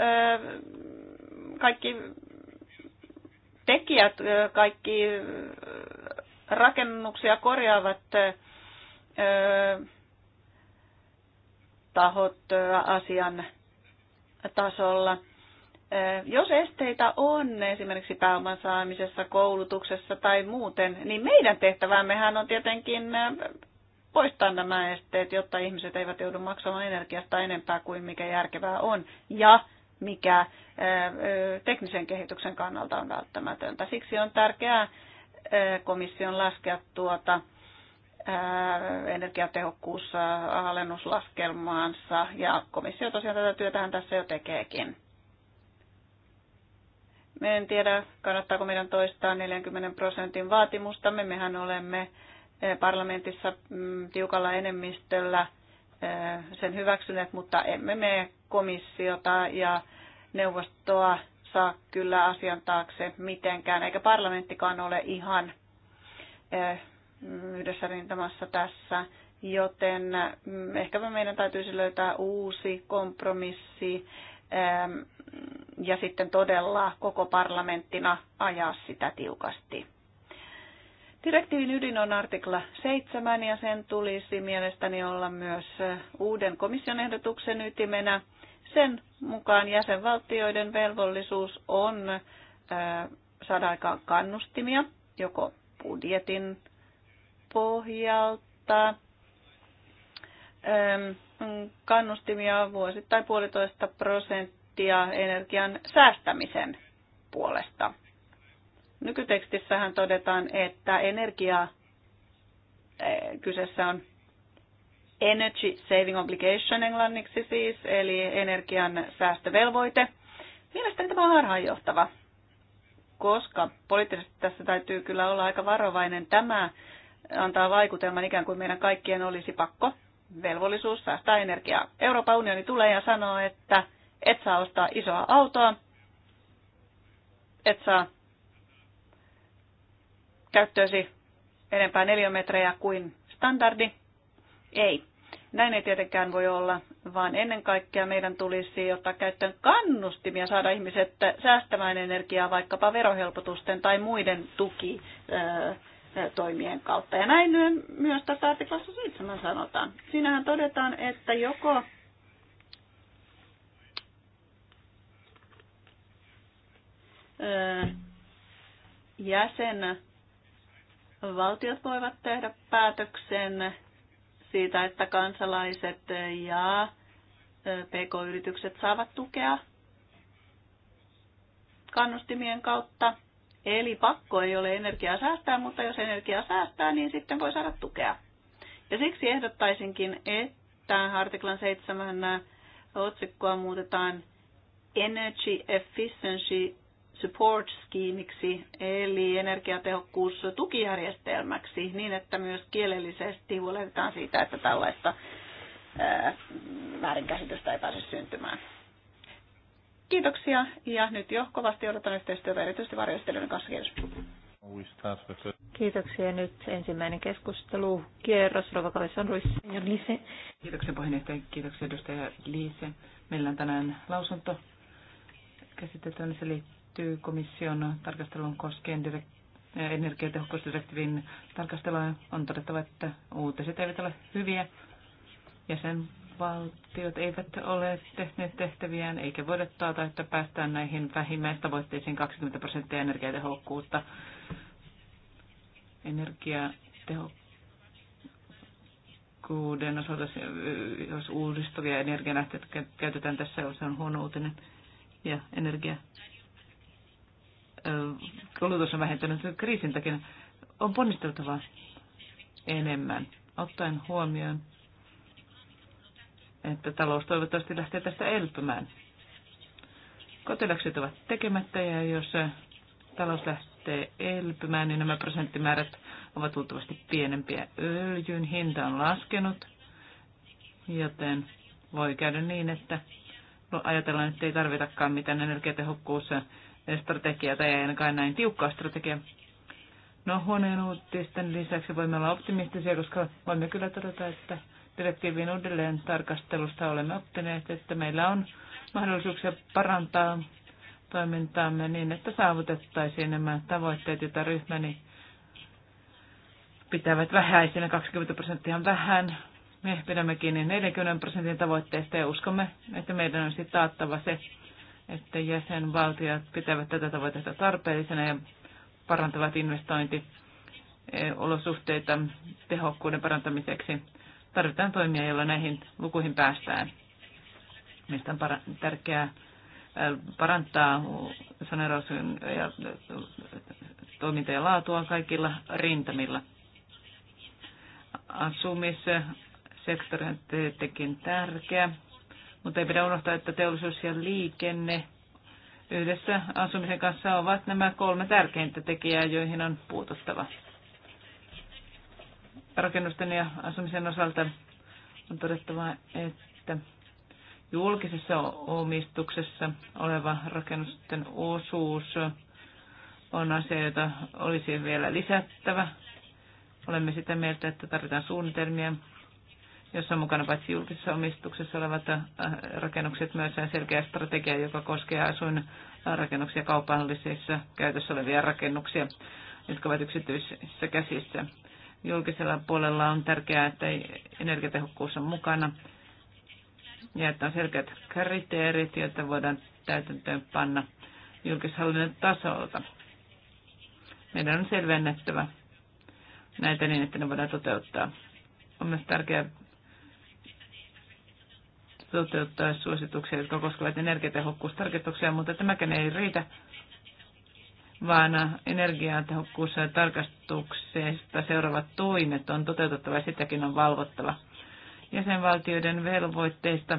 ö, kaikki tekijät, kaikki rakennuksia korjaavat ö, tahot asian tasolla. Jos esteitä on esimerkiksi pääoman saamisessa, koulutuksessa tai muuten, niin meidän tehtävämmehän on tietenkin poistaa nämä esteet, jotta ihmiset eivät joudu maksamaan energiasta enempää kuin mikä järkevää on ja mikä teknisen kehityksen kannalta on välttämätöntä. Siksi on tärkeää komission laskea tuota energiatehokkuusalennuslaskelmaansa ja komissio tosiaan tätä työtähän tässä jo tekeekin. Me en tiedä, kannattaako meidän toistaa 40 prosentin vaatimustamme. Mehän olemme parlamentissa mm, tiukalla enemmistöllä eh, sen hyväksyneet, mutta emme me komissiota ja neuvostoa saa kyllä asian taakse mitenkään, eikä parlamenttikaan ole ihan eh, yhdessä rintamassa tässä, joten mm, ehkä meidän täytyisi löytää uusi kompromissi eh, ja sitten todella koko parlamenttina ajaa sitä tiukasti. Direktiivin ydin on artikla 7 ja sen tulisi mielestäni olla myös eh, uuden komission ehdotuksen ytimenä. Sen mukaan jäsenvaltioiden velvollisuus on eh, saada aikaan kannustimia joko budjetin pohjalta, kannustimia vuosittain puolitoista prosenttia energian säästämisen puolesta Nykytekstissähän todetaan, että energia eh, kyseessä on Energy Saving Obligation englanniksi siis, eli energian säästövelvoite. Mielestäni tämä on harhaanjohtava, koska poliittisesti tässä täytyy kyllä olla aika varovainen. Tämä antaa vaikutelman ikään kuin meidän kaikkien olisi pakko velvollisuus säästää energiaa. Euroopan unioni tulee ja sanoo, että et saa ostaa isoa autoa, et saa käyttöösi enempää neliömetrejä kuin standardi? Ei. Näin ei tietenkään voi olla, vaan ennen kaikkea meidän tulisi ottaa käyttöön kannustimia saada ihmiset säästämään energiaa vaikkapa verohelpotusten tai muiden tukitoimien kautta. Ja näin myös tässä artiklassa 7 sanotaan. Siinähän todetaan, että joko jäsen valtiot voivat tehdä päätöksen siitä, että kansalaiset ja pk-yritykset saavat tukea kannustimien kautta. Eli pakko ei ole energiaa säästää, mutta jos energiaa säästää, niin sitten voi saada tukea. Ja siksi ehdottaisinkin, että artiklan 7 otsikkoa muutetaan Energy Efficiency support schemiksi, eli energiatehokkuus tukijärjestelmäksi, niin että myös kielellisesti huolehditaan siitä, että tällaista ää, väärinkäsitystä ei pääse syntymään. Kiitoksia ja nyt jo kovasti odotan yhteistyötä erityisesti varjostelijoiden kanssa. Kiitos. Kiitoksia. Nyt ensimmäinen keskustelu. Kierros Rovakaveson Ruiz. Liise. Kiitoksia puheenjohtaja. Kiitoksia edustaja Liise. Meillä on tänään lausunto käsiteltävänä. Se liittyy liittyy komission tarkasteluun koskien eh, energiatehokkuusdirektiivin tarkastelua. On todettava, että uutiset eivät ole hyviä. Jäsenvaltiot eivät ole tehneet tehtäviään, eikä voida taata, että päästään näihin vähimmäistavoitteisiin 20 prosenttia energiatehokkuutta. energiatehokkuuden osalta, eh, jos uudistuvia energialähteitä käytetään tässä, se on huono uutinen. Ja energia kulutus on vähentynyt kriisin takia, on ponnisteltava enemmän, ottaen huomioon, että talous toivottavasti lähtee tästä elpymään. Kotiläkset ovat tekemättä ja jos talous lähtee elpymään, niin nämä prosenttimäärät ovat luultavasti pienempiä. Öljyn hinta on laskenut, joten voi käydä niin, että no, ajatellaan, että ei tarvitakaan mitään energiatehokkuussa strategia tai ei ainakaan näin tiukkaa strategia. No huoneen uutisten lisäksi voimme olla optimistisia, koska voimme kyllä todeta, että direktiivin uudelleen tarkastelusta olemme oppineet, että meillä on mahdollisuuksia parantaa toimintaamme niin, että saavutettaisiin nämä tavoitteet, joita ryhmäni pitävät vähäisinä, 20 prosenttia vähän. Me pidämme kiinni 40 prosentin tavoitteesta ja uskomme, että meidän on sitten taattava se, että jäsenvaltiot pitävät tätä tavoitetta tarpeellisena ja parantavat investointiolosuhteita e, tehokkuuden parantamiseksi. Tarvitaan toimia, joilla näihin lukuihin päästään. Mistä on tärkeää e, parantaa saneerausun ja toiminta ja laatua kaikilla rintamilla. Asumissektori on tietenkin tärkeä mutta ei pidä unohtaa, että teollisuus ja liikenne yhdessä asumisen kanssa ovat nämä kolme tärkeintä tekijää, joihin on puututtava. Rakennusten ja asumisen osalta on todettava, että julkisessa omistuksessa oleva rakennusten osuus on asia, jota olisi vielä lisättävä. Olemme sitä mieltä, että tarvitaan suunnitelmia jossa on mukana paitsi julkisessa omistuksessa olevat äh, rakennukset, myös selkeä strategia, joka koskee asuinrakennuksia kaupallisissa käytössä olevia rakennuksia, jotka ovat yksityisissä käsissä. Julkisella puolella on tärkeää, että energiatehokkuus on mukana ja että on selkeät kriteerit, joita voidaan täytäntöön panna julkishallinnon tasolta. Meidän on selvennettävä näitä niin, että ne voidaan toteuttaa. On myös tärkeää toteuttaa suosituksia, jotka koskevat energiatehokkuustarkistuksia, mutta tämäkään ei riitä, vaan tarkastuksesta seuraavat toimet on toteutettava ja sitäkin on valvottava. Jäsenvaltioiden velvoitteista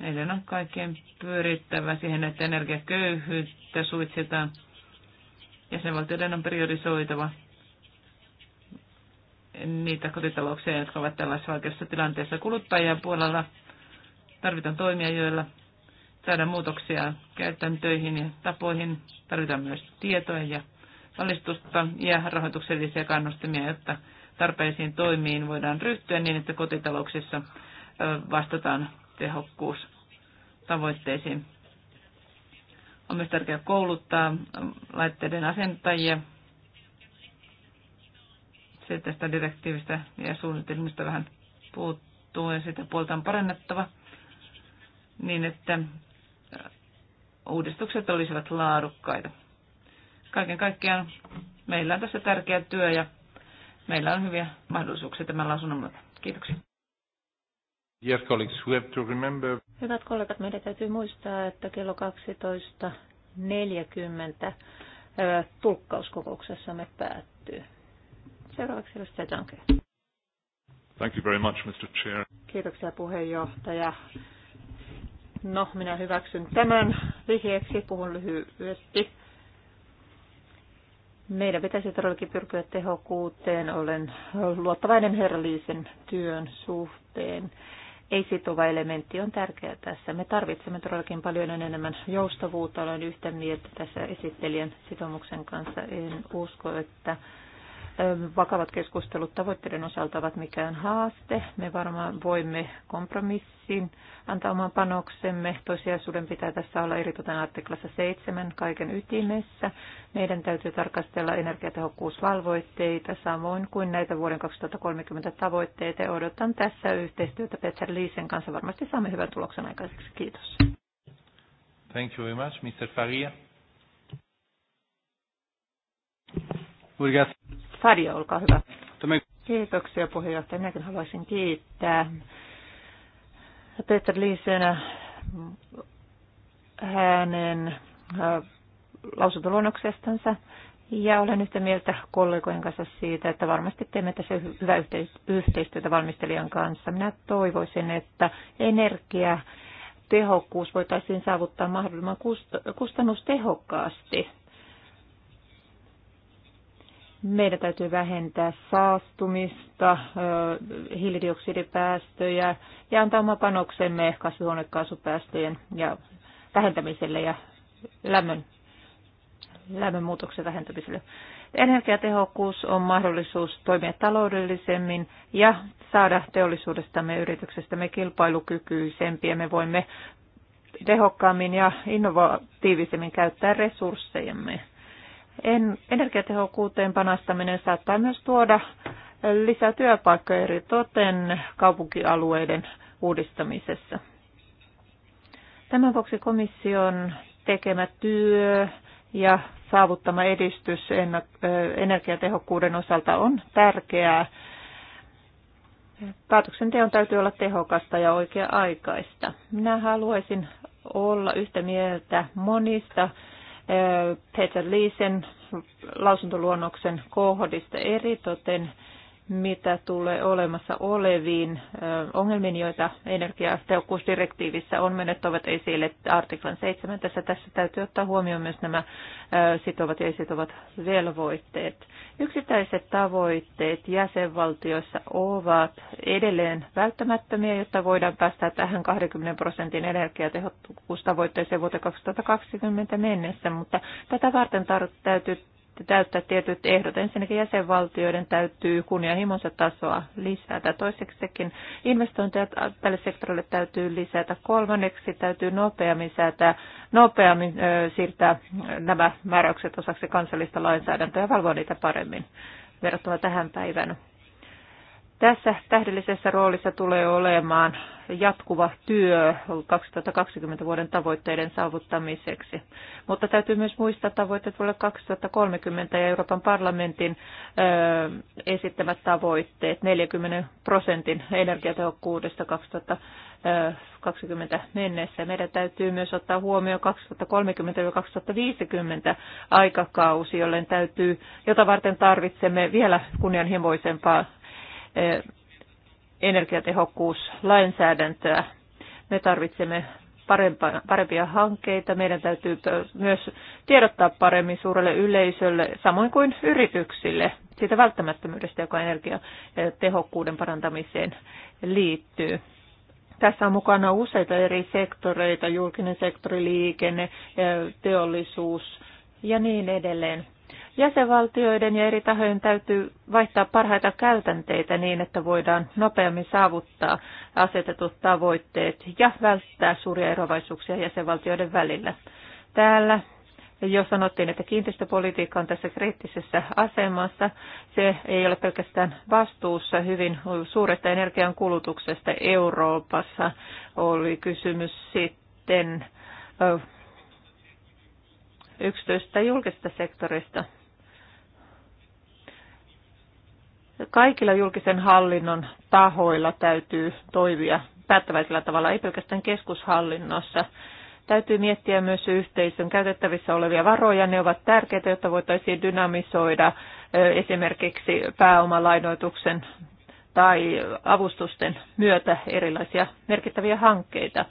meidän on kaikkien pyörittävä siihen, että energiaköyhyyttä suitsitaan. Jäsenvaltioiden on priorisoitava niitä kotitalouksia, jotka ovat tällaisessa vaikeassa tilanteessa kuluttajien puolella. Tarvitaan toimia, joilla saadaan muutoksia käytäntöihin ja tapoihin. Tarvitaan myös tietoja ja valistusta ja rahoituksellisia kannustimia, jotta tarpeisiin toimiin voidaan ryhtyä niin, että kotitalouksissa vastataan tehokkuustavoitteisiin. On myös tärkeää kouluttaa laitteiden asentajia se tästä direktiivistä ja suunnitelmista vähän puuttuu ja sitä puolta on parannettava niin, että äh, uudistukset olisivat laadukkaita. Kaiken kaikkiaan meillä on tässä tärkeä työ ja meillä on hyviä mahdollisuuksia tämän lausunnon myötä. Kiitoksia. Yes, colleagues, we have to remember... Hyvät kollegat, meidän täytyy muistaa, että kello 12.40 äh, tulkkauskokouksessamme päättyy. Seuraavaksi edustaja Duncan. Thank you very much, Mr. Chair. Kiitoksia puheenjohtaja. No, minä hyväksyn tämän vihjeeksi, puhun lyhyesti. Meidän pitäisi todellakin pyrkiä tehokkuuteen. Olen luottavainen herrallisen työn suhteen. Ei-sitova elementti on tärkeä tässä. Me tarvitsemme todellakin paljon enemmän joustavuutta. Olen yhtä mieltä tässä esittelijän sitomuksen kanssa. En usko, että vakavat keskustelut tavoitteiden osalta ovat mikään haaste. Me varmaan voimme kompromissin antaa oman panoksemme. Tosiasuuden pitää tässä olla eritoten artiklassa 7 kaiken ytimessä. Meidän täytyy tarkastella energiatehokkuusvalvoitteita samoin kuin näitä vuoden 2030 tavoitteita. Odotan tässä yhteistyötä Peter Liisen kanssa. Varmasti saamme hyvän tuloksen aikaiseksi. Kiitos. Thank you very much, Mr. Faria. Fadio, olkaa hyvä. Kiitoksia puheenjohtaja. Minäkin haluaisin kiittää Peter Liisenä hänen äh, lausuntoluonnoksestansa. Ja olen yhtä mieltä kollegojen kanssa siitä, että varmasti teemme tässä hyvää yhteistyötä valmistelijan kanssa. Minä toivoisin, että energia tehokkuus voitaisiin saavuttaa mahdollisimman kustannustehokkaasti meidän täytyy vähentää saastumista, hiilidioksidipäästöjä ja antaa oma panoksemme kasvihuonekaasupäästöjen ja vähentämiselle ja lämmön, lämmönmuutoksen vähentämiselle. Energiatehokkuus on mahdollisuus toimia taloudellisemmin ja saada teollisuudestamme ja yrityksestämme kilpailukykyisempiä. Me voimme tehokkaammin ja innovatiivisemmin käyttää resurssejamme. En, energiatehokkuuteen panastaminen saattaa myös tuoda lisää työpaikkoja eri toten kaupunkialueiden uudistamisessa. Tämän vuoksi komission tekemä työ ja saavuttama edistys energiatehokkuuden osalta on tärkeää. Päätöksenteon täytyy olla tehokasta ja oikea-aikaista. Minä haluaisin olla yhtä mieltä monista Peter Liisen lausuntoluonnoksen kohdista eritoten mitä tulee olemassa oleviin ongelmiin, joita energiatehokkuusdirektiivissä on. Me ovat esille artiklan 7. Tässä, tässä täytyy ottaa huomioon myös nämä sitovat ja sitovat velvoitteet. Yksittäiset tavoitteet jäsenvaltioissa ovat edelleen välttämättömiä, jotta voidaan päästä tähän 20 prosentin energiatehokkuustavoitteeseen vuoteen 2020 mennessä, mutta tätä varten täytyy täyttää tietyt ehdot. Ensinnäkin jäsenvaltioiden täytyy kunnianhimonsa tasoa lisätä. sekin investointeja tälle sektorille täytyy lisätä. Kolmanneksi täytyy nopeammin, säätää, nopeammin ö, siirtää nämä määräykset osaksi kansallista lainsäädäntöä ja valvoa niitä paremmin verrattuna tähän päivään. Tässä tähdellisessä roolissa tulee olemaan jatkuva työ 2020 vuoden tavoitteiden saavuttamiseksi. Mutta täytyy myös muistaa tavoitteet vuodelle 2030 ja Euroopan parlamentin ö, esittämät tavoitteet 40 prosentin energiatehokkuudesta 2020 mennessä. Meidän täytyy myös ottaa huomioon 2030-2050 aikakausi, jolloin täytyy, jota varten tarvitsemme vielä kunnianhimoisempaa Eh, energiatehokkuuslainsäädäntöä. Me tarvitsemme parempia hankkeita. Meidän täytyy myös tiedottaa paremmin suurelle yleisölle, samoin kuin yrityksille, siitä välttämättömyydestä, joka energiatehokkuuden parantamiseen liittyy. Tässä on mukana useita eri sektoreita, julkinen sektori, liikenne, eh, teollisuus ja niin edelleen. Jäsenvaltioiden ja eri tahojen täytyy vaihtaa parhaita käytänteitä niin, että voidaan nopeammin saavuttaa asetetut tavoitteet ja välttää suuria eroavaisuuksia jäsenvaltioiden välillä. Täällä jo sanottiin, että kiinteistöpolitiikka on tässä kriittisessä asemassa. Se ei ole pelkästään vastuussa hyvin suuresta energian kulutuksesta Euroopassa. Oli kysymys sitten yksityistä julkisesta sektorista. Kaikilla julkisen hallinnon tahoilla täytyy toimia päättäväisellä tavalla, ei pelkästään keskushallinnossa. Täytyy miettiä myös yhteisön käytettävissä olevia varoja. Ne ovat tärkeitä, jotta voitaisiin dynamisoida esimerkiksi pääomalainoituksen tai avustusten myötä erilaisia merkittäviä hankkeita.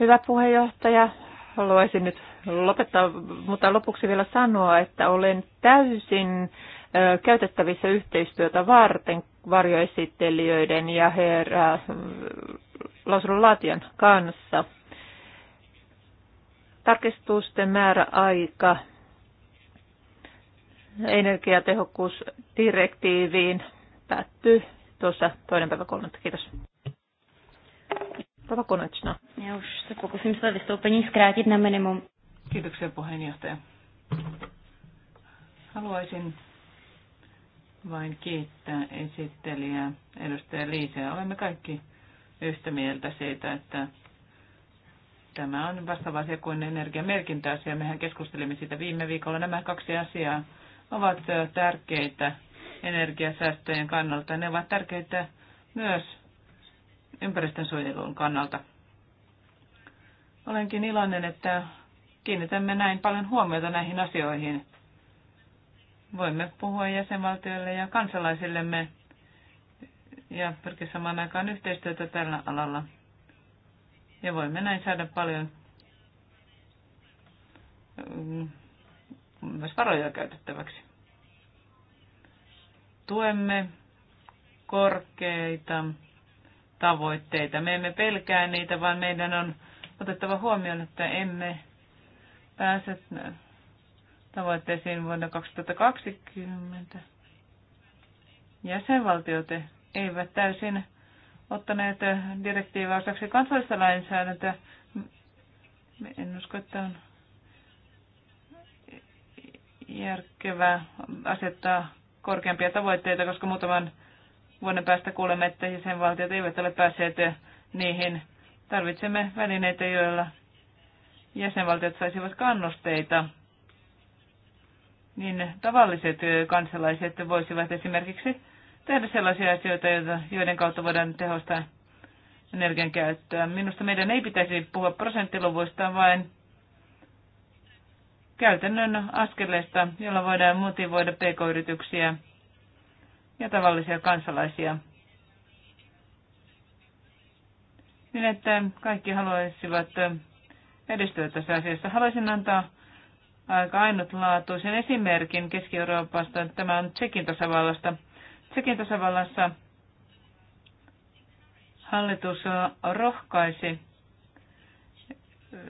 Hyvä puheenjohtaja, haluaisin nyt lopettaa, mutta lopuksi vielä sanoa, että olen täysin käytettävissä yhteistyötä varten varjoesittelijöiden ja herra lausunnonlaatijan kanssa. Tarkistusten määräaika energiatehokkuusdirektiiviin päättyy tuossa toinen päivä kolmatta. Kiitos. Rova Konečna. Já už se pokusím své vystoupení zkrátit na minimum. Kiitoksia puheenjohtaja. Haluaisin vain kiittää esittelijää, edustaja Liiseä. Olemme kaikki yhtä mieltä siitä, että tämä on vastaava asia kuin energiamerkintäasia. Mehän keskustelimme siitä viime viikolla. Nämä kaksi asiaa ovat tärkeitä energiasäästöjen kannalta. Ne ovat tärkeitä myös ympäristönsuojelun kannalta. Olenkin iloinen, että kiinnitämme näin paljon huomiota näihin asioihin. Voimme puhua jäsenvaltioille ja kansalaisillemme ja pyrkiä samaan aikaan yhteistyötä tällä alalla. Ja voimme näin saada paljon mm, myös varoja käytettäväksi. Tuemme korkeita tavoitteita. Me emme pelkää niitä, vaan meidän on otettava huomioon, että emme pääset tavoitteisiin vuonna 2020. Jäsenvaltiot eivät täysin ottaneet direktiivaa osaksi kansallista lainsäädäntöä. En usko, että on järkevää asettaa korkeampia tavoitteita, koska muutaman vuoden päästä kuulemme, että jäsenvaltiot eivät ole päässeet niihin. Tarvitsemme välineitä, joilla jäsenvaltiot saisivat kannusteita, niin tavalliset kansalaiset voisivat esimerkiksi tehdä sellaisia asioita, joiden kautta voidaan tehostaa energian käyttöä. Minusta meidän ei pitäisi puhua prosenttiluvuista, vaan käytännön askeleista, jolla voidaan motivoida pk-yrityksiä ja tavallisia kansalaisia. Niin, että kaikki haluaisivat edistyä tässä asiassa. Haluaisin antaa aika ainutlaatuisen esimerkin Keski-Euroopasta. Tämä on Tsekin tasavallasta. Tsekin tasavallassa hallitus rohkaisi äh,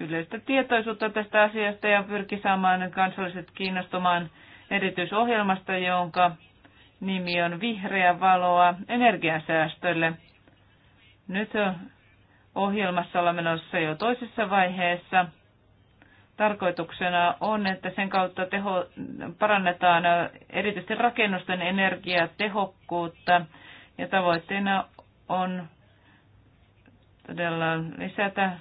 yleistä tietoisuutta tästä asiasta ja pyrki saamaan kansalliset kiinnostumaan erityisohjelmasta, jonka nimi on Vihreä valoa energiasäästölle. Nyt ohjelmassa olla menossa jo toisessa vaiheessa. Tarkoituksena on, että sen kautta teho, parannetaan erityisesti rakennusten energiatehokkuutta ja tavoitteena on todella lisätä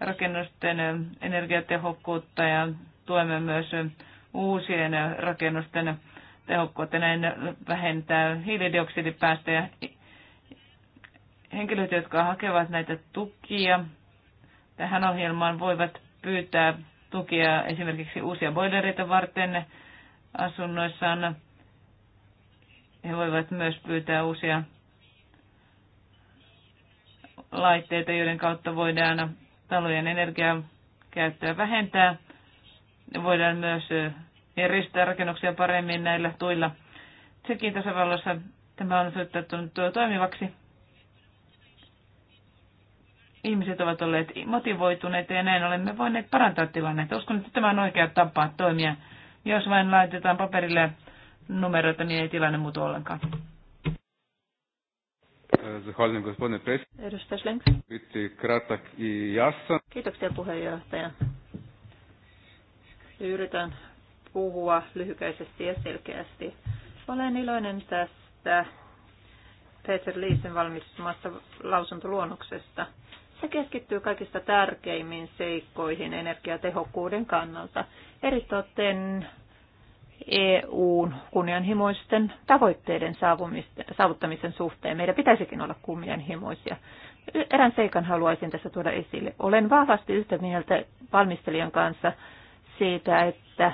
rakennusten energiatehokkuutta ja tuemme myös uusien rakennusten tehokkuutta. Näin vähentää hiilidioksidipäästöjä henkilöt, jotka hakevat näitä tukia tähän ohjelmaan, voivat pyytää tukia esimerkiksi uusia boilereita varten asunnoissaan. He voivat myös pyytää uusia laitteita, joiden kautta voidaan talojen käyttöä vähentää. Voidaan myös eristää rakennuksia paremmin näillä tuilla. Tsekin tasavallassa tämä on osoittautunut toimivaksi ihmiset ovat olleet motivoituneita ja näin olemme voineet parantaa tilannetta. Uskon, että tämä on oikea tapa toimia. Jos vain laitetaan paperille numeroita, niin ei tilanne muutu ollenkaan. Zahvaljujem gospodine Kiitoksia puheenjohtaja. Yritän puhua lyhykäisesti ja selkeästi. Olen iloinen tästä Peter Liisen valmistumasta lausuntoluonnoksesta. Se keskittyy kaikista tärkeimmin seikkoihin energiatehokkuuden kannalta. Eritoten EUn kunnianhimoisten tavoitteiden saavuttamisen suhteen. Meidän pitäisikin olla kunnianhimoisia. Erän seikan haluaisin tässä tuoda esille. Olen vahvasti yhtä mieltä valmistelijan kanssa siitä, että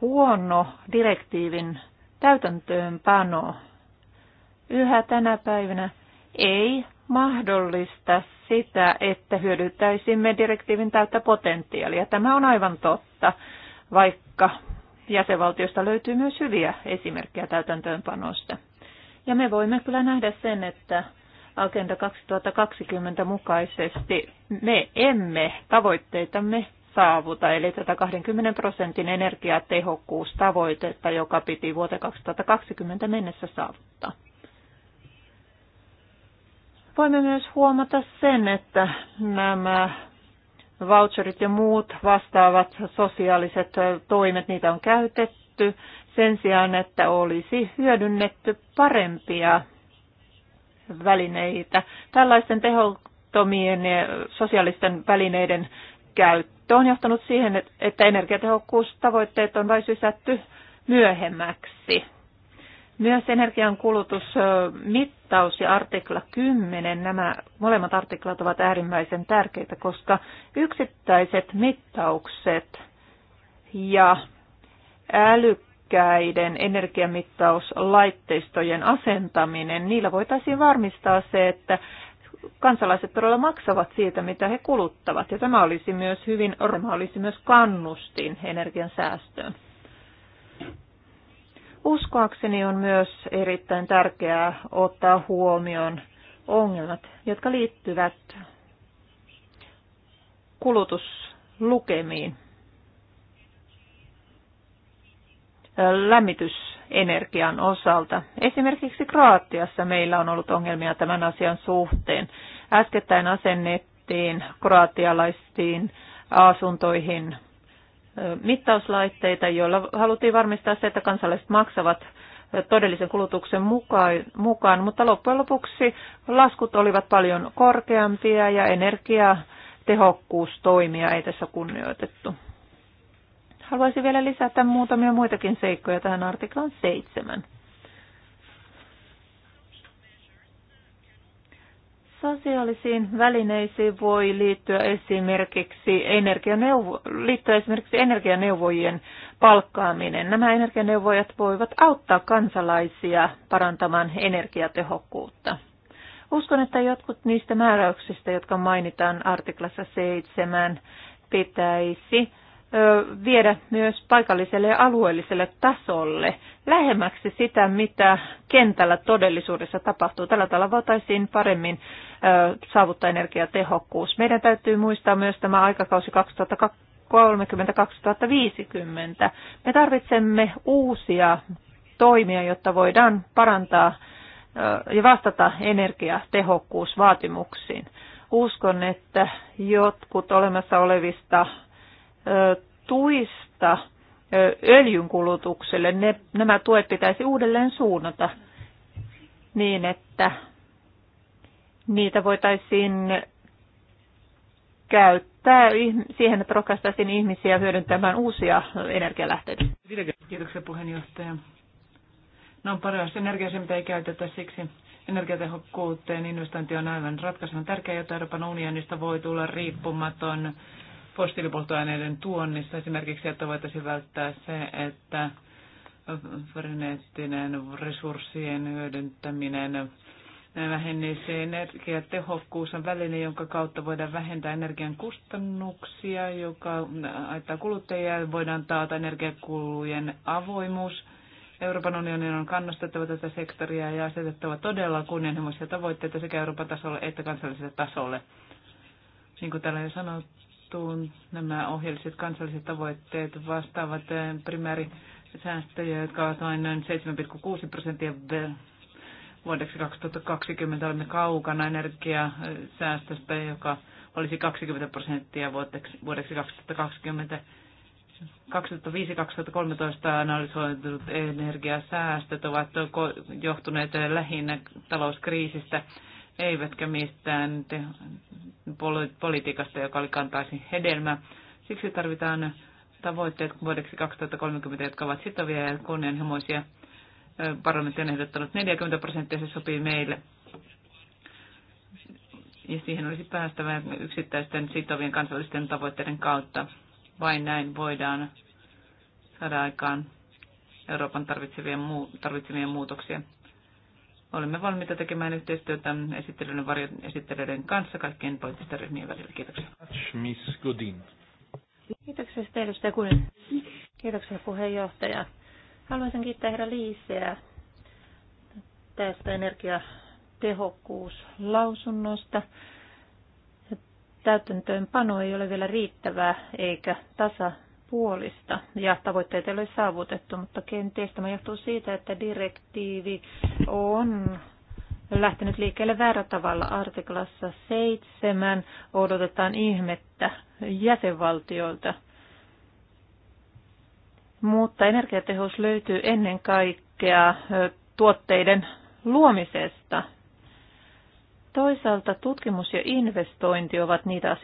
huono direktiivin täytäntöönpano yhä tänä päivänä ei mahdollista sitä, että hyödyttäisimme direktiivin täyttä potentiaalia. Tämä on aivan totta, vaikka jäsenvaltiosta löytyy myös hyviä esimerkkejä täytäntöönpanosta. Ja me voimme kyllä nähdä sen, että Agenda 2020 mukaisesti me emme tavoitteitamme saavuta, eli tätä 20 prosentin energiatehokkuustavoitetta, joka piti vuoteen 2020 mennessä saavuttaa. Voimme myös huomata sen, että nämä voucherit ja muut vastaavat sosiaaliset toimet, niitä on käytetty sen sijaan, että olisi hyödynnetty parempia välineitä. Tällaisten tehottomien sosiaalisten välineiden käyttö on johtanut siihen, että energiatehokkuustavoitteet on vain sysätty myöhemmäksi. Myös energian kulutusmittaus ja artikla 10, nämä molemmat artiklat ovat äärimmäisen tärkeitä, koska yksittäiset mittaukset ja älykkäiden energiamittauslaitteistojen asentaminen, niillä voitaisiin varmistaa se, että kansalaiset todella maksavat siitä, mitä he kuluttavat. Ja tämä olisi myös hyvin, tämä olisi myös kannustin energian säästöön. Uskoakseni on myös erittäin tärkeää ottaa huomioon ongelmat, jotka liittyvät kulutuslukemiin. lämmitysenergian osalta. Esimerkiksi Kroatiassa meillä on ollut ongelmia tämän asian suhteen. Äskettäin asennettiin kroatialaisiin asuntoihin mittauslaitteita, joilla haluttiin varmistaa se, että kansalaiset maksavat todellisen kulutuksen mukaan, mutta loppujen lopuksi laskut olivat paljon korkeampia ja energiatehokkuustoimia ei tässä kunnioitettu. Haluaisin vielä lisätä muutamia muitakin seikkoja tähän artiklaan seitsemän. Sosiaalisiin välineisiin voi liittyä esimerkiksi, energianeuvo- liittyä esimerkiksi energianeuvojien palkkaaminen. Nämä energianeuvojat voivat auttaa kansalaisia parantamaan energiatehokkuutta. Uskon, että jotkut niistä määräyksistä, jotka mainitaan artiklassa 7, pitäisi viedä myös paikalliselle ja alueelliselle tasolle lähemmäksi sitä, mitä kentällä todellisuudessa tapahtuu. Tällä tavalla voitaisiin paremmin saavuttaa energiatehokkuus. Meidän täytyy muistaa myös tämä aikakausi 2030-2050. Me tarvitsemme uusia toimia, jotta voidaan parantaa ja vastata energiatehokkuusvaatimuksiin. Uskon, että jotkut olemassa olevista tuista kulutukselle. Ne, nämä tuet pitäisi uudelleen suunnata niin, että niitä voitaisiin käyttää siihen, että rohkaistaisiin ihmisiä hyödyntämään uusia energialähteitä. Kiitoksia puheenjohtaja. No on paras energia, se mitä ei käytetä siksi energiatehokkuuteen investointi on aivan ratkaisevan tärkeä, jotta Euroopan unionista voi tulla riippumaton fossiilipolttoaineiden tuonnissa esimerkiksi, että voitaisiin välttää se, että freneettinen resurssien hyödyntäminen vähennisi Energiatehokkuus on väline, jonka kautta voidaan vähentää energian kustannuksia, joka aittaa kuluttajia ja voidaan taata energiakulujen avoimuus. Euroopan unionin on kannustettava tätä sektoria ja asetettava todella kunnianhimoisia tavoitteita sekä Euroopan tasolle että kansalliselle tasolle. Niin kuin täällä jo sanottu, vastuu. Nämä ohjeelliset kansalliset tavoitteet vastaavat eh, primäärisäästöjä, jotka ovat noin 7,6 prosenttia vuodeksi 2020. Olemme kaukana energiasäästöstä, joka olisi 20 prosenttia vuodeksi 2020. 2005-2013 analysoitut energiasäästöt ovat johtuneet eh, lähinnä talouskriisistä eivätkä mistään te- politiikasta, joka oli kantaisi hedelmää. Siksi tarvitaan tavoitteet vuodeksi 2030, jotka ovat sitovia ja kunnianhimoisia. Parlamentti on ehdottanut 40 prosenttia, se sopii meille. Ja siihen olisi päästävä yksittäisten sitovien kansallisten tavoitteiden kautta. Vain näin voidaan saada aikaan Euroopan tarvitsemien, muu- muutoksia. Olemme valmiita tekemään yhteistyötä esittelyiden esittelyiden kanssa kaikkien poliittisten ryhmien välillä. Kiitoksia. Kiitoksia edustaja Kiitoksia puheenjohtaja. Haluaisin kiittää herra Liiseä tästä energiatehokkuuslausunnosta. Täytäntöönpano ei ole vielä riittävää eikä tasa puolista ja tavoitteet ei ole saavutettu, mutta kenties tämä johtuu siitä, että direktiivi on lähtenyt liikkeelle väärällä tavalla. Artiklassa 7 odotetaan ihmettä jäsenvaltioilta. Mutta energiatehous löytyy ennen kaikkea tuotteiden luomisesta Toisaalta tutkimus ja investointi ovat niitä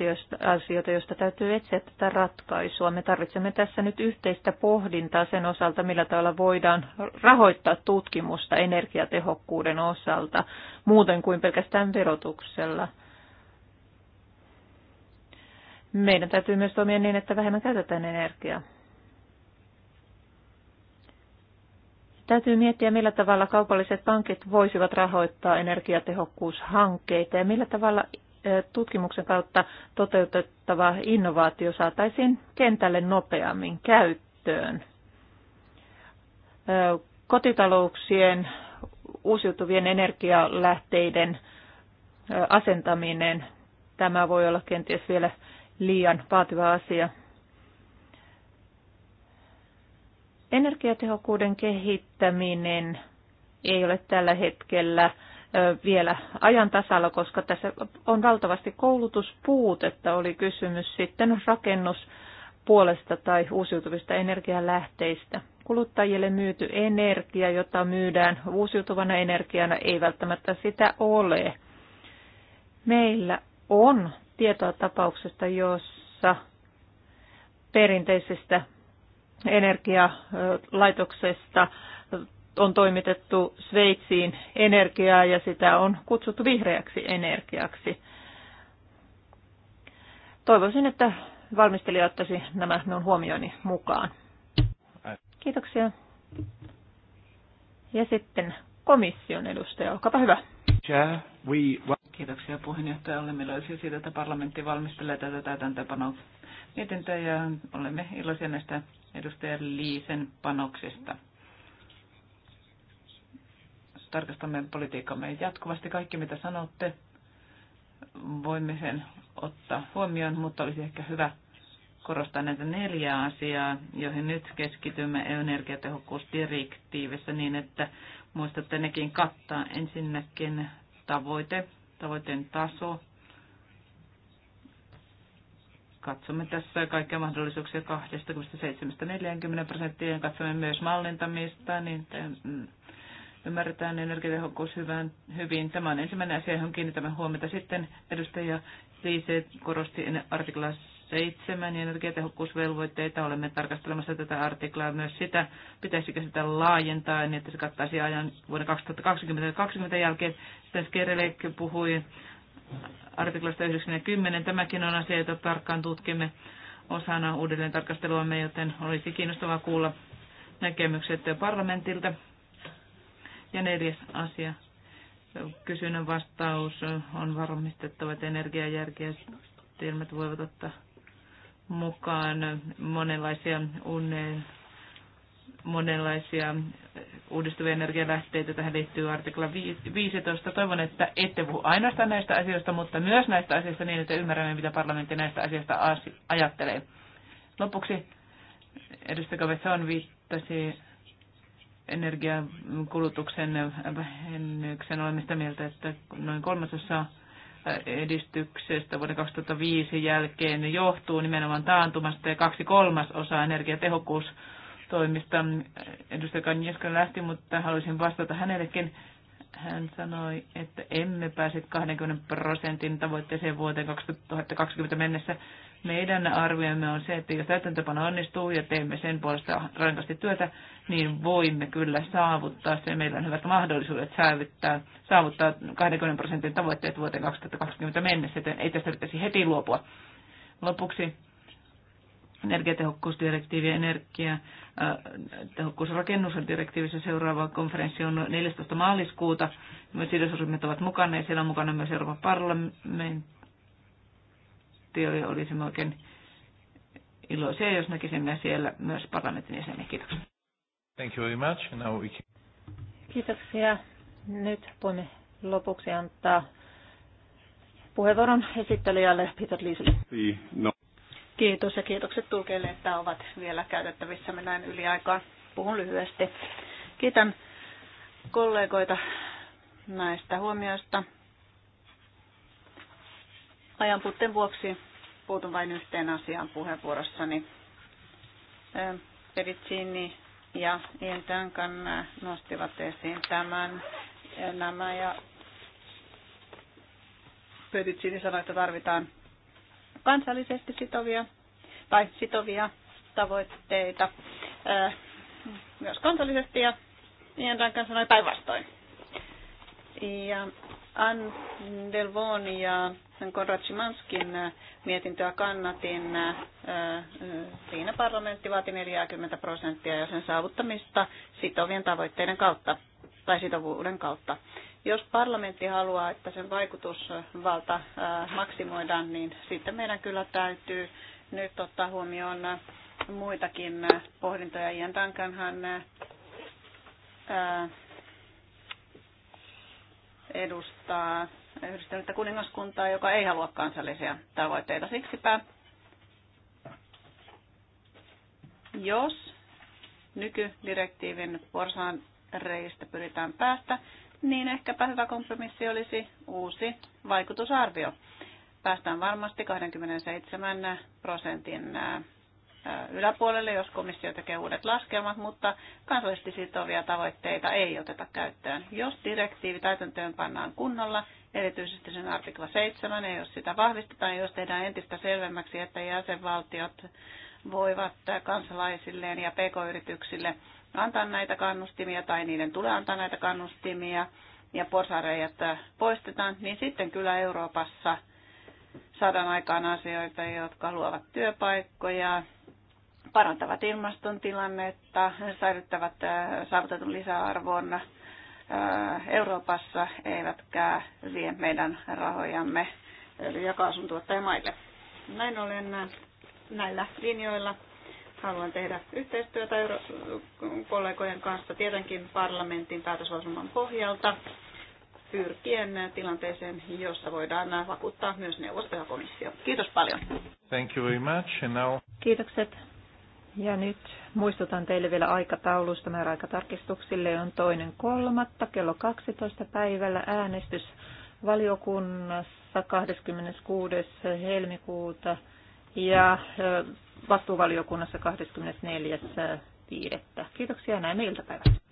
asioita, joista täytyy etsiä tätä ratkaisua. Me tarvitsemme tässä nyt yhteistä pohdintaa sen osalta, millä tavalla voidaan rahoittaa tutkimusta energiatehokkuuden osalta, muuten kuin pelkästään verotuksella. Meidän täytyy myös toimia niin, että vähemmän käytetään energiaa. Täytyy miettiä, millä tavalla kaupalliset pankit voisivat rahoittaa energiatehokkuushankkeita ja millä tavalla tutkimuksen kautta toteutettava innovaatio saataisiin kentälle nopeammin käyttöön. Kotitalouksien uusiutuvien energialähteiden asentaminen, tämä voi olla kenties vielä liian vaativa asia Energiatehokkuuden kehittäminen ei ole tällä hetkellä vielä ajan tasalla, koska tässä on valtavasti koulutuspuutetta, oli kysymys sitten rakennuspuolesta tai uusiutuvista energialähteistä. Kuluttajille myyty energia, jota myydään uusiutuvana energiana, ei välttämättä sitä ole. Meillä on tietoa tapauksesta, jossa perinteisistä energialaitoksesta on toimitettu Sveitsiin energiaa ja sitä on kutsuttu vihreäksi energiaksi. Toivoisin, että valmistelija ottaisi nämä minun huomioni mukaan. Kiitoksia. Ja sitten komission edustaja, olkaapa hyvä. Kiitoksia puheenjohtaja. Olemme iloisia siitä, että parlamentti valmistelee tätä täytäntöpanoa mietintöä ja olemme iloisia näistä edustaja Liisen panoksesta. Tarkastamme politiikkamme jatkuvasti. Kaikki, mitä sanotte, voimme sen ottaa huomioon, mutta olisi ehkä hyvä korostaa näitä neljää asiaa, joihin nyt keskitymme energiatehokkuusdirektiivissä niin, että muistatte nekin kattaa ensinnäkin tavoite, tavoitteen taso, Katsomme tässä kaikkia mahdollisuuksia 27-40 prosenttia ja katsomme myös mallintamista, niin mm, ymmärretään energiatehokkuus hyvän, hyvin. Tämä on ensimmäinen asia, johon kiinnitämme huomiota. Sitten edustaja Liise korosti artikla 7 ja energiatehokkuusvelvoitteita. Olemme tarkastelemassa tätä artiklaa myös sitä, pitäisikö sitä laajentaa niin, että se kattaisi ajan vuoden 2020 ja 2020 jälkeen. Sitten Skerelek puhui artiklasta 90. Tämäkin on asia, jota tarkkaan tutkimme osana uudelleen tarkasteluamme, joten olisi kiinnostavaa kuulla näkemykset parlamentilta. Ja neljäs asia. Kysynnän vastaus on varmistettava, että energiajärjestelmät voivat ottaa mukaan monenlaisia uneen, monenlaisia uudistuvia energialähteitä. Tähän liittyy artikla 15. Toivon, että ette puhu ainoastaan näistä asioista, mutta myös näistä asioista niin, että ymmärrämme, mitä parlamentti näistä asioista ajattelee. Lopuksi edustaja Kavetson viittasi energiakulutuksen vähennyksen. Olemme sitä mieltä, että noin kolmasosa edistyksestä vuoden 2005 jälkeen johtuu nimenomaan taantumasta ja kaksi kolmasosaa energiatehokkuus toimista. Edustaja Kanjeska lähti, mutta haluaisin vastata hänellekin. Hän sanoi, että emme pääse 20 prosentin tavoitteeseen vuoteen 2020 mennessä. Meidän arviomme on se, että jos täytäntöpano onnistuu ja teemme sen puolesta rankasti työtä, niin voimme kyllä saavuttaa se. Meillä on hyvät mahdollisuudet saavuttaa, saavuttaa 20 prosentin tavoitteet vuoteen 2020 mennessä, joten ei tästä pitäisi heti luopua. Lopuksi energiatehokkuusdirektiivi ja äh, direktiivissä seuraava konferenssi on 14. maaliskuuta. Myös sidosryhmät ovat mukana ja siellä on mukana myös Euroopan parlamentti. Olisimme oikein iloisia, jos näkisimme siellä myös parlamentin jäseniä. Kiitoksia. Thank you very much. Now we can... Kiitoksia. Nyt voimme lopuksi antaa puheenvuoron esittelijälle Peter Liisille. Niin, no. Kiitos ja kiitokset tulkeille, että ovat vielä käytettävissä. Me näin yli aikaan puhun lyhyesti. Kiitän kollegoita näistä huomioista. Ajan puutteen vuoksi puutun vain yhteen asiaan puheenvuorossani. Peritsini ja Ian Duncan nostivat esiin tämän nämä ja Peritsini sanoi, että tarvitaan kansallisesti sitovia tai sitovia tavoitteita myös kansallisesti ja Ian kanssa sanoi päinvastoin. Ja Anne Delvon ja Szymanskin mietintöä kannatin. Siinä parlamentti vaati 40 prosenttia ja sen saavuttamista sitovien tavoitteiden kautta tai sitovuuden kautta. Jos parlamentti haluaa, että sen vaikutusvalta maksimoidaan, niin sitten meidän kyllä täytyy nyt ottaa huomioon muitakin pohdintoja. Ian Duncanhan edustaa yhdistynyttä kuningaskuntaa, joka ei halua kansallisia tavoitteita. Siksipä, jos nykydirektiivin porsaan reistä pyritään päästä, niin ehkäpä hyvä kompromissi olisi uusi vaikutusarvio. Päästään varmasti 27 prosentin yläpuolelle, jos komissio tekee uudet laskelmat, mutta kansallisesti sitovia tavoitteita ei oteta käyttöön. Jos direktiivi täytäntöön pannaan kunnolla, erityisesti sen artikla 7, ja jos sitä vahvistetaan, jos tehdään entistä selvemmäksi, että jäsenvaltiot voivat kansalaisilleen ja pk-yrityksille antaa näitä kannustimia tai niiden tulee antaa näitä kannustimia ja porsareijat poistetaan, niin sitten kyllä Euroopassa saadaan aikaan asioita, jotka luovat työpaikkoja, parantavat ilmaston tilannetta, säilyttävät äh, saavutetun lisäarvon äh, Euroopassa, eivätkä vie meidän rahojamme öljy- ja tuottajamaille. Näin ollen äh, näillä linjoilla haluan tehdä yhteistyötä kollegojen kanssa tietenkin parlamentin päätöslausuman pohjalta pyrkien tilanteeseen, jossa voidaan vakuuttaa myös neuvosto ja komissio. Kiitos paljon. Thank you very much. And now... Kiitokset. Ja nyt muistutan teille vielä aikataulusta. Määräaikatarkistuksille on toinen kolmatta kello 12 päivällä äänestys valiokunnassa 26. helmikuuta ja vastuuvaliokunnassa 24.5. Kiitoksia näemme iltapäivällä.